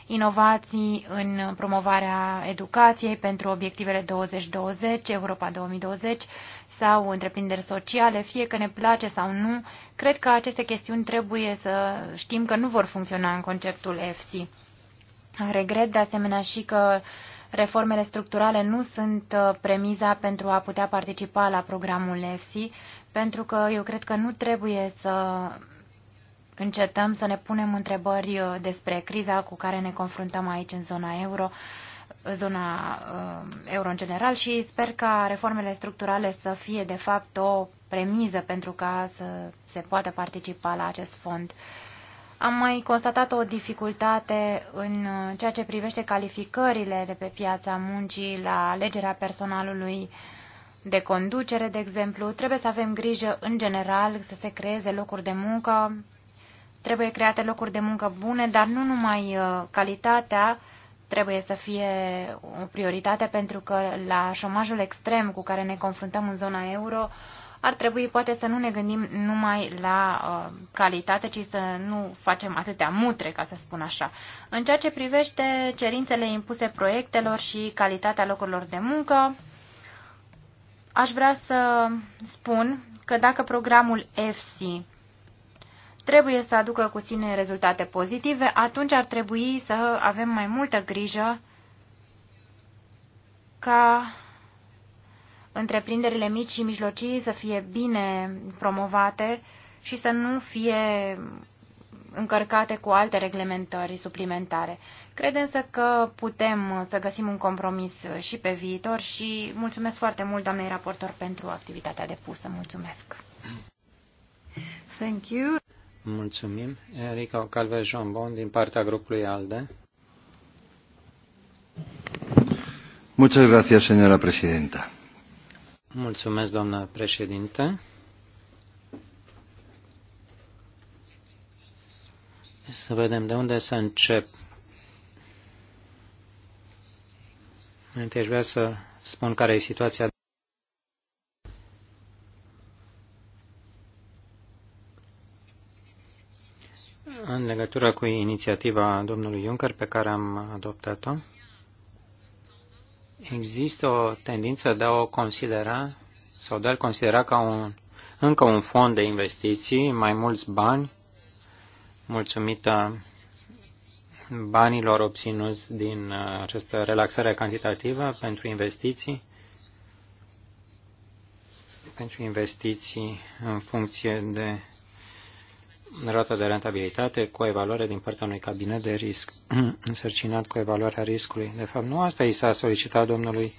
inovații în promovarea educației pentru obiectivele 2020, Europa 2020 sau întreprinderi sociale, fie că ne place sau nu, cred că aceste chestiuni trebuie să știm că nu vor funcționa în conceptul EFSI. Regret de asemenea și că uh, Reformele structurale nu sunt uh, premiza pentru a putea participa la programul EFSI, pentru că eu cred că nu trebuie să încetăm să ne punem întrebări uh, despre criza cu care ne confruntăm aici în zona euro, zona uh, euro în general și sper ca reformele structurale să fie de fapt o premiză pentru ca să se poată participa la acest fond am mai constatat o dificultate în uh, ceea ce privește calificările de pe piața muncii la alegerea personalului de conducere, de exemplu. Trebuie să avem grijă, în general, să se creeze locuri de muncă. Trebuie create locuri de muncă bune, dar nu numai uh, calitatea trebuie să fie o prioritate, pentru că la șomajul extrem cu care ne confruntăm în zona euro, ar trebui poate să nu ne gândim numai la uh, calitate, ci să nu facem atâtea mutre, ca să spun așa. În ceea ce privește cerințele impuse proiectelor și calitatea locurilor de muncă, aș vrea să spun că dacă programul FC trebuie să aducă cu sine rezultate pozitive, atunci ar trebui să avem mai multă grijă ca întreprinderile mici și mijlocii să fie bine promovate și să nu fie încărcate cu alte reglementări suplimentare. Cred însă că putem să găsim un compromis și pe viitor și mulțumesc foarte mult, doamnei raportor, pentru activitatea depusă. Mulțumesc!
Thank you. Mulțumim. Erika Calve Jambon din partea grupului ALDE. Muchas gracias, señora presidenta. Mulțumesc, doamnă președinte. Să vedem de unde să încep. Întâi vrea să spun care e situația. În legătură cu inițiativa domnului Juncker pe care am adoptat-o, Există o tendință de a o considera sau de a considera ca un, încă un fond de investiții, mai mulți bani, mulțumită banilor obținuți din uh, această relaxare cantitativă pentru investiții, pentru investiții în funcție de rată de rentabilitate cu o evaluare din partea unui cabinet de risc, [clears throat] însărcinat cu evaluarea riscului. De fapt, nu asta i s-a solicitat domnului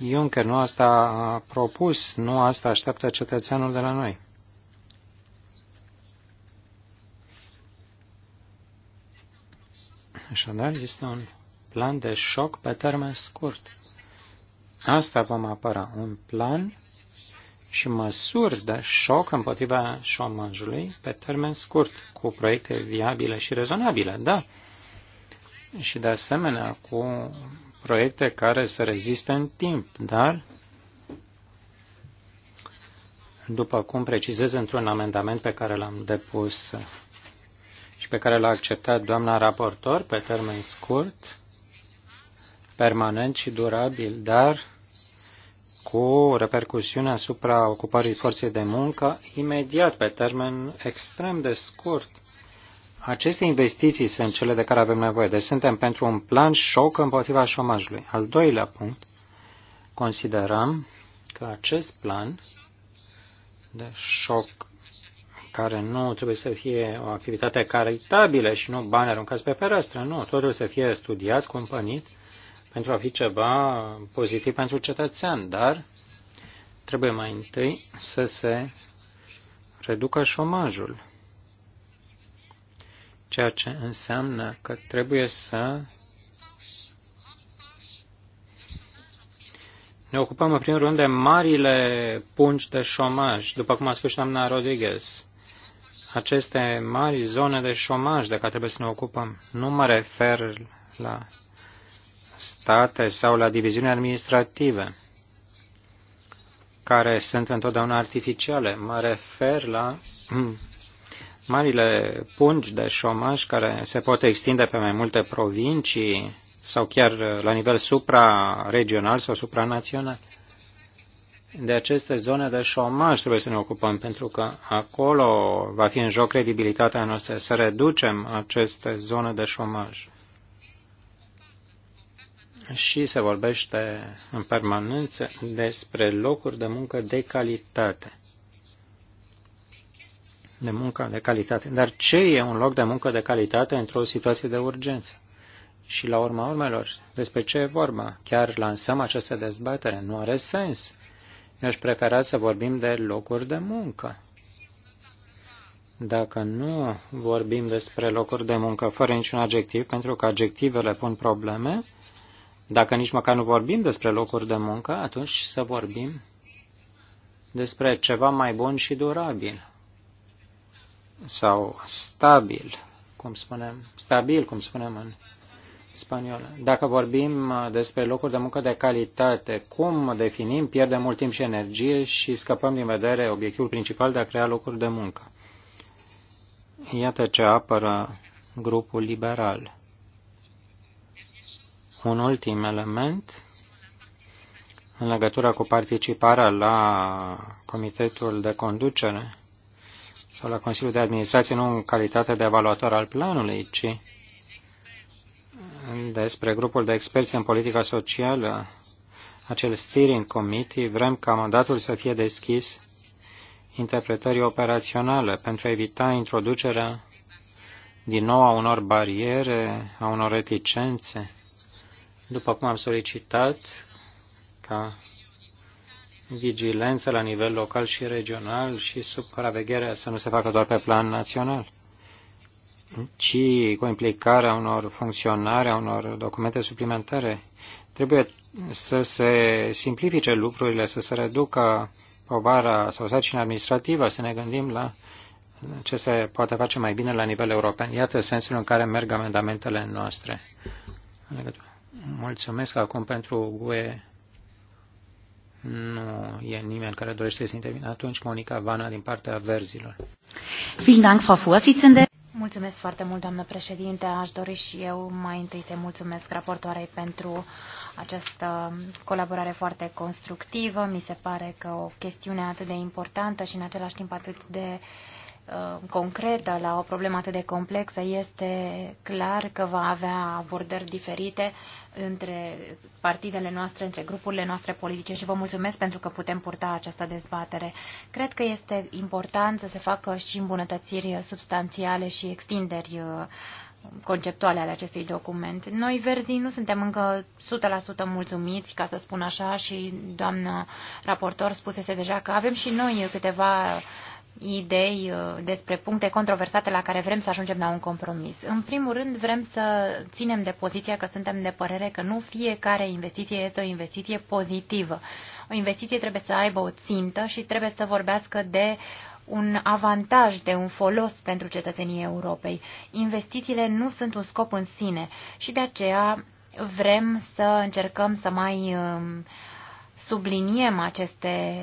Juncker, nu asta a propus, nu asta așteaptă cetățeanul de la noi. Așadar, este un plan de șoc pe termen scurt. Asta vom apăra, un plan și măsuri de șoc împotriva șomajului pe termen scurt, cu proiecte viabile și rezonabile, da. Și de asemenea cu proiecte care să reziste în timp, dar, după cum precizez într-un amendament pe care l-am depus și pe care l-a acceptat doamna raportor pe termen scurt, permanent și durabil, dar cu repercusiune asupra ocupării forței de muncă imediat, pe termen extrem de scurt. Aceste investiții sunt cele de care avem nevoie. Deci suntem pentru un plan șoc împotriva șomajului. Al doilea punct, considerăm că acest plan de șoc care nu trebuie să fie o activitate caritabilă și nu bani aruncați pe fereastră, nu, totul să fie studiat, cumpănit, pentru a fi ceva pozitiv pentru cetățean, dar trebuie mai întâi să se reducă șomajul, ceea ce înseamnă că trebuie să ne ocupăm în primul rând de marile pungi de șomaj, după cum a spus doamna Rodriguez. Aceste mari zone de șomaj de care trebuie să ne ocupăm. Nu mă refer la state sau la diviziuni administrative, care sunt întotdeauna artificiale. Mă refer la [clears throat] marile pungi de șomaj care se pot extinde pe mai multe provincii sau chiar la nivel supra-regional sau supranațional. De aceste zone de șomaj trebuie să ne ocupăm, pentru că acolo va fi în joc credibilitatea noastră, să reducem aceste zone de șomaj și se vorbește în permanență despre locuri de muncă de calitate. De muncă de calitate. Dar ce e un loc de muncă de calitate într-o situație de urgență? Și la urma urmelor, despre ce e vorba? Chiar lansăm această dezbatere? Nu are sens. Eu aș prefera să vorbim de locuri de muncă. Dacă nu vorbim despre locuri de muncă fără niciun adjectiv, pentru că adjectivele pun probleme, dacă nici măcar nu vorbim despre locuri de muncă, atunci să vorbim despre ceva mai bun și durabil sau stabil, cum spunem, stabil, cum spunem în spaniolă. Dacă vorbim uh, despre locuri de muncă de calitate, cum definim, pierdem mult timp și energie și scăpăm din vedere obiectivul principal de a crea locuri de muncă. Iată ce apără grupul liberal. Un ultim element în legătură cu participarea la comitetul de conducere sau la Consiliul de Administrație, nu în calitate de evaluator al planului, ci despre grupul de experți în politica socială, acel steering committee, vrem ca mandatul să fie deschis interpretării operaționale pentru a evita introducerea din nou a unor bariere, a unor reticențe după cum am solicitat, ca vigilență la nivel local și regional și supravegherea să nu se facă doar pe plan național, ci cu implicarea unor funcționari, a unor documente suplimentare. Trebuie să se simplifice lucrurile, să se reducă povara sau sarcina administrativă, să ne gândim la ce se poate face mai bine la nivel european. Iată sensul în care merg amendamentele noastre. În legătură. Mulțumesc acum pentru UE. Nu e nimeni care dorește să intervină. Atunci, Monica Vana din partea verzilor.
Mulțumesc foarte mult, doamnă președinte. Aș dori și eu mai întâi să mulțumesc raportoarei pentru această colaborare foarte constructivă. Mi se pare că o chestiune atât de importantă și în același timp atât de uh, Uh, concretă la o problemă atât de complexă, este clar că va avea abordări diferite între partidele noastre, între grupurile noastre politice și vă mulțumesc pentru că putem purta această dezbatere. Cred că este important să se facă și îmbunătățiri substanțiale și extinderi uh, conceptuale ale acestui document. Noi, verzii, nu suntem încă 100% mulțumiți, ca să spun așa, și doamnă raportor spusese deja că avem și noi câteva idei uh, despre puncte controversate la care vrem să ajungem la un compromis. În primul rând, vrem să ținem de poziția că suntem de părere că nu fiecare investiție este o investiție pozitivă. O investiție trebuie să aibă o țintă și trebuie să vorbească de un avantaj, de un folos pentru cetățenii Europei. Investițiile nu sunt un scop în sine și de aceea vrem să încercăm să mai uh, subliniem aceste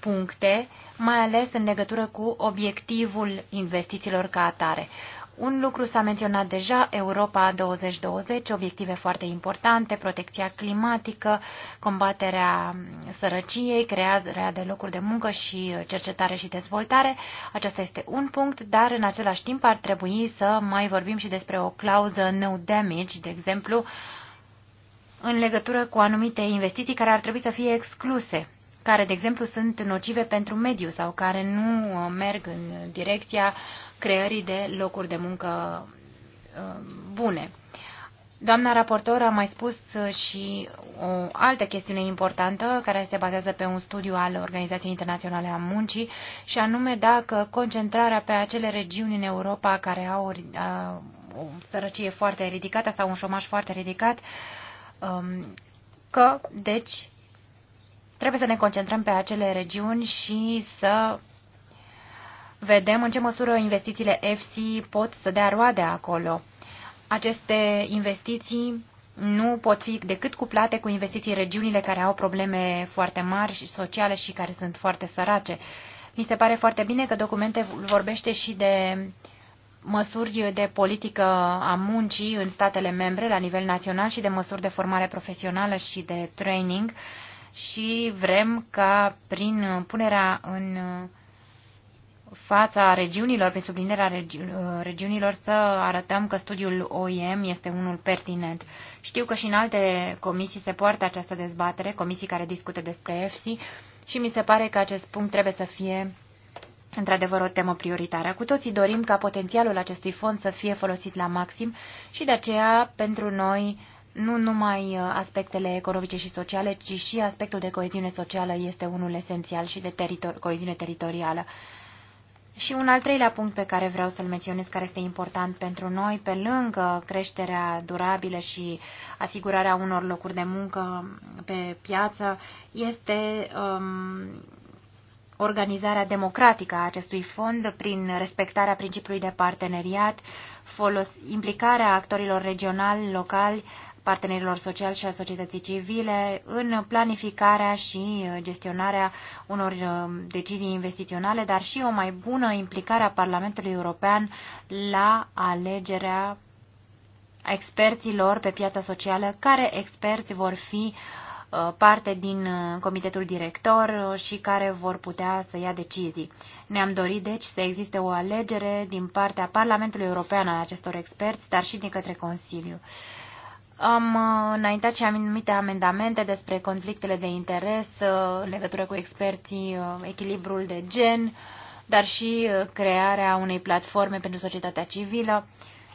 puncte, mai ales în legătură cu obiectivul investițiilor ca atare. Un lucru s-a menționat deja, Europa 2020, obiective foarte importante, protecția climatică, combaterea sărăciei, crearea de locuri de muncă și cercetare și dezvoltare. Acesta este un punct, dar în același timp ar trebui să mai vorbim și despre o clauză no damage, de exemplu, în legătură cu anumite investiții care ar trebui să fie excluse, care, de exemplu, sunt nocive pentru mediu sau care nu uh, merg în direcția creării de locuri de muncă uh, bune. Doamna raportor a mai spus uh, și o altă chestiune importantă care se bazează pe un studiu al Organizației Internaționale a Muncii și anume dacă concentrarea pe acele regiuni în Europa care au o sărăcie foarte ridicată sau un șomaj foarte ridicat uh, Um, că, deci, trebuie să ne concentrăm pe acele regiuni și să vedem în ce măsură investițiile EFSI pot să dea roade acolo. Aceste investiții nu pot fi decât cuplate cu investiții în regiunile care au probleme foarte mari și sociale și care sunt foarte sărace. Mi se pare foarte bine că documente vorbește și de uh, măsuri de politică a muncii în statele membre la nivel național și de măsuri de formare profesională și de training și vrem ca prin punerea în fața regiunilor, pe sublinierea regi regiunilor, să arătăm că studiul OIM este unul pertinent. Știu că și în alte comisii se poartă această dezbatere, comisii care discută despre EFSI și mi se pare că acest punct trebuie să fie într-adevăr o temă prioritară. Cu toții dorim ca potențialul acestui fond să fie folosit la maxim și de aceea pentru noi nu numai aspectele economice și sociale, ci și aspectul de coeziune socială este unul esențial și de teritor coeziune teritorială. Și un al treilea punct pe care vreau să-l menționez, care este important pentru noi, pe lângă creșterea durabilă și asigurarea unor locuri de muncă pe piață, este um, organizarea democratică a acestui fond prin respectarea principiului de parteneriat, folos, implicarea actorilor regionali, locali, partenerilor sociali și a societății civile în planificarea și gestionarea unor uh, decizii investiționale, dar și o mai bună implicare a Parlamentului European la alegerea experților pe piața socială, care experți vor fi uh, Uh, parte din uh, comitetul director uh, și care vor putea să ia decizii. Ne-am dorit, deci, să existe o alegere din partea Parlamentului European al acestor experți, dar și din către Consiliu. Am înaintat și anumite amendamente despre conflictele de interes, legătură cu experții, echilibrul de gen, dar și crearea unei platforme pentru societatea civilă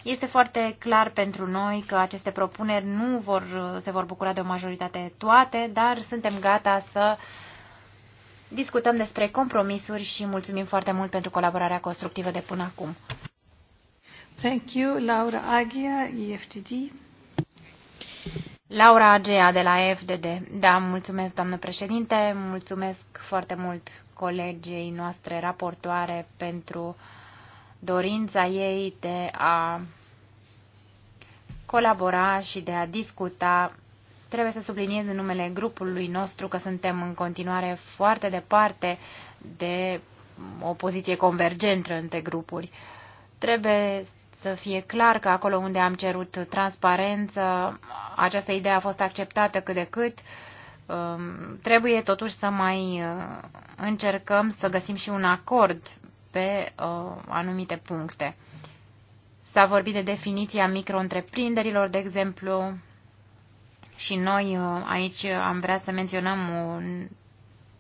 este foarte clar pentru noi că aceste propuneri nu vor, se vor bucura de o majoritate toate, dar suntem gata să discutăm despre compromisuri și mulțumim foarte mult pentru colaborarea constructivă de până acum. Thank you, Laura Agia, EFTD. Laura Agea de la FDD. Da, mulțumesc, doamnă președinte, mulțumesc foarte mult colegii noastre raportoare pentru uh, dorința ei de a colabora și de a discuta. Trebuie să subliniez în numele grupului nostru că suntem în continuare foarte departe de o poziție convergentă între grupuri. Trebuie să fie clar că acolo unde am cerut transparență, această idee a fost acceptată cât de cât. Um, trebuie totuși să mai uh, încercăm să găsim și un acord pe uh, anumite puncte. S-a vorbit de definiția micro-întreprinderilor, de exemplu, și noi uh, aici am vrea să menționăm o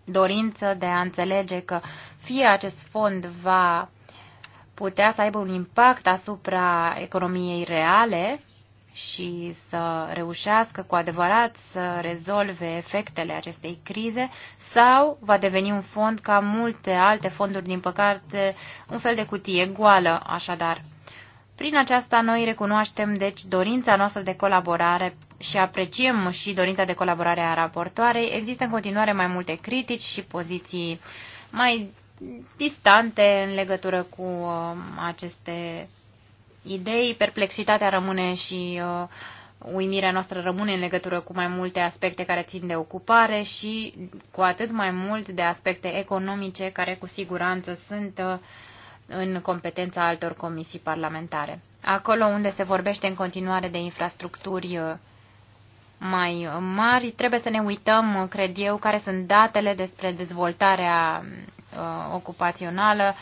dorință de a înțelege că fie acest fond va putea să aibă un impact asupra economiei reale, și să reușească cu adevărat să rezolve efectele acestei crize sau va deveni un fond ca multe alte fonduri, din păcate, un fel de cutie goală, așadar. Prin aceasta noi recunoaștem, deci, dorința noastră de colaborare și apreciem și dorința de colaborare a raportoarei. Există în continuare mai multe critici și poziții mai distante în legătură cu uh, aceste idei. Perplexitatea rămâne și uh, uimirea noastră rămâne în legătură cu mai multe aspecte care țin de ocupare și cu atât mai mult de aspecte economice care cu siguranță sunt uh, în competența altor comisii parlamentare. Acolo unde se vorbește în continuare de infrastructuri uh, mai mari, trebuie să ne uităm, uh, cred eu, care sunt datele despre dezvoltarea uh, ocupațională,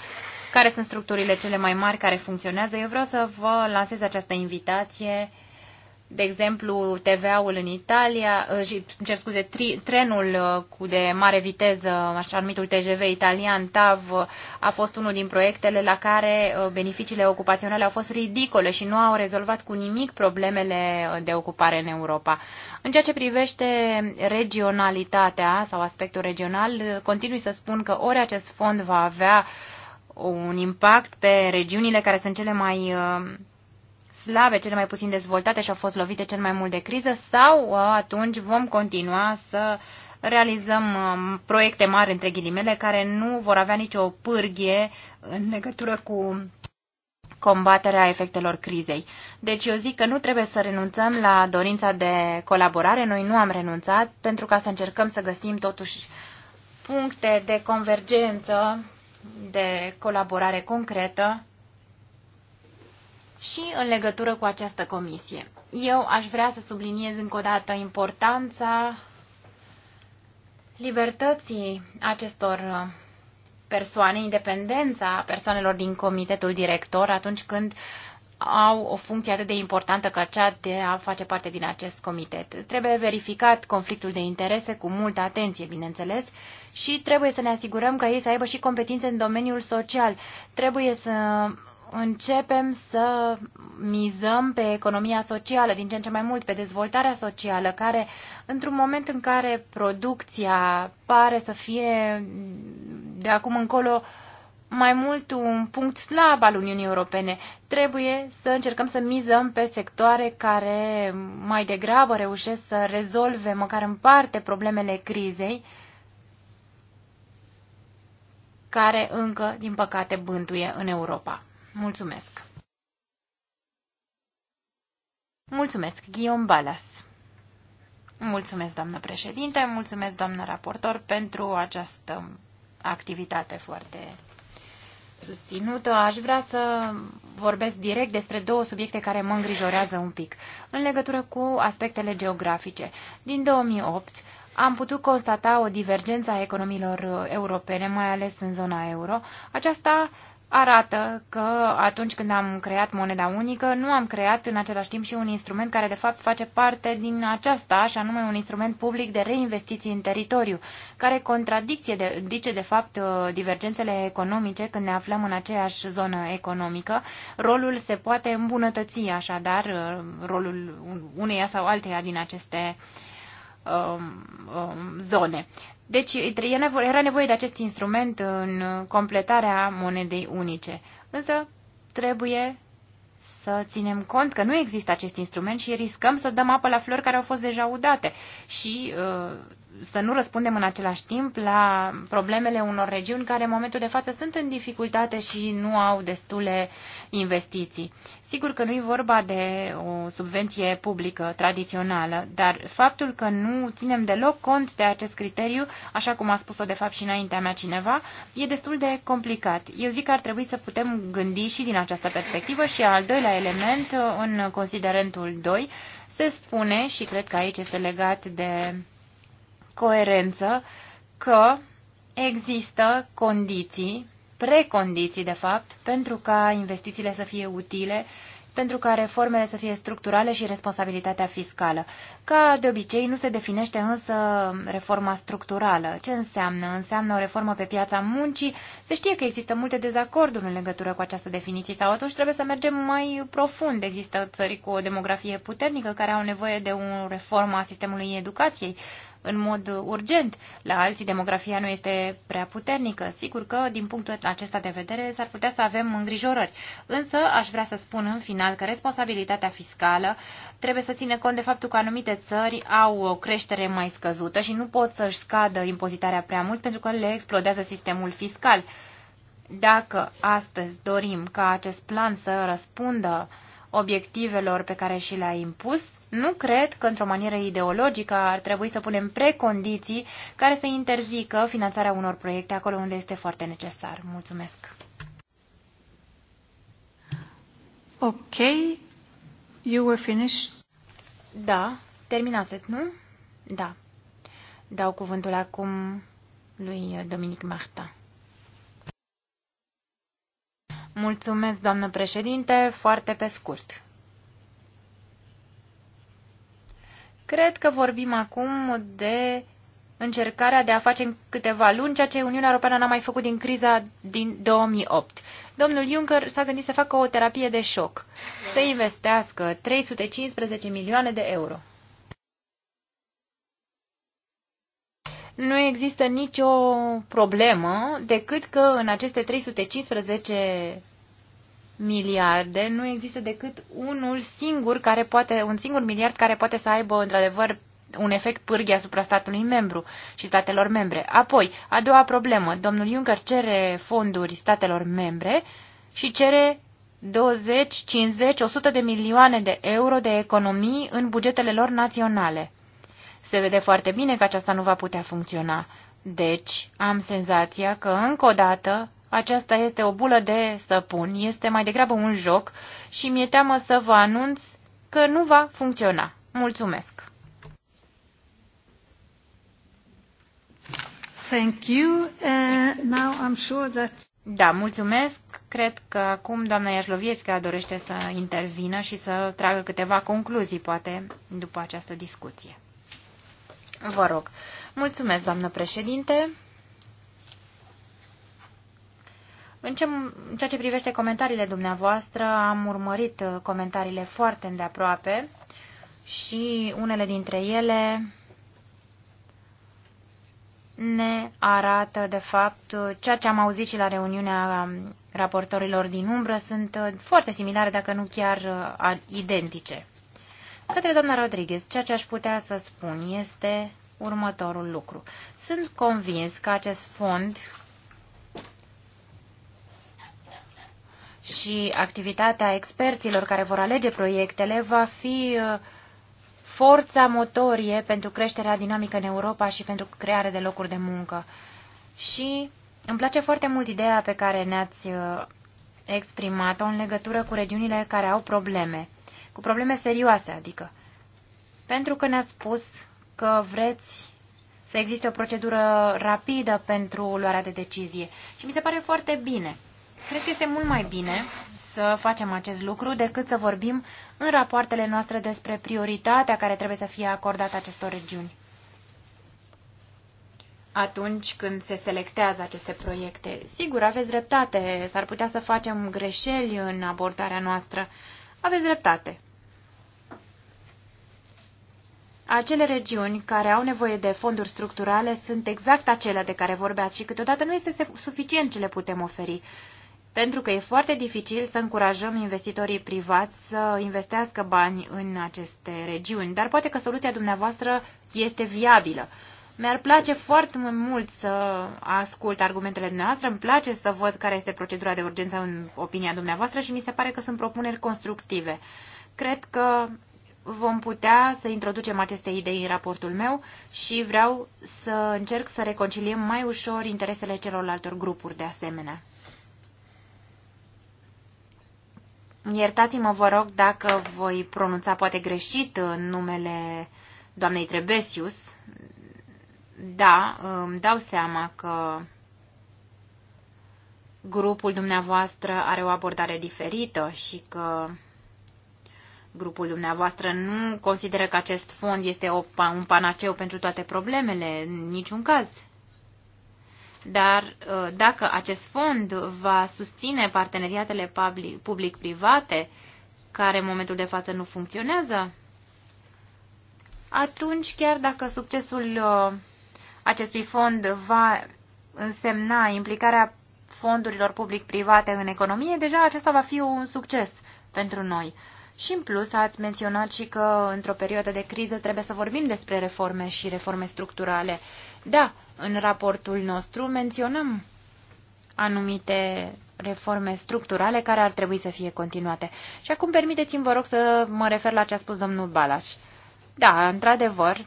care sunt structurile cele mai mari care funcționează. Eu vreau să vă lansez această invitație de exemplu, TVA-ul în Italia, uh, și, cer scuze, tri, trenul uh, cu de mare viteză, așa numitul TGV italian, TAV, a fost unul din proiectele la care uh, beneficiile ocupaționale au fost ridicole și nu au rezolvat cu nimic problemele de ocupare în Europa. În ceea ce privește regionalitatea sau aspectul regional, continui să spun că ori acest fond va avea uh, un impact pe regiunile care sunt cele mai uh, slabe, cele mai puțin dezvoltate și au fost lovite cel mai mult de criză sau uh, atunci vom continua să realizăm um, proiecte mari, între ghilimele, care nu vor avea nicio pârghie în legătură cu combaterea efectelor crizei. Deci eu zic că nu trebuie să renunțăm la dorința de colaborare, noi nu am renunțat, pentru ca să încercăm să găsim totuși puncte de convergență de colaborare concretă și în legătură cu această comisie. Eu aș vrea să subliniez încă o dată importanța libertății acestor uh, persoane, independența persoanelor din comitetul director atunci când au o funcție atât de importantă ca cea de a face parte din acest comitet. Trebuie verificat conflictul de interese cu multă atenție, bineînțeles, și trebuie să ne asigurăm că ei să aibă și competențe în domeniul social. Trebuie să începem să mizăm pe economia socială, din ce în ce mai mult pe dezvoltarea socială, care într-un moment în care producția pare să fie de acum încolo mai mult un punct slab al Uniunii Europene. Trebuie să încercăm să mizăm pe sectoare care mai degrabă reușesc să rezolve măcar în parte problemele crizei, care încă, din păcate, bântuie în Europa. Mulțumesc! Mulțumesc, Guillaume Balas. Mulțumesc, doamnă președinte, mulțumesc, doamnă raportor, pentru această activitate foarte susținută. Aș vrea să vorbesc direct despre două subiecte care mă îngrijorează un pic, în legătură cu aspectele geografice. Din 2008 am putut constata o divergență a economiilor uh, europene, mai ales în zona euro. Aceasta arată că atunci când am creat moneda unică, nu am creat în același timp și un instrument care de fapt face parte din aceasta, și anume un instrument public de reinvestiții în teritoriu, care contradicție de, dice de fapt uh, divergențele economice când ne aflăm în aceeași zonă economică. Rolul se poate îmbunătăți așadar, uh, rolul uneia sau alteia din aceste uh, Um, um, zone. Deci era nevoie de acest instrument în completarea monedei unice. Însă trebuie să ținem cont că nu există acest instrument și riscăm să dăm apă la flori care au fost deja udate. Și uh, să nu răspundem în același timp la problemele unor regiuni care în momentul de față sunt în dificultate și nu au destule investiții. Sigur că nu e vorba de o subvenție publică tradițională, dar faptul că nu ținem deloc cont de acest criteriu, așa cum a spus-o de fapt și înaintea mea cineva, e destul de complicat. Eu zic că ar trebui să putem gândi și din această perspectivă și al doilea element uh, în considerentul 2 se spune, și cred că aici este legat de coerență că există condiții, precondiții de fapt, pentru ca investițiile să fie utile, pentru ca reformele să fie structurale și responsabilitatea fiscală. Ca de obicei, nu se definește însă reforma structurală. Ce înseamnă? Înseamnă o reformă pe piața muncii. Se știe că există multe dezacorduri în legătură cu această definiție sau atunci trebuie să mergem mai profund. Există țări cu o demografie puternică care au nevoie de o reformă a sistemului educației, în mod urgent. La alții demografia nu este prea puternică. Sigur că, din punctul acesta de vedere, s-ar putea să avem îngrijorări. Însă, aș vrea să spun în final că responsabilitatea fiscală trebuie să ține cont de faptul că anumite țări au o creștere mai scăzută și nu pot să-și scadă impozitarea prea mult pentru că le explodează sistemul fiscal. Dacă astăzi dorim ca acest plan să răspundă uh, obiectivelor pe care și le-a impus, nu cred că într-o manieră ideologică ar trebui să punem precondiții care să interzică finanțarea unor proiecte acolo unde este foarte necesar. Mulțumesc! Ok, you were finished? Da, terminați, nu? Da. Dau cuvântul acum lui Dominic Marta. Mulțumesc, doamnă președinte, foarte pe scurt. Cred că vorbim acum de încercarea de a face în câteva luni ceea ce Uniunea Europeană n-a mai făcut din criza din 2008. Domnul Juncker s-a gândit să facă o terapie de șoc, să investească 315 milioane de euro. nu există nicio problemă decât că în aceste 315 miliarde nu există decât unul singur care poate, un singur miliard care poate să aibă într-adevăr un efect pârghi asupra statului membru și statelor membre. Apoi, a doua problemă, domnul Juncker cere fonduri statelor membre și cere 20, 50, 100 de milioane de euro de economii în bugetele lor naționale. Se vede foarte bine că aceasta nu va putea funcționa. Deci, am senzația că, încă o dată, aceasta este o bulă de săpun, este mai degrabă un joc și mi-e teamă să vă anunț că nu va funcționa. Mulțumesc! Thank you. Uh, now I'm sure that... Da, mulțumesc. Cred că acum doamna Iașlovieșca dorește să intervină și să tragă câteva concluzii, poate, după această discuție. Vă rog. Mulțumesc, doamnă președinte. În, ce, în ceea ce privește comentariile dumneavoastră, am urmărit uh, comentariile foarte îndeaproape și unele dintre ele ne arată, de fapt, ceea ce am auzit și la reuniunea um, raportorilor din umbră sunt uh, foarte similare, dacă nu chiar uh, identice. Către doamna Rodriguez, ceea ce aș putea să spun este următorul lucru. Sunt convins că acest fond și activitatea experților care vor alege proiectele va fi uh, forța motorie pentru creșterea dinamică în Europa și pentru crearea de locuri de muncă. Și îmi place foarte mult ideea pe care ne-ați uh, exprimat-o în legătură cu regiunile care au probleme cu probleme serioase, adică. Pentru că ne-ați spus că vreți să existe o procedură rapidă pentru luarea de decizie. Și mi se pare foarte bine. Cred că este mult mai bine să facem acest lucru decât să vorbim în rapoartele noastre despre prioritatea care trebuie să fie acordată acestor regiuni atunci când se selectează aceste proiecte. Sigur, aveți dreptate, s-ar putea să facem greșeli în abordarea noastră, aveți dreptate. Acele regiuni care au nevoie de fonduri structurale sunt exact acelea de care vorbeați și câteodată nu este suficient ce le putem oferi, pentru că e foarte dificil să încurajăm investitorii privați să investească bani în aceste regiuni, dar poate că soluția dumneavoastră este viabilă. Mi-ar place foarte mult să ascult argumentele dumneavoastră, îmi place să văd care este procedura de urgență în opinia dumneavoastră și mi se pare că sunt propuneri constructive. Cred că vom putea să introducem aceste idei în raportul meu și vreau să încerc să reconciliem mai ușor interesele celorlaltor grupuri de asemenea. Iertați-mă, vă rog, dacă voi pronunța poate greșit numele doamnei Trebesius, da, îmi dau seama că grupul dumneavoastră are o abordare diferită și că grupul dumneavoastră nu consideră că acest fond este o, un panaceu pentru toate problemele, în niciun caz. Dar ă, dacă acest fond va susține parteneriatele public-private, care în momentul de față nu funcționează, atunci chiar dacă succesul ă, acestui fond va însemna implicarea fondurilor public-private în economie, deja acesta va fi un succes pentru noi. Și în plus ați menționat și că într-o perioadă de criză trebuie să vorbim despre reforme și reforme structurale. Da, în raportul nostru menționăm anumite reforme structurale care ar trebui să fie continuate. Și acum permiteți-mi, vă rog, să mă refer la ce a spus domnul Balas. Da, într-adevăr,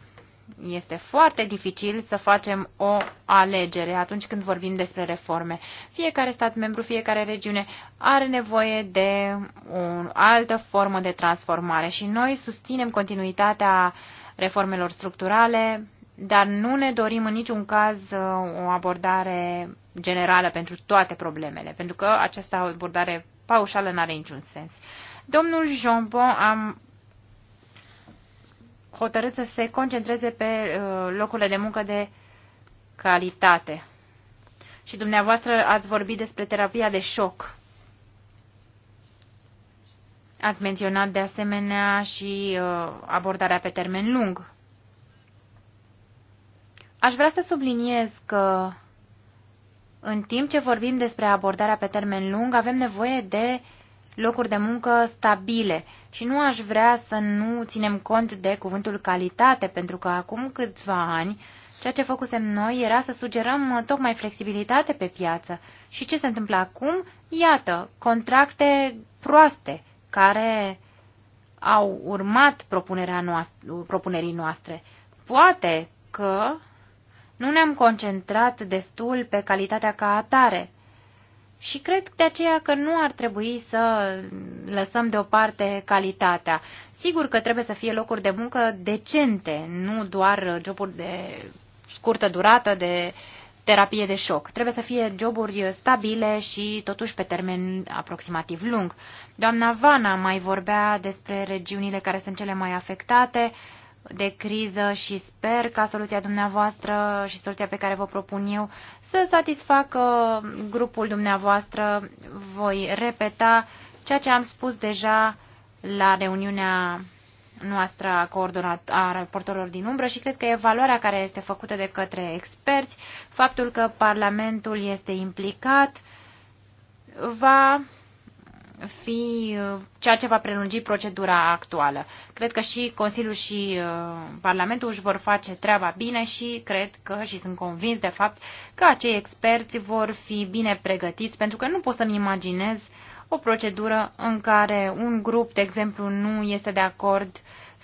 este foarte dificil să facem o alegere atunci când vorbim despre reforme. Fiecare stat membru, fiecare regiune are nevoie de o altă formă de transformare și noi susținem continuitatea reformelor structurale, dar nu ne dorim în niciun caz uh, o abordare generală pentru toate problemele, pentru că această abordare paușală nu are niciun sens. Domnul Jombon a hotărât să se concentreze pe uh, locurile de muncă de calitate. Și dumneavoastră ați vorbit despre terapia de șoc. Ați menționat de asemenea și uh, abordarea pe termen lung. Aș vrea să subliniez că în timp ce vorbim despre abordarea pe termen lung, avem nevoie de uh, locuri de muncă stabile și nu aș vrea să nu ținem cont de cuvântul calitate, pentru că acum câțiva ani ceea ce făcusem noi era să sugerăm uh, tocmai flexibilitate pe piață. Și ce se întâmplă acum? Iată, contracte proaste care au urmat propunerea noastră, propunerii noastre. Poate că nu ne-am concentrat destul pe calitatea ca atare. Și cred de aceea că nu ar trebui să lăsăm deoparte calitatea. Sigur că trebuie să fie locuri de muncă decente, nu doar joburi de scurtă durată, de terapie de șoc. Trebuie să fie joburi stabile și totuși pe termen aproximativ lung. Doamna Vana mai vorbea despre regiunile care sunt cele mai afectate, uh, de criză și sper ca soluția dumneavoastră și soluția pe care vă propun eu să satisfacă grupul dumneavoastră. Voi repeta ceea ce am spus deja la reuniunea noastră a, coordonat, a raportorilor din umbră și cred că evaluarea care este făcută de către experți, faptul că Parlamentul este implicat, va fi uh, ceea ce va prelungi procedura actuală. Cred că și Consiliul și uh, Parlamentul își vor face treaba bine și cred că și sunt convins de fapt că acei experți vor fi bine pregătiți pentru că nu pot să-mi imaginez o procedură în care un grup, de exemplu, nu este de acord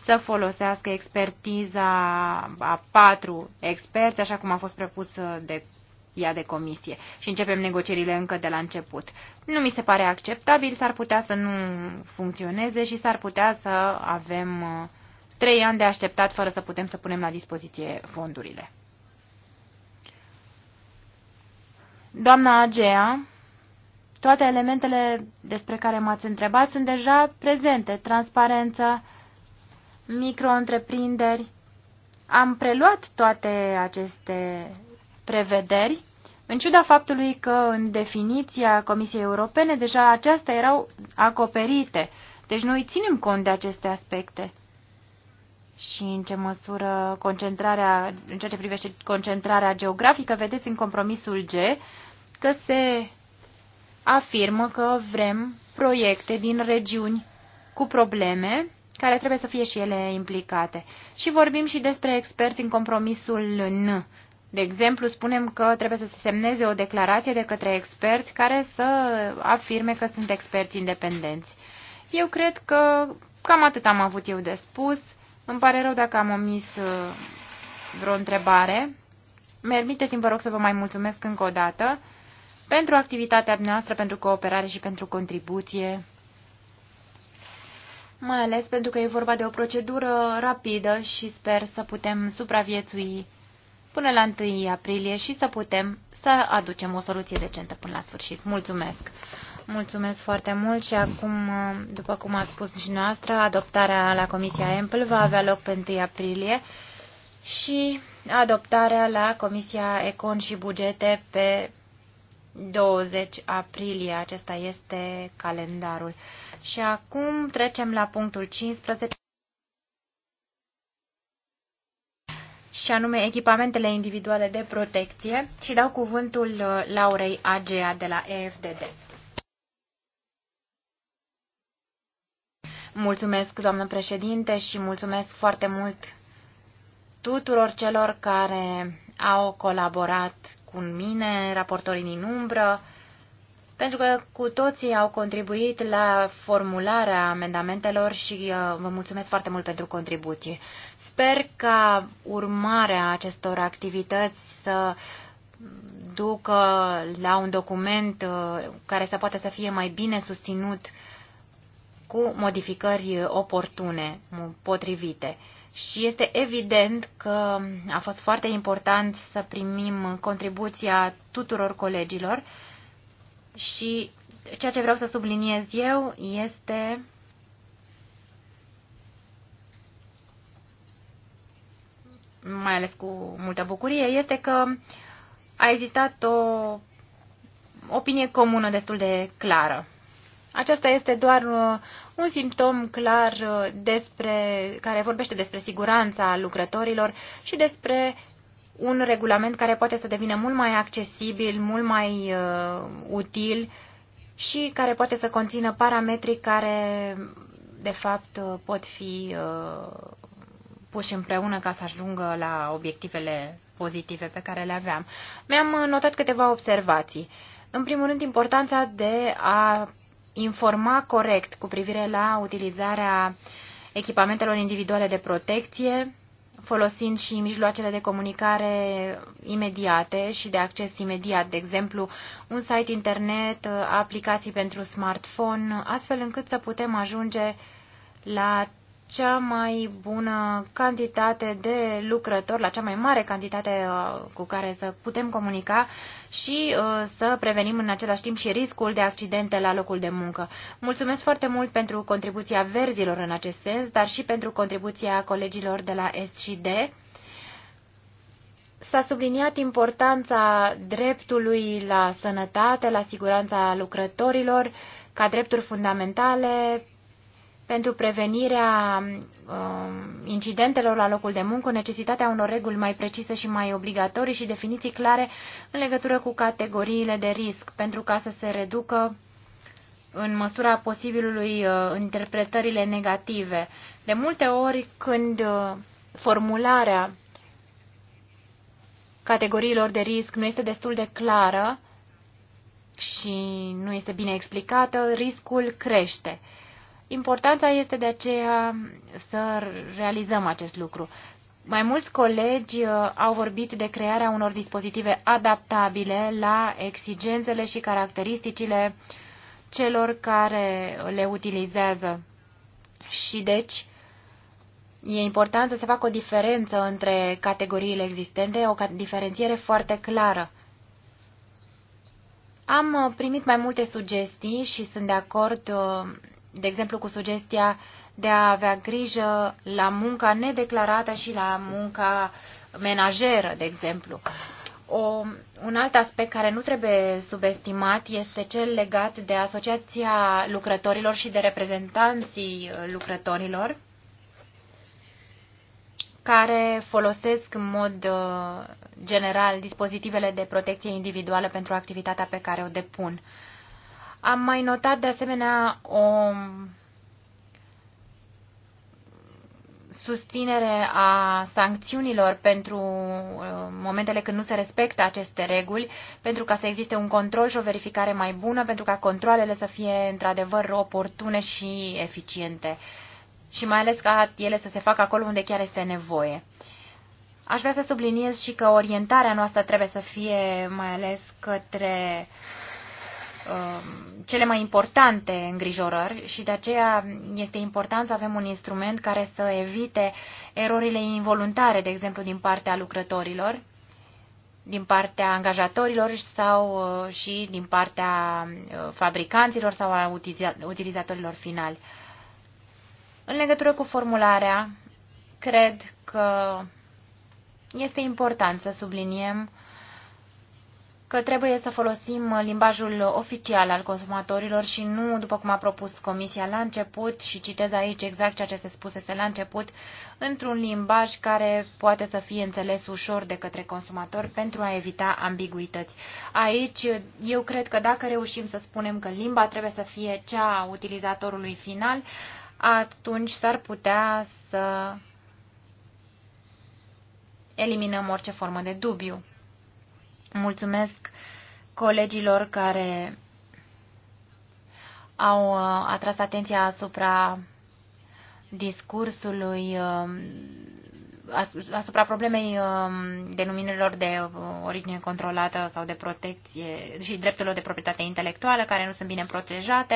să folosească expertiza a patru experți, așa cum a fost prepusă de ea de comisie și începem negocierile încă de la început. Nu mi se pare acceptabil, s-ar putea să nu funcționeze și s-ar putea să avem uh, trei ani de așteptat fără să putem să punem la dispoziție fondurile. Doamna Agea, toate elementele despre care m-ați întrebat sunt deja prezente. Transparență, micro-întreprinderi. Am preluat toate aceste prevederi, în ciuda faptului că în definiția Comisiei Europene deja acestea erau acoperite. Deci noi ținem cont de aceste aspecte. Și în ce măsură concentrarea, în ceea ce privește concentrarea geografică, vedeți în compromisul G că se afirmă că vrem proiecte din regiuni cu probleme care trebuie să fie și ele implicate. Și vorbim și despre experți în compromisul N, de exemplu, spunem că trebuie să se semneze o declarație de către experți care să afirme că sunt experți independenți. Eu cred că cam atât am avut eu de spus. Îmi pare rău dacă am omis uh, vreo întrebare. Permiteți-mi, vă rog, să vă mai mulțumesc încă o dată pentru activitatea noastră, pentru cooperare și pentru contribuție, mai ales pentru că e vorba de o procedură rapidă și sper să putem supraviețui până la 1 aprilie și să putem să aducem o soluție decentă până la sfârșit. Mulțumesc! Mulțumesc foarte mult și acum, după cum ați spus și noastră, adoptarea la Comisia Ample va avea loc pe 1 aprilie și adoptarea la Comisia Econ și Bugete pe 20 aprilie. Acesta este calendarul. Și acum trecem la punctul 15. și anume echipamentele individuale de protecție și dau cuvântul uh, Laurei Agea de la EFDD. Mulțumesc, doamnă președinte, și mulțumesc foarte mult tuturor celor care au colaborat cu mine, raportorii din umbră, pentru că cu toții au contribuit la formularea amendamentelor și uh, vă mulțumesc foarte mult pentru contribuții. Sper ca urmarea acestor activități să ducă la un document uh, care să poată să fie mai bine susținut cu modificări oportune, potrivite. Și este evident că a fost foarte important să primim contribuția tuturor colegilor și ceea ce vreau să subliniez eu este mai ales cu multă bucurie, este că a existat o opinie comună destul de clară. Aceasta este doar uh, un simptom clar uh, despre, care vorbește despre siguranța lucrătorilor și despre un regulament care poate să devină mult mai accesibil, mult mai uh, util și care poate să conțină parametri care, de fapt, uh, pot fi uh, puși împreună ca să ajungă la obiectivele pozitive pe care le aveam. Mi-am notat câteva observații. În primul rând, importanța de a informa corect cu privire la utilizarea echipamentelor individuale de protecție, folosind și mijloacele de comunicare imediate și de acces imediat, de exemplu, un site internet, aplicații pentru smartphone, astfel încât să putem ajunge la cea mai bună cantitate de lucrători, la cea mai mare cantitate uh, cu care să putem comunica și uh, să prevenim în același timp și riscul de accidente la locul de muncă. Mulțumesc foarte mult pentru contribuția verzilor în acest sens, dar și pentru contribuția colegilor de la SCD. S-a subliniat importanța dreptului la sănătate, la siguranța lucrătorilor, ca drepturi fundamentale pentru prevenirea um, incidentelor la locul de muncă, necesitatea unor reguli mai precise și mai obligatorii și definiții clare în legătură cu categoriile de risc, pentru ca să se reducă în măsura posibilului uh, interpretările negative. De multe ori, când uh, formularea categoriilor de risc nu este destul de clară și nu este bine explicată, riscul crește. Importanța este de aceea să realizăm acest lucru. Mai mulți colegi uh, au vorbit de crearea unor dispozitive adaptabile la exigențele și caracteristicile celor care le utilizează. Și deci e important să se facă o diferență între categoriile existente, o diferențiere foarte clară. Am uh, primit mai multe sugestii și sunt de acord uh, de exemplu cu sugestia de a avea grijă la munca nedeclarată și la munca menajeră, de exemplu. O, un alt aspect care nu trebuie subestimat este cel legat de Asociația Lucrătorilor și de reprezentanții lucrătorilor, care folosesc în mod uh, general dispozitivele de protecție individuală pentru activitatea pe care o depun. Uh, am mai notat de asemenea o susținere a sancțiunilor pentru uh, momentele când nu se respectă aceste reguli, pentru ca să existe un control și o verificare mai bună, pentru ca controlele să fie într-adevăr oportune și eficiente. Și mai ales ca ele să se facă acolo unde chiar este nevoie. Aș vrea să subliniez și că orientarea noastră trebuie să fie mai ales către uh, Um, cele mai importante îngrijorări și de aceea este important să avem un instrument care să evite erorile involuntare, de exemplu, din partea lucrătorilor, din partea angajatorilor sau uh, și din partea uh, fabricanților sau a utilizatorilor finali. În legătură cu formularea, cred că este important să subliniem că trebuie să folosim uh, limbajul oficial al consumatorilor și nu, după cum a propus Comisia la început, și citez aici exact ceea ce se spusese la început, într-un limbaj care poate să fie înțeles ușor de către consumator pentru a evita ambiguități. Aici, eu cred că dacă reușim să spunem că limba trebuie să fie cea a utilizatorului final, atunci s-ar putea să eliminăm orice formă de dubiu. Mulțumesc colegilor care au uh, atras atenția asupra discursului, um, asupra problemei um, denumirilor de uh, origine controlată sau de protecție și drepturilor de proprietate intelectuală care nu sunt bine protejate.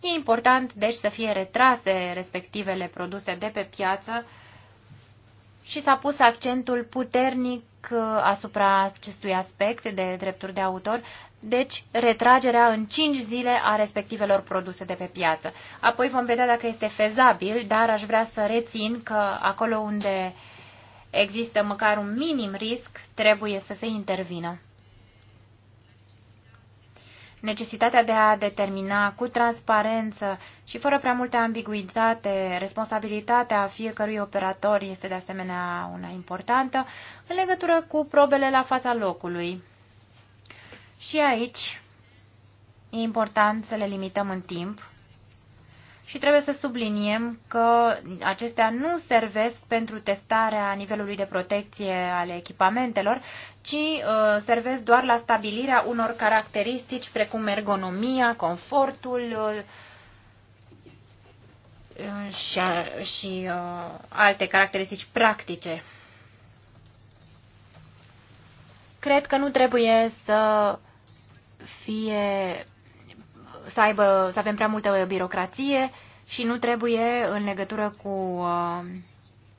E important, deci, să fie retrase respectivele produse de pe piață și s-a pus accentul puternic uh, asupra acestui aspect de drepturi de autor, deci retragerea în 5 zile a respectivelor produse de pe piață. Apoi vom vedea dacă este fezabil, dar aș vrea să rețin că acolo unde există măcar un minim risc, trebuie să se intervină necesitatea de a determina cu transparență și fără prea multe ambiguitate responsabilitatea fiecărui operator este de asemenea una importantă în legătură cu probele la fața locului. Și aici e important să le limităm în timp și trebuie să subliniem că acestea nu servesc pentru testarea nivelului de protecție ale echipamentelor, ci uh, servesc doar la stabilirea unor caracteristici precum ergonomia, confortul uh, și, uh, și uh, alte caracteristici practice. Cred că nu trebuie să fie să, aibă, să avem prea multă birocrație și nu trebuie în legătură cu uh,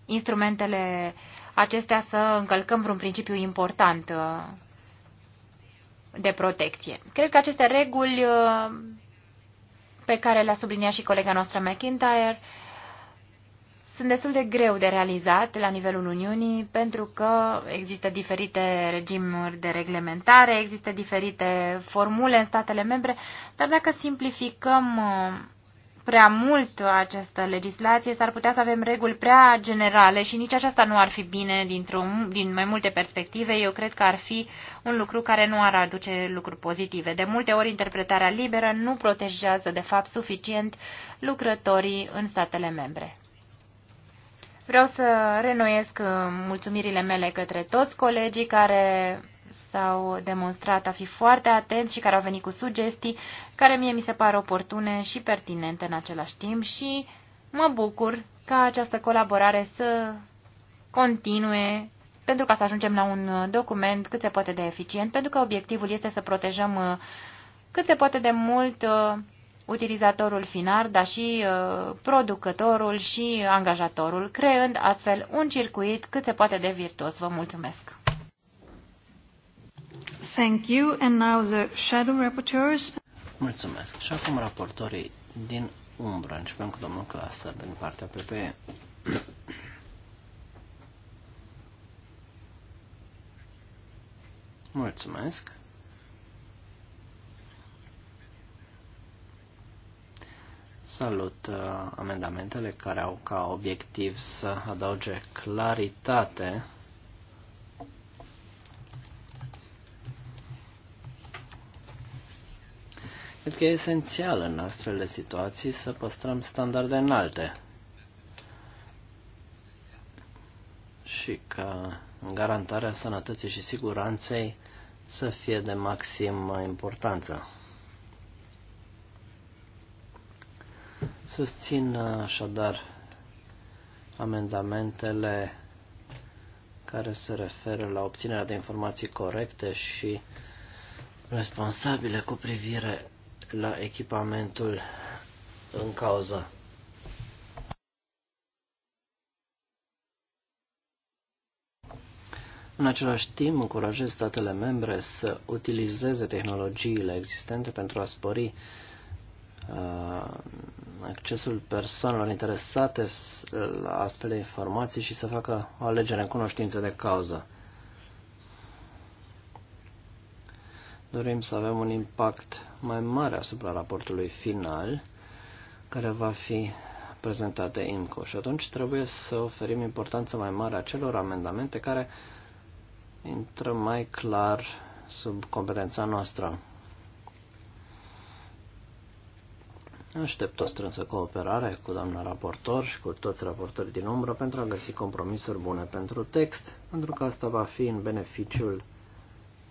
instrumentele acestea să încălcăm vreun principiu important uh, de protecție. Cred că aceste reguli uh, pe care le-a subliniat și colega noastră McIntyre uh, sunt destul de greu de realizat la nivelul Uniunii pentru că există diferite regimuri de reglementare, există diferite formule în statele membre, dar dacă simplificăm uh, prea mult această legislație, s-ar putea să avem reguli prea generale și nici aceasta nu ar fi bine din mai multe perspective. Eu cred că ar fi un lucru care nu ar aduce lucruri pozitive. De multe ori, interpretarea liberă nu protejează, de fapt, suficient lucrătorii în statele membre. Vreau să renoiesc uh, mulțumirile mele către toți colegii care s-au demonstrat a fi foarte atenți și care au venit cu sugestii care mie mi se par oportune și pertinente în același timp și mă bucur ca această colaborare să continue pentru ca să ajungem la un uh, document cât se poate de eficient, pentru că obiectivul este să protejăm uh, cât se poate de mult utilizatorul final, dar și uh, producătorul și angajatorul, creând astfel un circuit cât se poate de virtuos. Vă mulțumesc! Thank
you. And now the shadow rapporteurs.
Mulțumesc. Și acum raportorii din umbră. Începem cu domnul Clasă din partea PPE. Mulțumesc. Salut uh, amendamentele care au ca obiectiv să adauge claritate Cred că e esențial în de situații să păstrăm standarde înalte și ca garantarea sănătății și siguranței să fie de maximă importanță. Susțin așadar amendamentele care se referă la obținerea de informații corecte și responsabile cu privire la echipamentul în cauză. În același timp, încurajez statele membre să utilizeze tehnologiile existente pentru a spori uh, accesul persoanelor interesate la astfel de informații și să facă o alegere în cunoștință de cauză. Dorim să avem un impact mai mare asupra raportului final, care va fi prezentat de IMCO și atunci trebuie să oferim importanță mai mare acelor amendamente care intră mai clar sub competența noastră. Aștept o strânsă cooperare cu doamna raportor și cu toți raportorii din umbră pentru a găsi compromisuri bune pentru text, pentru că asta va fi în beneficiul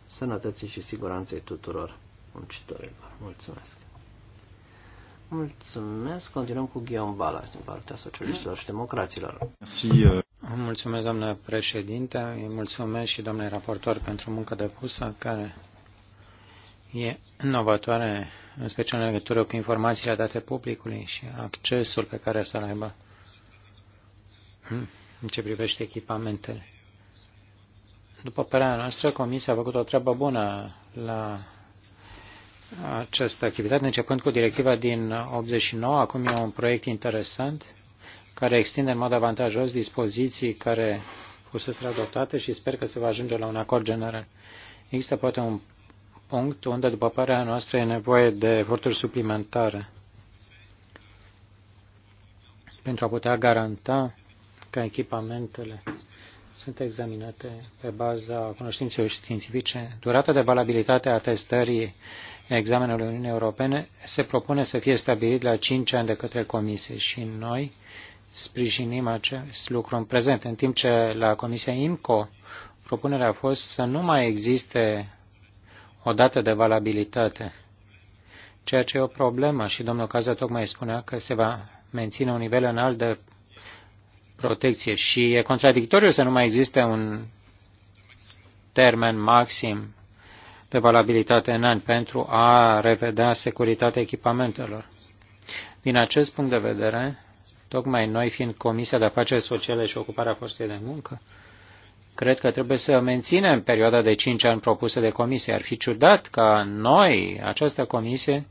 sănătății și siguranței tuturor muncitorilor. Mulțumesc!
Mulțumesc! Continuăm cu Guillaume Balas din partea socialiștilor și democraților. Uh. Mulțumesc, doamnă președinte, mulțumesc și doamnei raportor pentru munca depusă, care e inovatoare, în special în legătură cu informațiile date publicului și accesul pe care să-l aibă hmm, în ce privește echipamentele. După părerea noastră, Comisia a făcut o treabă bună la această activitate, începând cu directiva din 89. Acum e un proiect interesant care extinde în mod avantajos dispoziții care fusese adoptate și sper că se va ajunge la un acord general. Există poate un punct unde, după părerea noastră, e nevoie de eforturi suplimentare pentru a putea garanta că echipamentele sunt examinate pe baza cunoștințelor științifice. Durata de valabilitate a testării examenului Uniunii Europene se propune să fie stabilit la 5 ani de către Comisie și noi sprijinim acest lucru în prezent, în timp ce la Comisia IMCO propunerea a fost să nu mai existe o dată de valabilitate, ceea ce e o problemă și domnul Cază tocmai spunea că se va menține un nivel înalt de protecție și e contradictoriu să nu mai existe un termen maxim de valabilitate în ani pentru a revedea securitatea echipamentelor. Din acest punct de vedere, tocmai noi fiind Comisia de Afaceri Sociale și Ocuparea Forței de Muncă, Cred că trebuie să menținem perioada de 5 ani propusă de comisie. Ar fi ciudat ca noi, această comisie,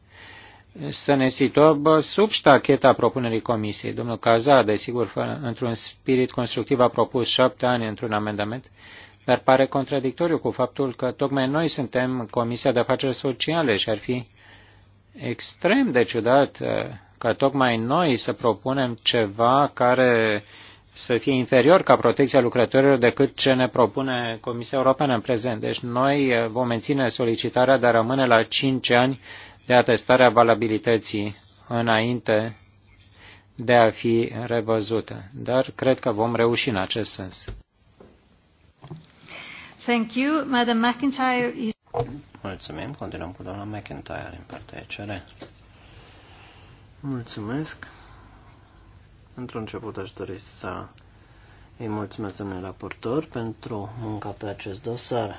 să ne situăm sub ștacheta propunerii comisiei. Domnul Caza, desigur, într-un spirit constructiv, a propus șapte ani într-un amendament, dar pare contradictoriu cu faptul că tocmai noi suntem Comisia de Afaceri Sociale și ar fi extrem de ciudat uh, ca tocmai noi să propunem ceva care uh, să fie inferior ca protecția lucrătorilor decât ce ne propune Comisia Europeană în prezent. Deci noi eh, vom menține solicitarea de a rămâne la 5 ani de atestare a valabilității înainte de a fi revăzută. Dar cred că vom reuși în acest sens. Thank you. Madam McIntyre is... Mulțumim. Continuăm cu doamna McIntyre în partea ECR.
Mulțumesc. Într-un început aș dori să îi mulțumesc domnului raportor pentru munca pe acest dosar.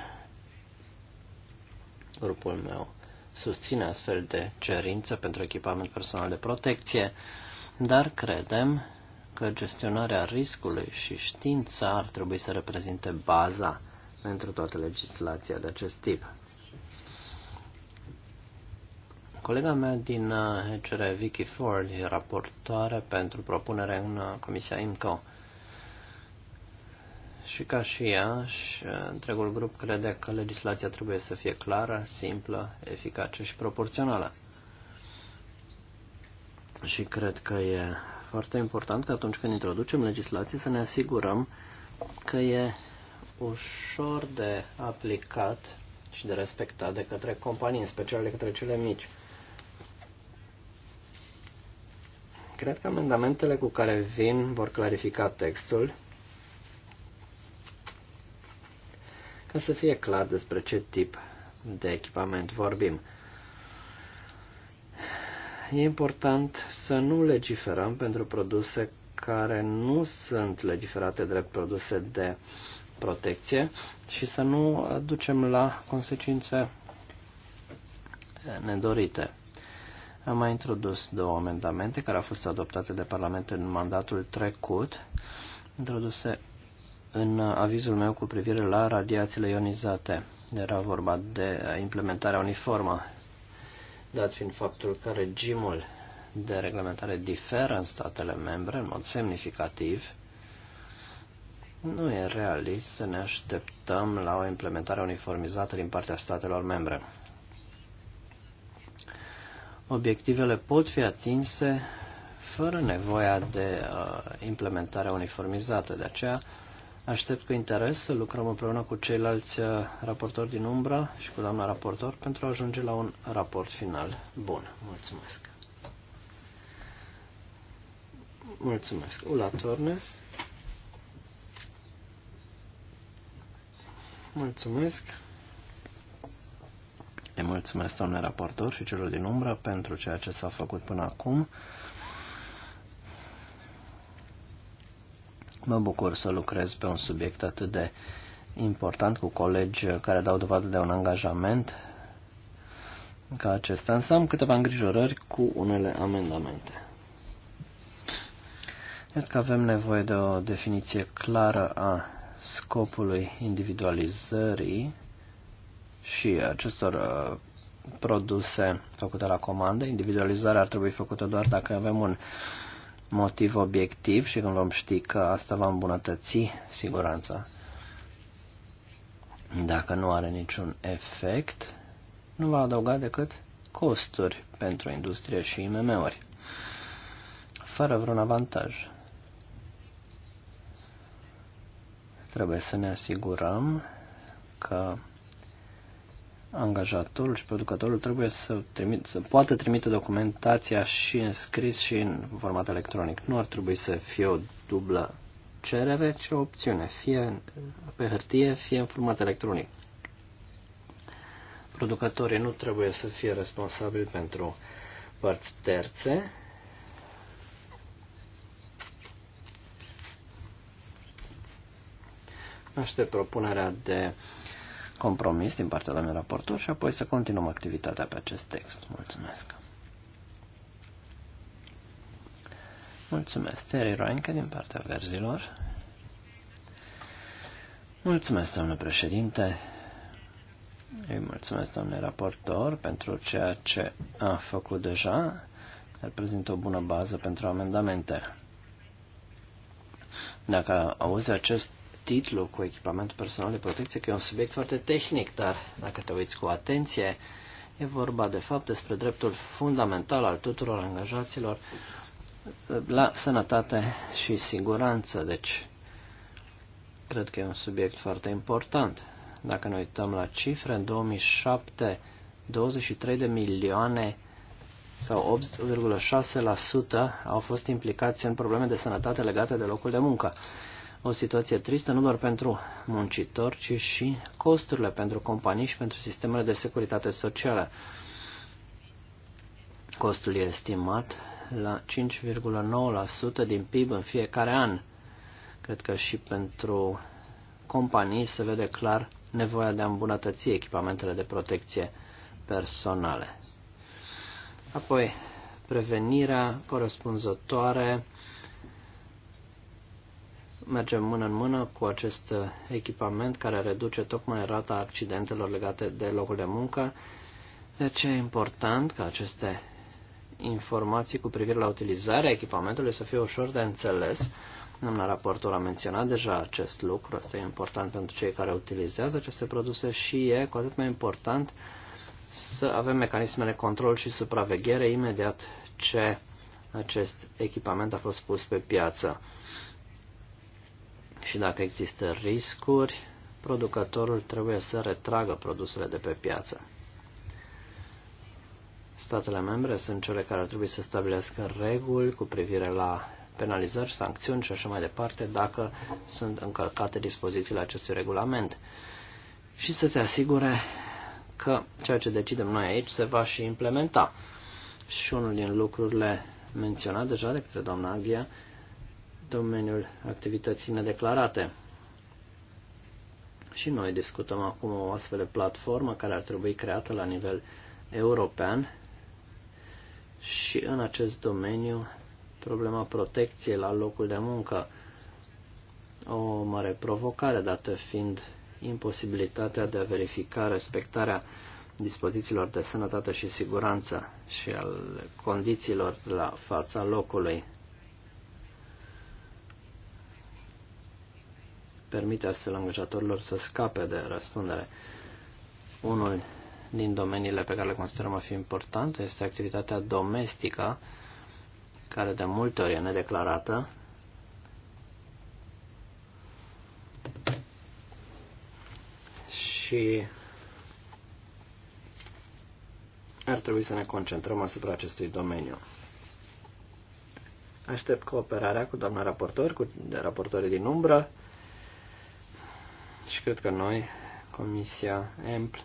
Grupul meu susține astfel de cerințe pentru echipament personal de protecție, dar credem că gestionarea riscului și știința ar trebui să reprezinte baza pentru toată legislația de acest tip. Colega mea din HR, uh, Vicky Ford, e raportoare pentru propunere în uh, Comisia IMCO. Și ca și ea, și uh, întregul grup crede că legislația trebuie să fie clară, simplă, eficace și proporțională. Și cred că e foarte important că atunci când introducem legislație să ne asigurăm că e ușor de aplicat și de respectat de către companii, în special de către cele mici. Cred că amendamentele cu care vin vor clarifica textul ca să fie clar despre ce tip de echipament vorbim. E important să nu legiferăm pentru produse care nu sunt legiferate drept produse de protecție și să nu ducem la consecințe nedorite. Am mai introdus două amendamente care au fost adoptate de Parlament în mandatul trecut, introduse în avizul meu cu privire la radiațiile ionizate. Era vorba de implementarea uniformă, dat fiind faptul că regimul de reglementare diferă în statele membre în mod semnificativ. Nu e realist să ne așteptăm la o implementare uniformizată din partea statelor membre obiectivele pot fi atinse fără nevoia de uh, implementarea uniformizată. De aceea aștept cu interes să lucrăm împreună cu ceilalți uh, raportori din umbra și cu doamna raportor pentru a ajunge la un raport final bun. Mulțumesc! Mulțumesc! Ula Tornes Mulțumesc! Ne mulțumesc, domnule raportor și celor din umbră, pentru ceea ce s-a făcut până acum. Mă bucur să lucrez pe un subiect atât de important cu colegi care dau dovadă de un angajament ca acesta, însă am câteva îngrijorări cu unele amendamente. Cred că avem nevoie de o definiție clară a scopului individualizării și acestor uh, produse făcute la comandă. Individualizarea ar trebui făcută doar dacă avem un motiv obiectiv și când vom ști că asta va îmbunătăți siguranța. Dacă nu are niciun efect, nu va adăuga decât costuri pentru industrie și IMM-uri, fără vreun avantaj. Trebuie să ne asigurăm că angajatorul și producătorul trebuie să, trimit, să poată trimite documentația și în scris și în format electronic. Nu ar trebui să fie o dublă cerere, ci o opțiune, fie pe hârtie, fie în format electronic. Producătorii nu trebuie să fie responsabili pentru părți terțe. Aștept propunerea de uh, compromis din partea doamnei raportor și apoi să continuăm activitatea pe acest text. Mulțumesc! Mulțumesc, Terry Roenke, din partea verzilor. Mulțumesc, domnule președinte. Îi mulțumesc, domnule raportor, pentru ceea ce a făcut deja. Reprezintă o bună bază pentru amendamente. Dacă auzi acest titlu cu echipamentul personal de protecție, că e un subiect foarte tehnic, dar dacă te uiți cu atenție, e vorba de fapt despre dreptul fundamental al tuturor angajaților uh, la sănătate și siguranță. Deci, cred că e un subiect foarte important. Dacă ne uităm la cifre, în 2007, 23 de milioane sau 8,6% au fost implicați în probleme de sănătate legate de locul de muncă o situație tristă nu doar pentru muncitori, ci și costurile pentru companii și pentru sistemele de securitate socială. Costul e estimat la 5,9% din PIB în fiecare an. Cred că și pentru companii se vede clar nevoia de a îmbunătăți echipamentele de protecție personale. Apoi, prevenirea corespunzătoare merge mână în mână cu acest echipament care reduce tocmai rata accidentelor legate de locul de muncă. De ce e important ca aceste informații cu privire la utilizarea echipamentului să fie ușor de înțeles. Domnul raportor a menționat deja acest lucru, asta e important pentru cei care utilizează aceste produse și e cu atât mai important să avem mecanismele control și supraveghere imediat ce acest echipament a fost pus pe piață și dacă există riscuri, producătorul trebuie să retragă produsele de pe piață. Statele membre sunt cele care ar trebui să stabilească reguli cu privire la penalizări, sancțiuni și așa mai departe dacă sunt încălcate dispozițiile acestui regulament și să se asigure că ceea ce decidem noi aici se va și implementa. Și unul din lucrurile menționat deja de către doamna Aghia domeniul activității nedeclarate. Și noi discutăm acum o astfel de platformă care ar trebui creată la nivel european și în acest domeniu problema protecției la locul de muncă o mare provocare, dată fiind imposibilitatea de a verifica respectarea dispozițiilor de sănătate și siguranță și al condițiilor la fața locului. permite astfel angajatorilor să scape de răspundere. Unul din domeniile pe care le considerăm a fi important este activitatea domestică, care de multe ori e nedeclarată. Și ar trebui să ne concentrăm asupra acestui domeniu. Aștept cooperarea cu doamna raportor, cu raportorii din umbră și cred că noi, Comisia EMPL,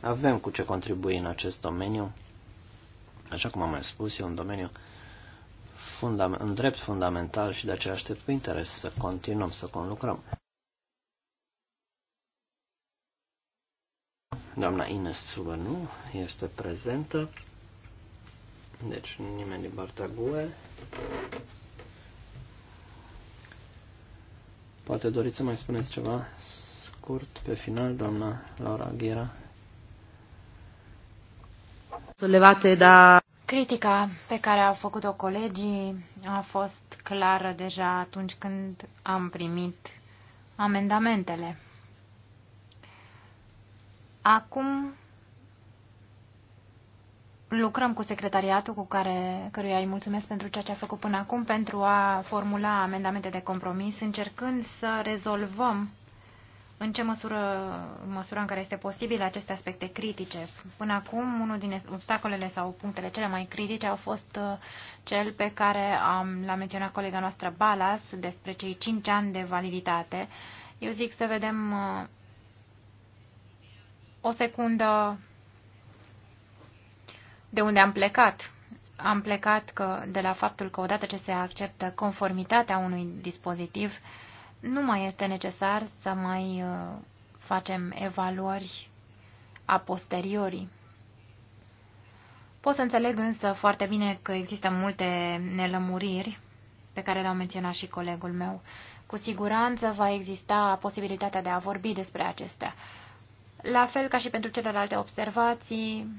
avem cu ce contribui în acest domeniu. Așa cum am mai spus, e un domeniu în drept fundamental și de aceea aștept cu interes să continuăm să conlucrăm. Doamna Ines Suba nu este prezentă, deci nimeni din partea GUE. Poate doriți să mai spuneți ceva scurt pe final, doamna Laura Ghera.
levate da... Critica pe care au făcut-o colegii a fost clară deja atunci când am primit amendamentele. Acum lucrăm cu secretariatul cu care, căruia îi mulțumesc pentru ceea ce a făcut până acum pentru a formula amendamente de compromis, încercând să rezolvăm în ce măsură, măsura în care este posibil aceste aspecte critice. Până acum, unul din obstacolele sau punctele cele mai critice au fost uh, cel pe care am, l-a menționat colega noastră Balas despre cei 5 ani de validitate. Eu zic să vedem uh, o secundă de unde am plecat. Am plecat că, de la faptul că odată ce se acceptă conformitatea unui dispozitiv, nu mai este necesar să mai uh, facem evaluări a posteriori. Pot să înțeleg însă foarte bine că există multe nelămuriri pe care le-au menționat și colegul meu. Cu siguranță va exista posibilitatea de a vorbi despre acestea. La fel ca și pentru celelalte observații,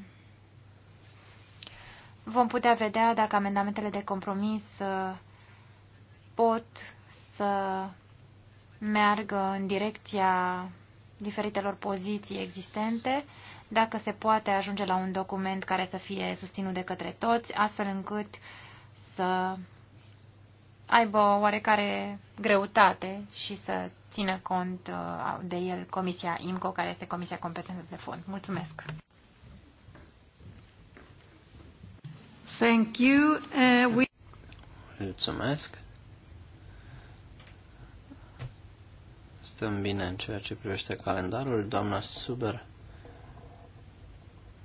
Vom putea vedea dacă amendamentele de compromis uh, pot să meargă în direcția diferitelor poziții existente, dacă se poate ajunge la un document care să fie susținut de către toți, astfel încât să aibă oarecare greutate și să țină cont uh, de el Comisia IMCO, care este Comisia Competentă de Fond. Mulțumesc! Thank you. Uh, we...
Mulțumesc. Stăm bine în ceea ce privește calendarul. Doamna Suber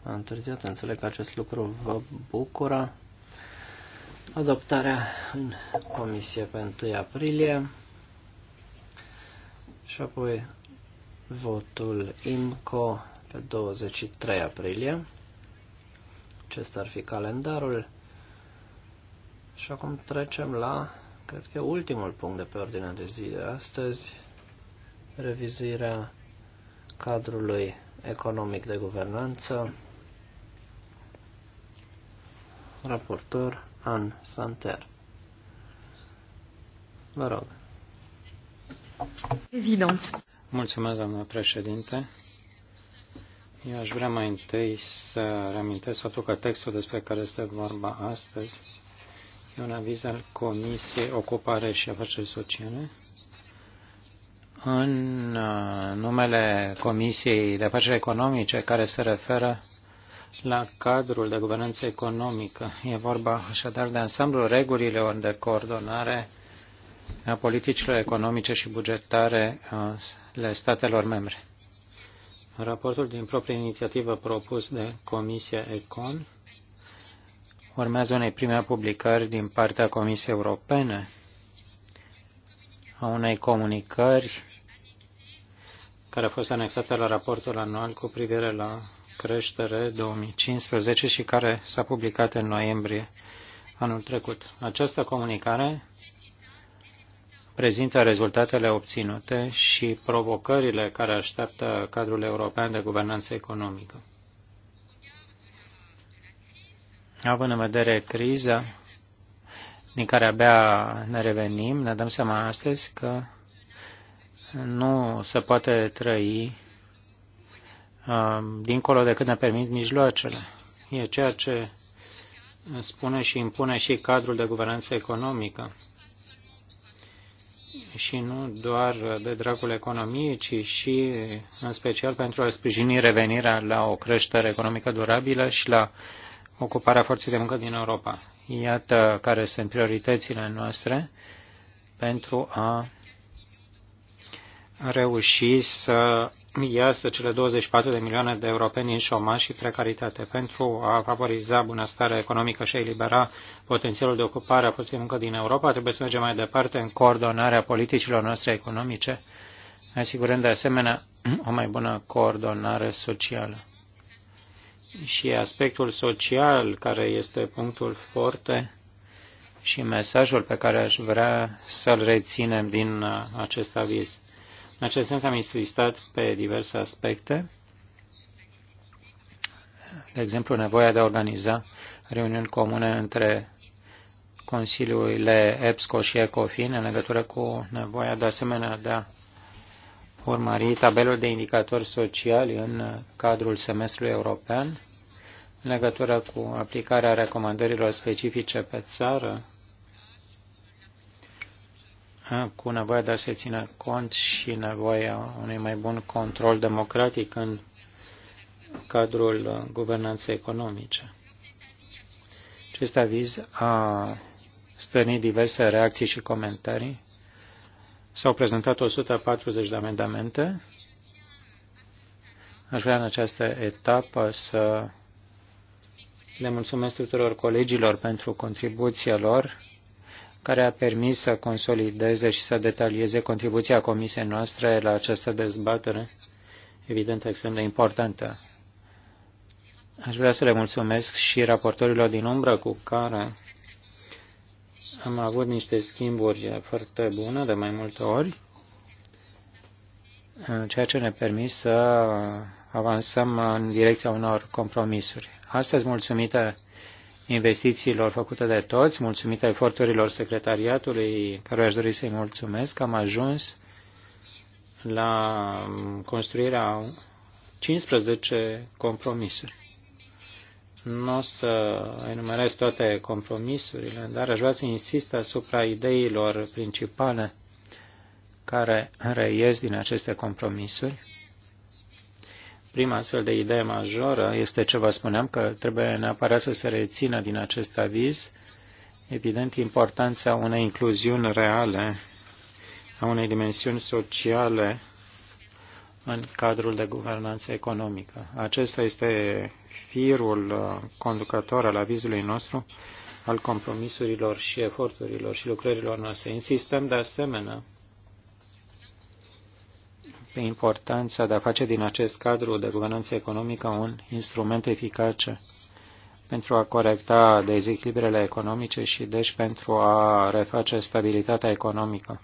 a întârziat. Înțeleg că acest lucru vă bucură. Adoptarea în comisie pe 1 aprilie și apoi votul IMCO pe 23 aprilie. Acesta ar fi calendarul. Și acum trecem la, cred că ultimul punct de pe ordinea de zi de astăzi, revizuirea cadrului economic de guvernanță. Raportor An Santer. Vă rog.
Mulțumesc, doamna președinte. Eu aș vrea mai întâi să reamintesc faptul că textul despre care este vorba astăzi e un aviz al Comisiei Ocupare și Afaceri Sociale în uh, numele Comisiei de Afaceri Economice care se referă la cadrul de guvernanță economică. E vorba așadar de ansamblul regulilor de coordonare a politicilor economice și bugetare ale statelor membre. Raportul din proprie inițiativă propus de Comisia Econ urmează unei prime publicări din partea Comisiei Europene a unei comunicări care a fost anexată la raportul anual cu privire la creștere 2015 și care s-a publicat în noiembrie anul trecut. Această comunicare prezintă rezultatele obținute și provocările care așteaptă cadrul european de guvernanță economică. Având în vedere criza din care abia ne revenim, ne dăm seama astăzi că nu se poate trăi uh, dincolo de cât ne permit mijloacele. E ceea ce spune și impune și cadrul de guvernanță economică și nu doar de dragul economiei, ci și în special pentru a sprijini revenirea la o creștere economică durabilă și la ocuparea forței de muncă din Europa. Iată care sunt prioritățile noastre pentru a reuși să e asta cele 24 de milioane de europeni în șomaj și precaritate. Pentru a favoriza bunăstarea economică și a elibera potențialul de ocupare a forței muncă din Europa, trebuie să mergem mai departe în coordonarea politicilor noastre economice, asigurând de asemenea [clears throat] o mai bună coordonare socială. Și aspectul social, care este punctul forte și mesajul pe care aș vrea să-l reținem din uh, acest aviz în acest sens am insistat pe diverse aspecte, de exemplu nevoia de a organiza reuniuni comune între consiliurile EPSCO și ECOFIN în legătură cu nevoia de asemenea de a urmări tabelul de indicatori sociali în cadrul semestrului european, în legătură cu aplicarea recomandărilor specifice pe țară cu nevoia de a se ține cont și nevoia unui mai bun control democratic în cadrul uh, guvernanței economice. Acest aviz a stănit diverse reacții și comentarii. S-au prezentat 140 de amendamente. Aș vrea în această etapă să le mulțumesc tuturor colegilor pentru contribuția lor care a permis să consolideze și să detalieze contribuția comisiei noastre la această dezbatere, evident extrem de importantă. Aș vrea să le mulțumesc și raportorilor din umbră cu care am avut niște schimburi foarte bune de mai multe ori, ceea ce ne permis să avansăm în direcția unor compromisuri. Astăzi, mulțumită investițiilor făcute de toți, mulțumită eforturilor secretariatului, care aș dori să-i mulțumesc, am ajuns la construirea 15 compromisuri. Nu o să enumerez toate compromisurile, dar aș vrea să insist asupra ideilor principale care reies din aceste compromisuri Prima astfel de idee majoră este ce vă spuneam, că trebuie neapărat să se rețină din acest aviz, evident, importanța unei incluziuni reale, a unei dimensiuni sociale în cadrul de guvernanță economică. Acesta este firul uh, conducător al avizului nostru, al compromisurilor și eforturilor și lucrărilor noastre. Insistăm de asemenea pe importanța de a face din acest cadru de guvernanță economică un instrument eficace pentru a corecta dezechilibrele economice și deci pentru a reface stabilitatea economică,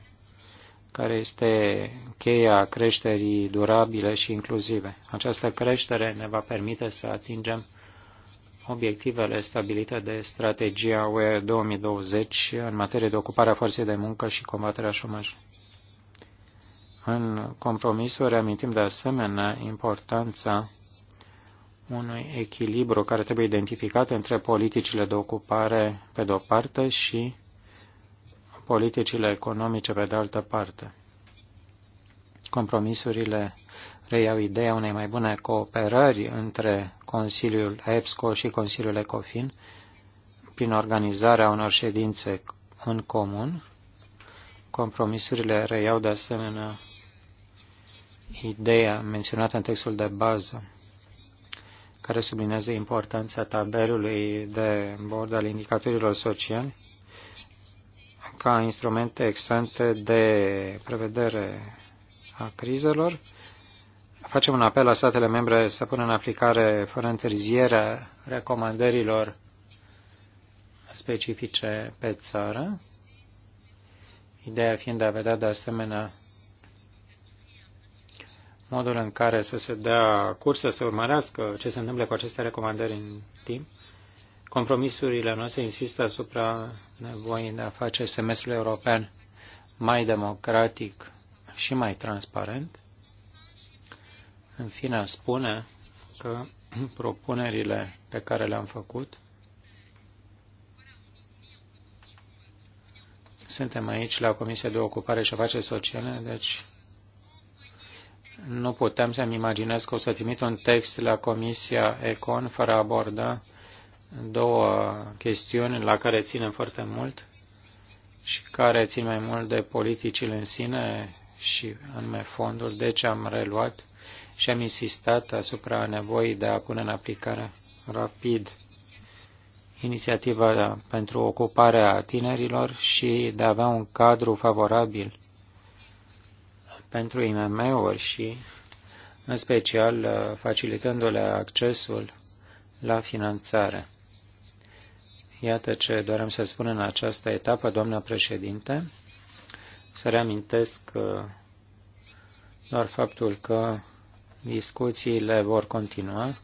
care este cheia creșterii durabile și inclusive. Această creștere ne va permite să atingem obiectivele stabilite de strategia UE 2020 în materie de ocupare a forței de muncă și combaterea șomajului. În compromisuri amintim de asemenea importanța unui echilibru care trebuie identificat între politicile de ocupare pe de-o parte și politicile economice pe de altă parte. Compromisurile reiau ideea unei mai bune cooperări între Consiliul EPSCO și Consiliul ECOFIN prin organizarea unor ședințe în comun. Compromisurile reiau de asemenea ideea menționată în textul de bază, care sublinează importanța tabelului de bord al indicatorilor sociali ca instrumente exante de prevedere a crizelor. Facem un apel la statele membre să pună în aplicare fără întârziere recomandărilor specifice pe țară, ideea fiind de a vedea de asemenea modul în care să se dea curs, să se urmărească ce se întâmplă cu aceste recomandări în timp. Compromisurile noastre insistă asupra nevoii de a face semestrul european mai democratic și mai transparent. În fine, spune că [clears throat] propunerile pe care le-am făcut suntem aici la Comisia de Ocupare și Afaceri Sociale, deci nu putem să-mi imaginez că o să trimit un text la Comisia Econ fără a aborda două chestiuni la care ținem foarte mult și care țin mai mult de politicile în sine și anume fondul, deci am reluat și am insistat asupra nevoii de a pune în aplicare rapid inițiativa pentru ocuparea tinerilor și de a avea un cadru favorabil pentru IMM-uri și, în special, uh, facilitându-le accesul la finanțare. Iată ce doream să spun în această etapă, doamna președinte. Să reamintesc uh, doar faptul că discuțiile vor continua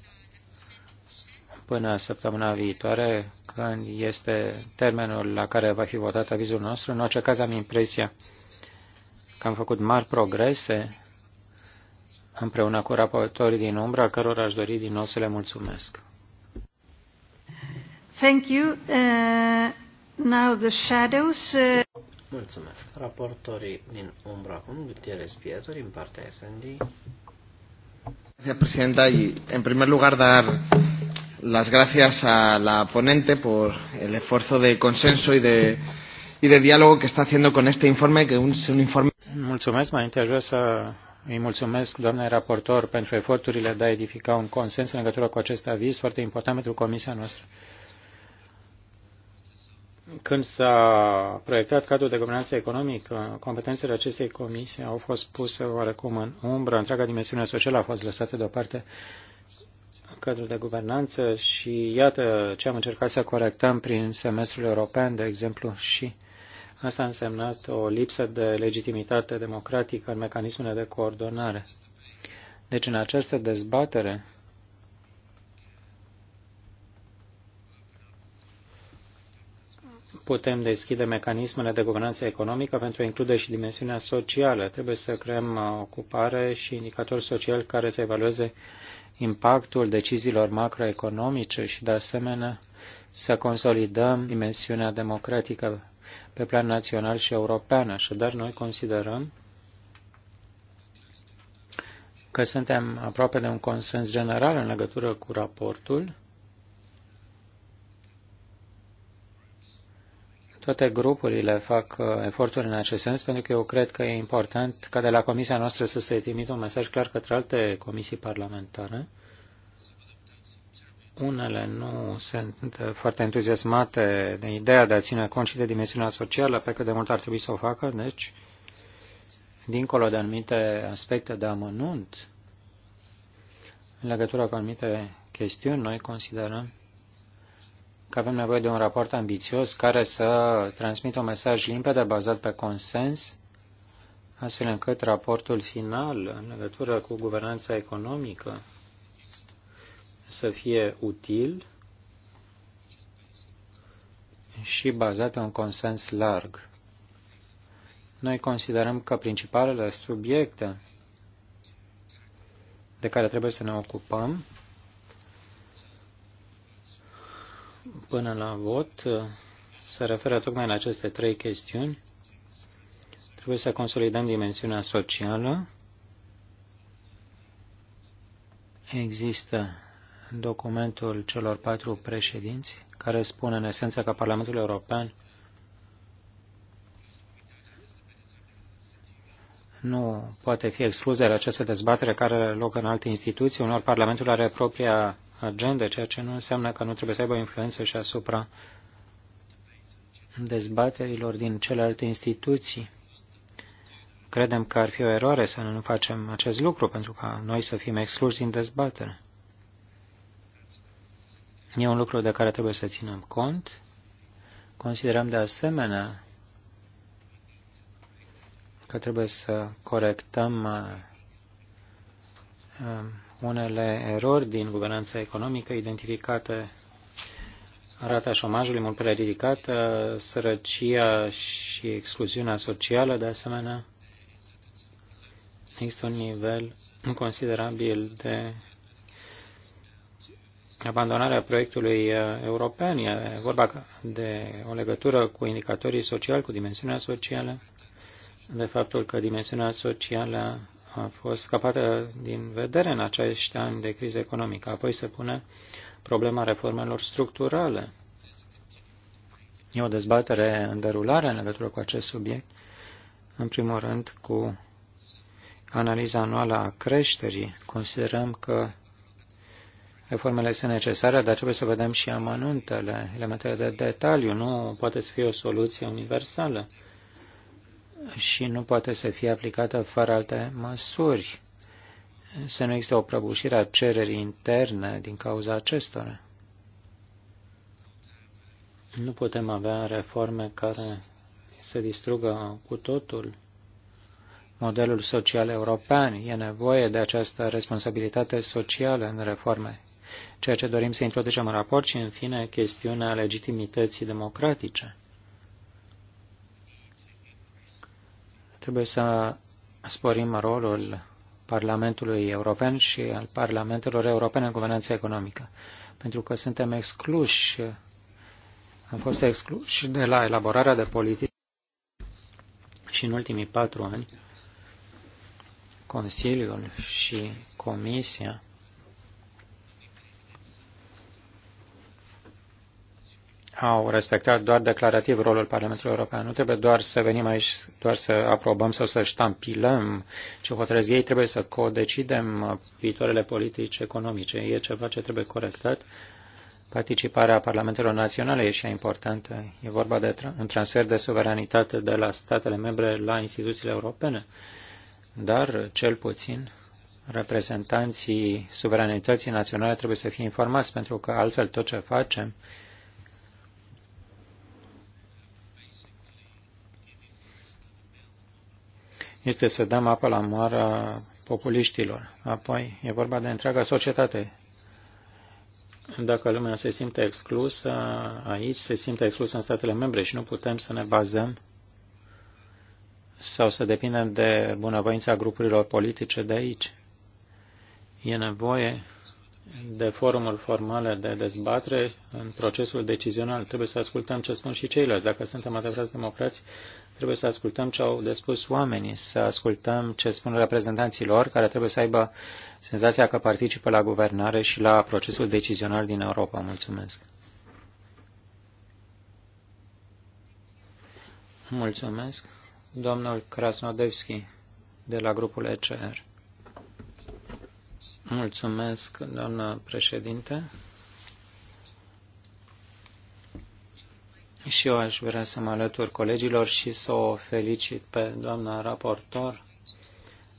până săptămâna viitoare, când este termenul la care va fi votat avizul nostru. În orice caz am impresia că am făcut mari progrese împreună cu raportorii din umbră, cărora aș dori din nou să le mulțumesc. Thank you. Uh,
now the shadows. Uh...
Mulțumesc. Raportorii din umbră
acum, Gutierrez Pietro, din partea SND.
Gracias, Presidenta. Y en primer lugar, dar las gracias a la ponente por el esfuerzo de consenso y de, y de diálogo que está haciendo con este informe, que es un, un informe mulțumesc. Mai întâi aș vrea să îi mulțumesc doamnei raportor pentru eforturile de a edifica un consens în legătură cu acest aviz foarte important pentru comisia noastră. Când s-a proiectat cadrul de guvernanță economică, competențele acestei comisii au fost puse oarecum în umbră, întreaga dimensiune socială a fost lăsată deoparte cadrul de guvernanță și iată ce am încercat să corectăm prin semestrul european, de exemplu, și uh, Asta a însemnat o lipsă de legitimitate democratică în mecanismele de coordonare. Deci în această dezbatere putem deschide mecanismele de guvernanță economică pentru a include și dimensiunea socială. Trebuie să creăm ocupare și indicatori sociali care să evalueze impactul deciziilor macroeconomice și, de asemenea, să consolidăm dimensiunea democratică pe plan național și european. Așadar, noi considerăm că suntem aproape de un consens general în legătură cu raportul. Toate grupurile fac uh, eforturi în acest sens pentru că eu cred că e important ca de la comisia noastră să se trimită un mesaj clar către alte comisii parlamentare. Unele nu sunt foarte entuziasmate de ideea de a ține cont și de dimensiunea socială pe cât de mult ar trebui să o facă, deci, dincolo de anumite aspecte de amănunt, în legătură cu anumite chestiuni, noi considerăm că avem nevoie de un raport ambițios care să transmită un mesaj limpede bazat pe consens, astfel încât raportul final în legătură cu guvernanța economică să fie util și bazat pe un consens larg. Noi considerăm că principalele subiecte de care trebuie să ne ocupăm până la vot se referă tocmai la aceste trei chestiuni. Trebuie să consolidăm dimensiunea socială. Există documentul celor patru președinți, care spune în esență că Parlamentul European nu poate fi exclus de această dezbatere care are loc în alte instituții. Unor Parlamentul are propria agenda, ceea ce nu înseamnă că nu trebuie să aibă influență și asupra dezbaterilor din celelalte instituții. Credem că ar fi o eroare să nu facem acest lucru, pentru ca noi să fim excluși din dezbatere. E un lucru de care trebuie să ținem cont. Considerăm de asemenea că trebuie să corectăm uh, uh, unele erori din guvernanța economică identificate rata șomajului mult prea ridicată, sărăcia și excluziunea socială, de asemenea, există un nivel considerabil de abandonarea proiectului uh, european. E vorba de o legătură cu indicatorii sociali, cu dimensiunea socială, de faptul că dimensiunea socială a fost scăpată din vedere în acești ani de criză economică. Apoi se pune problema reformelor structurale. E o dezbatere în derulare în legătură cu acest subiect, în primul rând cu analiza anuală a creșterii. Considerăm că Reformele sunt necesare, dar trebuie să vedem și amănuntele, elementele de detaliu. Nu poate să fie o soluție universală și nu poate să fie aplicată fără alte măsuri. Să nu există o prăbușire a cererii interne din cauza acestora. Nu putem avea reforme care să distrugă cu totul modelul social european. E nevoie de această responsabilitate socială în reforme ceea ce dorim să introducem în raport și, în fine, chestiunea legitimității democratice. Trebuie să sporim rolul Parlamentului European și al Parlamentelor Europene în guvernanță economică, pentru că suntem excluși, am fost excluși de la elaborarea de politici și în ultimii patru ani Consiliul și Comisia au respectat doar declarativ rolul Parlamentului European. Nu trebuie doar să venim aici, doar să aprobăm sau să ștampilăm ce hotărăsc ei, trebuie să codecidem viitoarele politici economice. E ceva ce trebuie corectat. Participarea Parlamentelor Naționale e și importantă. E vorba de un transfer de suveranitate de la statele membre la instituțiile europene, dar cel puțin reprezentanții suveranității naționale trebuie să fie informați, pentru că altfel tot ce facem este să dăm apă la moară populiștilor. Apoi e vorba de întreaga societate. Dacă lumea se simte exclusă aici, se simte exclusă în statele membre și nu putem să ne bazăm sau să depindem de bunăvoința grupurilor politice de aici. E nevoie de forumuri formale de dezbatere în procesul decizional. Trebuie să ascultăm ce spun și ceilalți. Dacă suntem adevărați democrați, Trebuie să ascultăm ce au de spus oamenii, să ascultăm ce spun reprezentanții lor, care trebuie să aibă senzația că participă la guvernare și la procesul decizional din Europa. Mulțumesc! Mulțumesc! Domnul Krasnodevski, de la grupul ECR. Mulțumesc, doamnă președinte. Și eu aș vrea să mă alătur colegilor și să o felicit pe doamna raportor,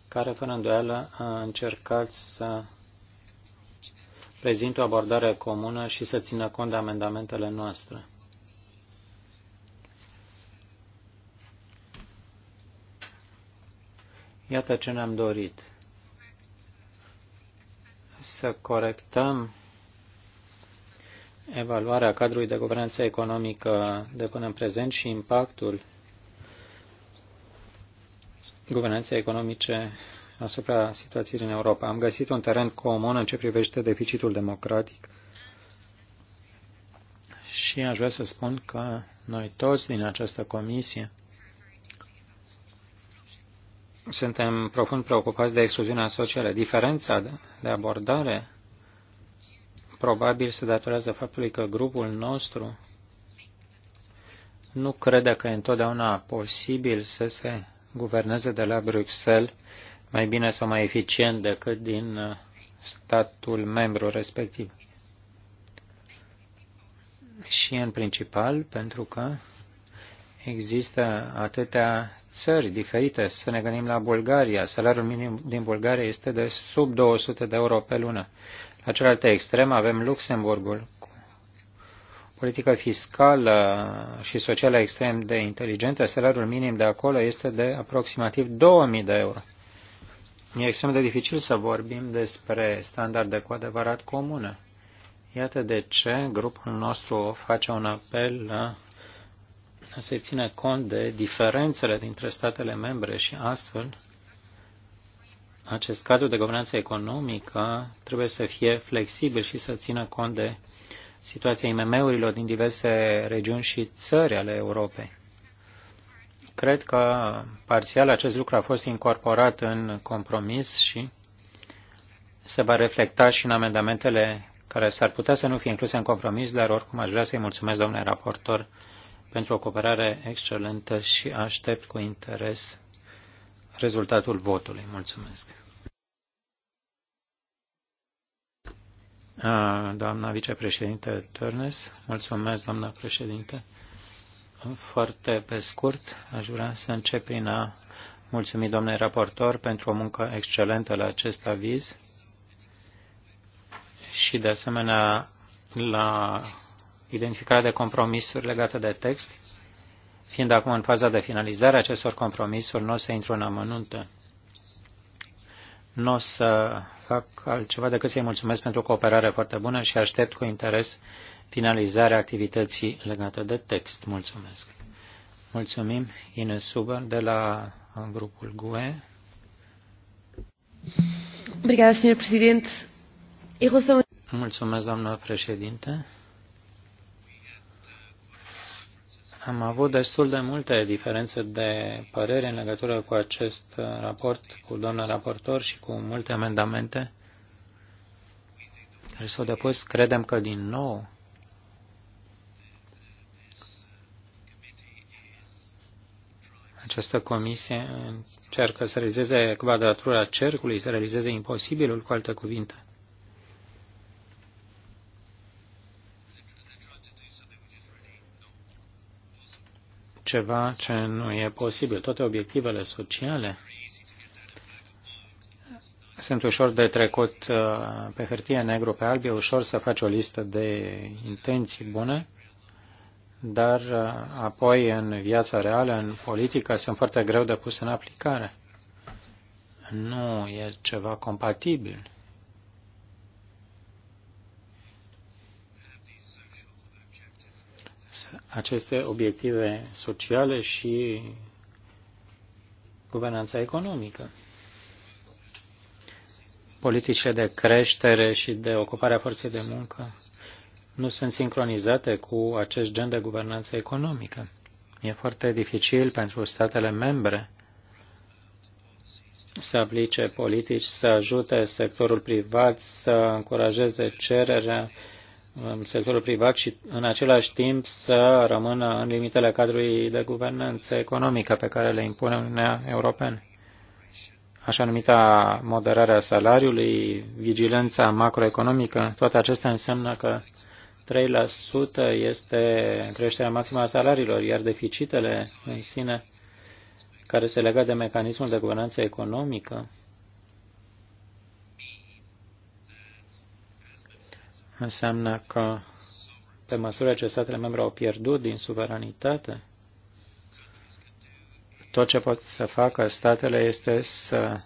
care fără îndoială a încercat să prezint o abordare comună și să țină cont de amendamentele noastre. Iată ce ne-am dorit. Să corectăm evaluarea cadrului de guvernanță economică de până în prezent și impactul guvernanței economice asupra situației din Europa. Am găsit un teren comun în ce privește deficitul democratic și aș vrea să spun că noi toți din această comisie suntem profund preocupați de excluziunea socială. Diferența de abordare probabil se datorează faptului că grupul nostru nu crede că e întotdeauna posibil să se guverneze de la Bruxelles mai bine sau mai eficient decât din uh, statul membru respectiv. Și în principal pentru că există atâtea țări diferite. Să ne gândim la Bulgaria. Salariul minim din Bulgaria este de sub 200 de euro pe lună. La cealaltă extremă avem Luxemburgul, cu politică fiscală și socială extrem de inteligentă. Salariul minim de acolo este de aproximativ 2000 de euro. E extrem de dificil să vorbim despre standarde cu adevărat comune. Iată de ce grupul nostru face un apel la să se ține cont de diferențele dintre statele membre și astfel acest cadru de guvernanță economică trebuie să fie flexibil și să țină cont de situația IMM-urilor din diverse regiuni și țări ale Europei. Cred că parțial acest lucru a fost incorporat în compromis și se va reflecta și în amendamentele care s-ar putea să nu fie incluse în compromis, dar oricum aș vrea să-i mulțumesc, domnule raportor, pentru o cooperare excelentă și aștept cu interes rezultatul votului. Mulțumesc. Doamna vicepreședinte Turnus, mulțumesc, doamna președinte. Foarte pe scurt, aș vrea să încep prin a mulțumi domnului raportor pentru o muncă excelentă la acest aviz și, de asemenea, la identificarea de compromisuri legate de text Fiind acum în faza de finalizare a acestor compromisuri, nu o să intru în amănuntă. Nu o să fac altceva decât să-i mulțumesc pentru cooperare foarte bună și aștept cu interes finalizarea activității legate de text. Mulțumesc! Mulțumim, Ines Suber, de la grupul GUE. Mulțumesc, doamnă președinte. Am avut destul de multe diferențe de părere în legătură cu acest raport cu doamna raportor și cu multe amendamente care s-au depus. Credem că din nou această comisie încearcă să realizeze quadratura cercului, să realizeze imposibilul, cu alte cuvinte. ceva ce nu e posibil. Toate obiectivele sociale sunt ușor de trecut uh, pe hârtie negru pe alb, e ușor să faci o listă de intenții bune, dar uh, apoi în viața reală, în politică, sunt foarte greu de pus în aplicare. Nu e ceva compatibil. aceste obiective sociale și guvernanța economică. Politicile de creștere și de ocupare a forței de muncă nu sunt sincronizate cu acest gen de guvernanță economică. E foarte dificil pentru statele membre să aplice politici, să ajute sectorul privat, să încurajeze cererea, în sectorul privat și în același timp să rămână în limitele cadrului de guvernanță economică pe care le impune Uniunea Europeană. Așa numita moderarea salariului, vigilența macroeconomică, toate acestea înseamnă că 3% este creșterea maximă a salariilor, iar deficitele în sine, care se legă de mecanismul de guvernanță economică, înseamnă că pe măsură ce statele membre au pierdut din suveranitate, tot ce pot să facă statele este să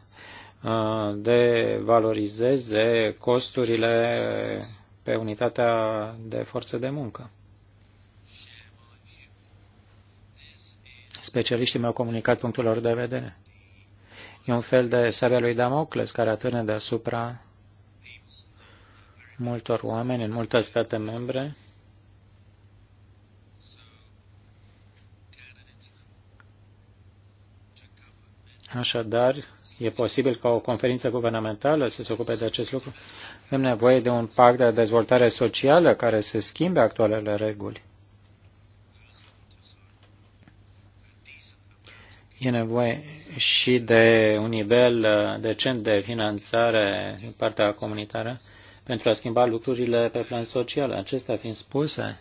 uh, devalorizeze costurile pe unitatea de forță de muncă. Specialiștii mi-au comunicat punctul lor de vedere. E un fel de sabia lui Damocles care atârne deasupra multor oameni în multe state membre. Așadar, e posibil ca o conferință guvernamentală să se ocupe de acest lucru. Avem nevoie de un pact de dezvoltare socială care să schimbe actualele reguli. E nevoie și de un nivel uh, decent de finanțare din partea comunitară pentru a schimba lucrurile pe plan social. Acestea fiind spuse,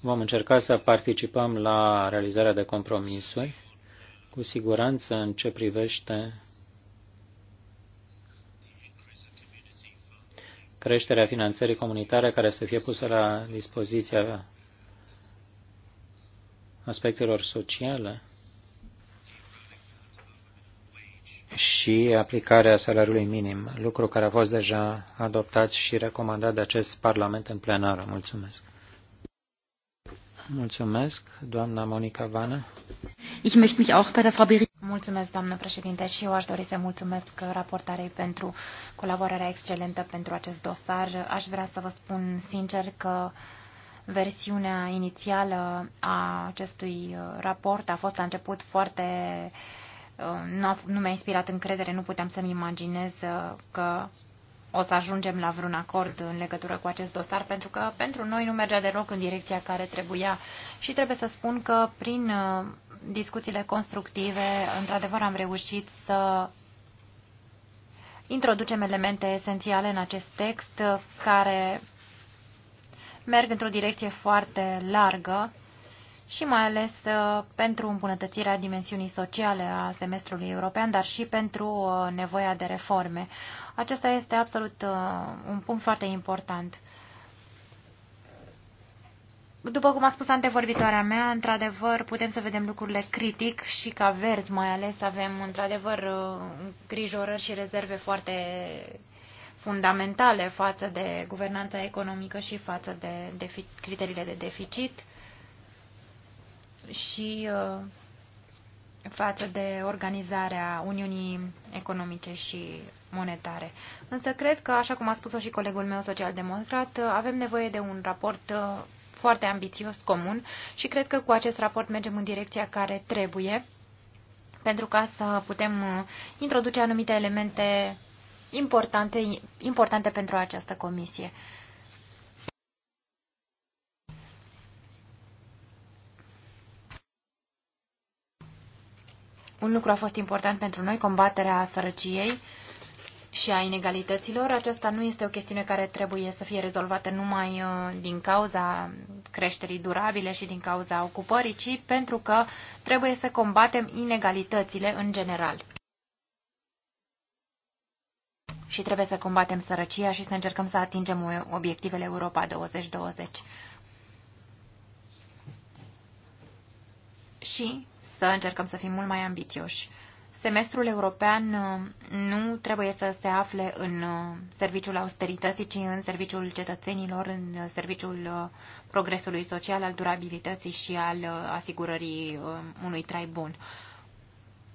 vom încerca să participăm la realizarea de compromisuri, cu siguranță în ce privește creșterea finanțării comunitare care să fie pusă la dispoziția aspectelor sociale și aplicarea salariului minim, lucru care a fost deja adoptat și recomandat de acest Parlament în plenară. Mulțumesc. Mulțumesc, doamna Monica Vană.
Ich möchte mich auch bei der Frau Mulțumesc, doamnă președinte, și eu aș dori să mulțumesc raportarei pentru colaborarea excelentă pentru acest dosar. Aș vrea să vă spun sincer că versiunea inițială a acestui raport a fost la început foarte uh, Uh, nu, nu mi-a inspirat încredere, nu puteam să-mi imaginez uh, că o să ajungem la vreun acord în legătură cu acest dosar, pentru că pentru noi nu mergea deloc în direcția care trebuia. Și trebuie să spun că prin uh, discuțiile constructive, într-adevăr, am reușit să introducem elemente esențiale în acest text care merg într-o direcție foarte largă și mai ales uh, pentru îmbunătățirea dimensiunii sociale a semestrului european, dar și pentru uh, nevoia de reforme. Acesta este absolut uh, un punct foarte important. După cum a spus antevorbitoarea mea, într-adevăr putem să vedem lucrurile critic și ca verzi mai ales avem într-adevăr grijorări și rezerve foarte fundamentale față de guvernanța economică și față de criteriile de deficit și uh, față de organizarea Uniunii Economice și Monetare. Însă cred că, așa cum a spus-o și colegul meu social-democrat, uh, avem nevoie de un raport uh, foarte ambițios comun și cred că cu acest raport mergem în direcția care trebuie pentru ca să putem introduce anumite elemente importante, importante pentru această comisie. Un lucru a fost important pentru noi, combaterea sărăciei și a inegalităților. Aceasta nu este o chestiune care trebuie să fie rezolvată numai uh, din cauza creșterii durabile și din cauza ocupării, ci pentru că trebuie să combatem inegalitățile în general. Și trebuie să combatem sărăcia și să încercăm să atingem uh, obiectivele Europa 2020. Și să încercăm să fim mult mai ambițioși. Semestrul european uh, nu trebuie să se afle în uh, serviciul austerității, ci în serviciul cetățenilor, în uh, serviciul progresului social, al durabilității și al asigurării unui trai bun.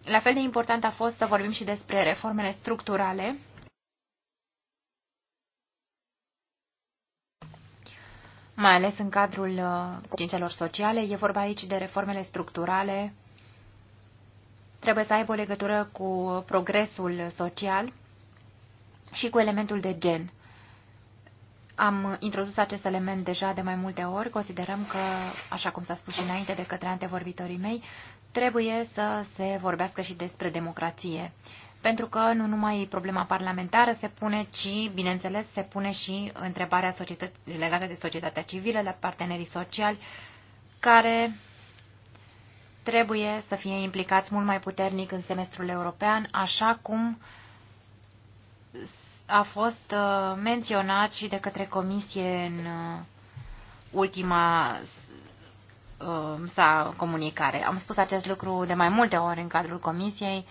La fel de important a fost să vorbim și despre reformele structurale. mai ales în cadrul cințelor sociale, e vorba aici de reformele structurale trebuie să aibă o legătură cu progresul social și cu elementul de gen. Am introdus acest element deja de mai multe ori. Considerăm că, așa cum s-a spus și înainte de către antevorbitorii mei, trebuie să se vorbească și despre democrație. Pentru că nu numai problema parlamentară se pune, ci, bineînțeles, se pune și întrebarea legată de societatea civilă, la partenerii sociali, care trebuie să fie implicați mult mai puternic în semestrul european, așa cum a fost uh, menționat și de către Comisie în uh, ultima uh, sa comunicare. Am spus acest lucru de mai multe ori în cadrul Comisiei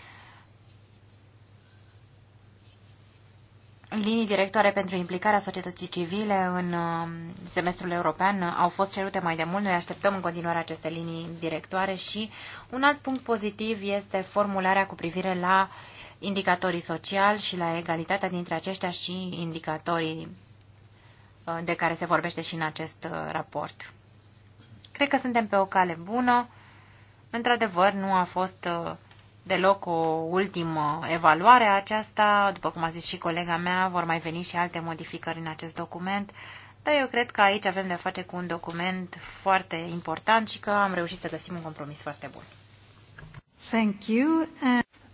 linii directoare pentru implicarea societății civile în uh, semestrul european uh, au fost cerute mai de mult. Noi așteptăm în continuare aceste linii directoare și un alt punct pozitiv este formularea cu privire la indicatorii sociali și la egalitatea dintre aceștia și indicatorii uh, de care se vorbește și în acest raport. Cred că suntem pe o cale bună. Într-adevăr, nu a fost uh, deloc o ultimă evaluare a aceasta. După cum a zis și colega mea, vor mai veni și alte modificări în acest document. Dar eu cred că aici avem de-a face cu un document foarte important și că am reușit să găsim un compromis foarte bun.
Thank you.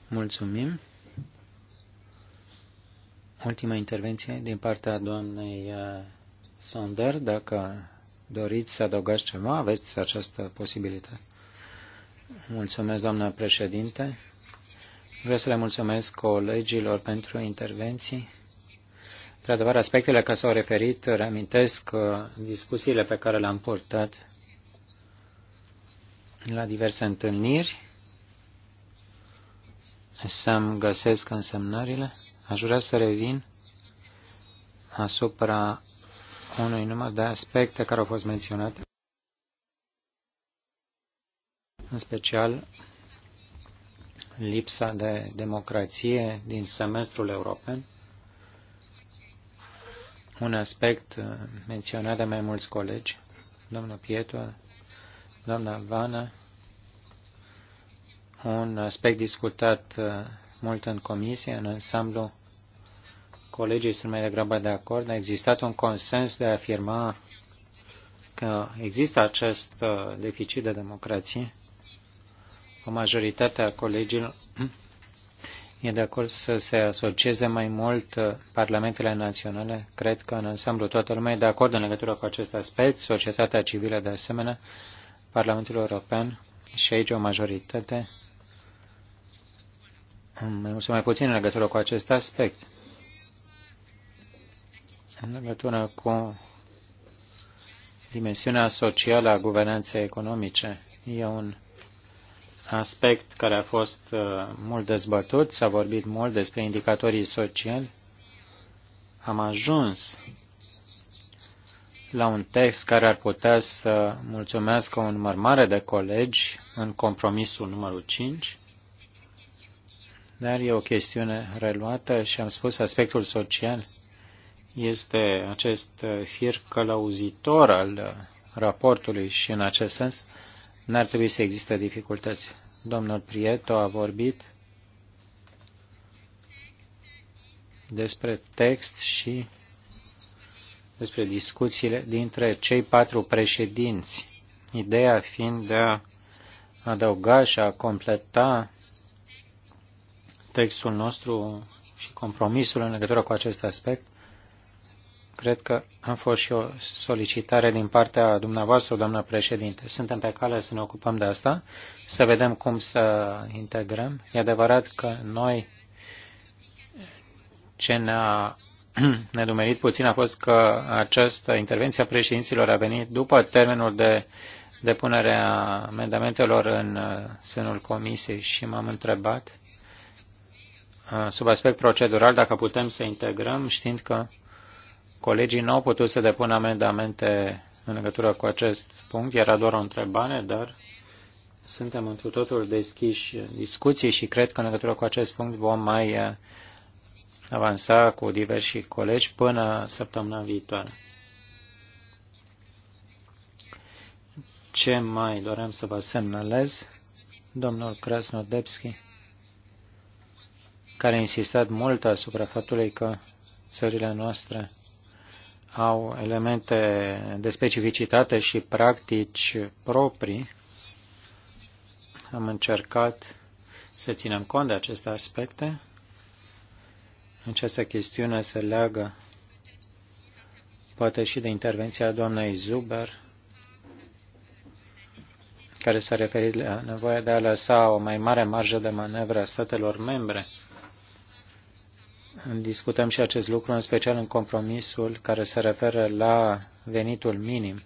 Mulțumim. Ultima intervenție din partea doamnei uh, Sonder, dacă doriți să adăugați ceva, aveți această posibilitate. Mulțumesc, doamnă președinte. Vreau să le mulțumesc colegilor pentru intervenții. Într-adevăr, aspectele care s-au referit reamintesc uh, discuțiile pe care le-am purtat la diverse întâlniri. Să-mi găsesc însemnările. Aș vrea să revin asupra unui număr de aspecte care au fost menționate în special lipsa de democrație din semestrul european, un aspect uh, menționat de mai mulți colegi, doamna Pietro, doamna Vana, un aspect discutat uh, mult în comisie, în ansamblu, colegii sunt mai degrabă de acord, a existat un consens de a afirma că există acest uh, deficit de democrație o majoritate a colegilor e de acord să se asocieze mai mult uh, parlamentele naționale. Cred că în ansamblu toată lumea e de acord în legătură cu acest aspect, societatea civilă de asemenea, Parlamentul European și aici o majoritate, mai mult sau mai puțin în legătură cu acest aspect. În legătură cu dimensiunea socială a guvernanței economice, e un aspect care a fost uh, mult dezbătut, s-a vorbit mult despre indicatorii sociali. Am ajuns la un text care ar putea să mulțumească un număr mare de colegi în compromisul numărul 5, dar e o chestiune reluată și am spus aspectul social este acest uh, fir călăuzitor al uh, raportului și în acest sens n-ar trebui să existe dificultăți. Domnul Prieto a vorbit despre text și despre discuțiile dintre cei patru președinți, ideea fiind de a adăuga și a completa textul nostru și compromisul în legătură cu acest aspect, cred că am fost și o solicitare din partea dumneavoastră, doamnă președinte. Suntem pe cale să ne ocupăm de asta, să vedem cum să integrăm. E adevărat că noi ce ne-a [clears throat] nedumerit puțin a fost că această intervenție a președinților a venit după termenul de depunere a amendamentelor în uh, sânul comisiei și m-am întrebat uh, sub aspect procedural dacă putem să integrăm, știind că Colegii nu au putut să depună amendamente în legătură cu acest punct, era doar o întrebare, dar suntem într totul deschiși discuții și cred că în legătură cu acest punct vom mai eh, avansa cu diversi colegi până săptămâna viitoare. Ce mai doream să vă semnalez? Domnul Krasnodebski, care a insistat mult asupra faptului că țările noastre au elemente de specificitate și practici proprii. Am încercat să ținem cont de aceste aspecte. Această chestiune se leagă poate și de intervenția doamnei Zuber, care s-a referit la nevoia de a lăsa o mai mare marjă de manevră a statelor membre discutăm și acest lucru, în special în compromisul care se referă la venitul minim.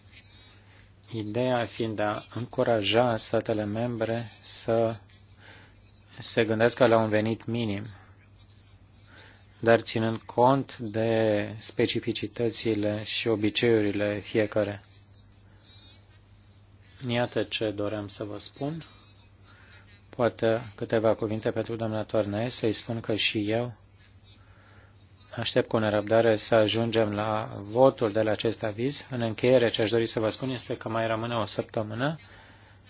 Ideea fiind de a încuraja statele membre să se gândească la un venit minim, dar ținând cont de specificitățile și obiceiurile fiecare. Iată ce doream să vă spun. Poate câteva cuvinte pentru doamna Toarnaie să-i spun că și eu Aștept cu nerăbdare să ajungem la votul de la acest aviz. În încheiere, ce aș dori să vă spun este că mai rămâne o săptămână.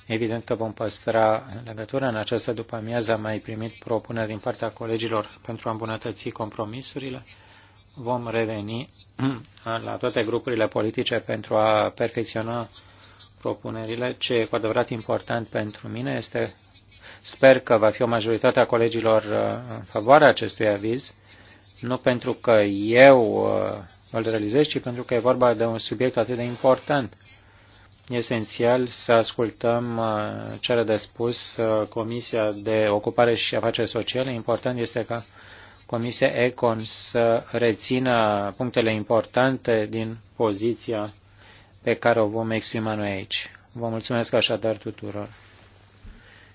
Evident că vom păstra legătura. În această după amiază am mai primit propuneri din partea colegilor pentru a îmbunătăți compromisurile. Vom reveni [clears throat] la toate grupurile politice pentru a perfecționa propunerile. Ce e cu adevărat important pentru mine este, sper că va fi o majoritate a colegilor uh, în favoarea acestui aviz nu pentru că eu uh, îl realizez, ci pentru că e vorba de un subiect atât de important. E esențial să ascultăm uh, ce are de spus uh, Comisia de Ocupare și Afaceri Sociale. Important este ca Comisia Econ să rețină punctele importante din poziția pe care o vom exprima noi aici. Vă mulțumesc așadar tuturor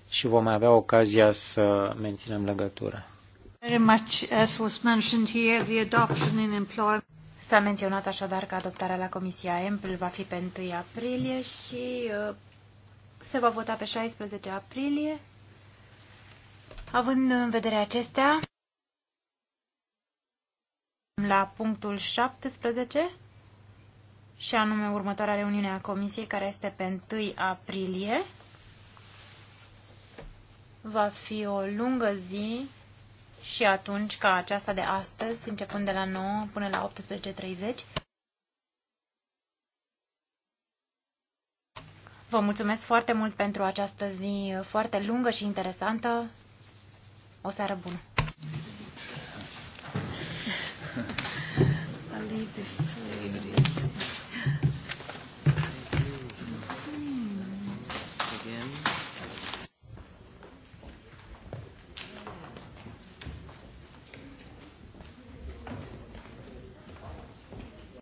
și vom avea ocazia să menținem legătura.
Very much as was mentioned here, the adoption in employment. S-a menționat așadar că adoptarea la Comisia EMPL va fi pe 1 aprilie și uh, se va vota pe 16 aprilie. Având în vedere acestea, la punctul 17 și anume următoarea reuniune a Comisiei care este pe 1 aprilie. Va fi o lungă zi și atunci ca aceasta de astăzi, începând de la 9 până la 18.30. Vă mulțumesc foarte mult pentru această zi foarte lungă și interesantă. O seară bună!
I'll leave this to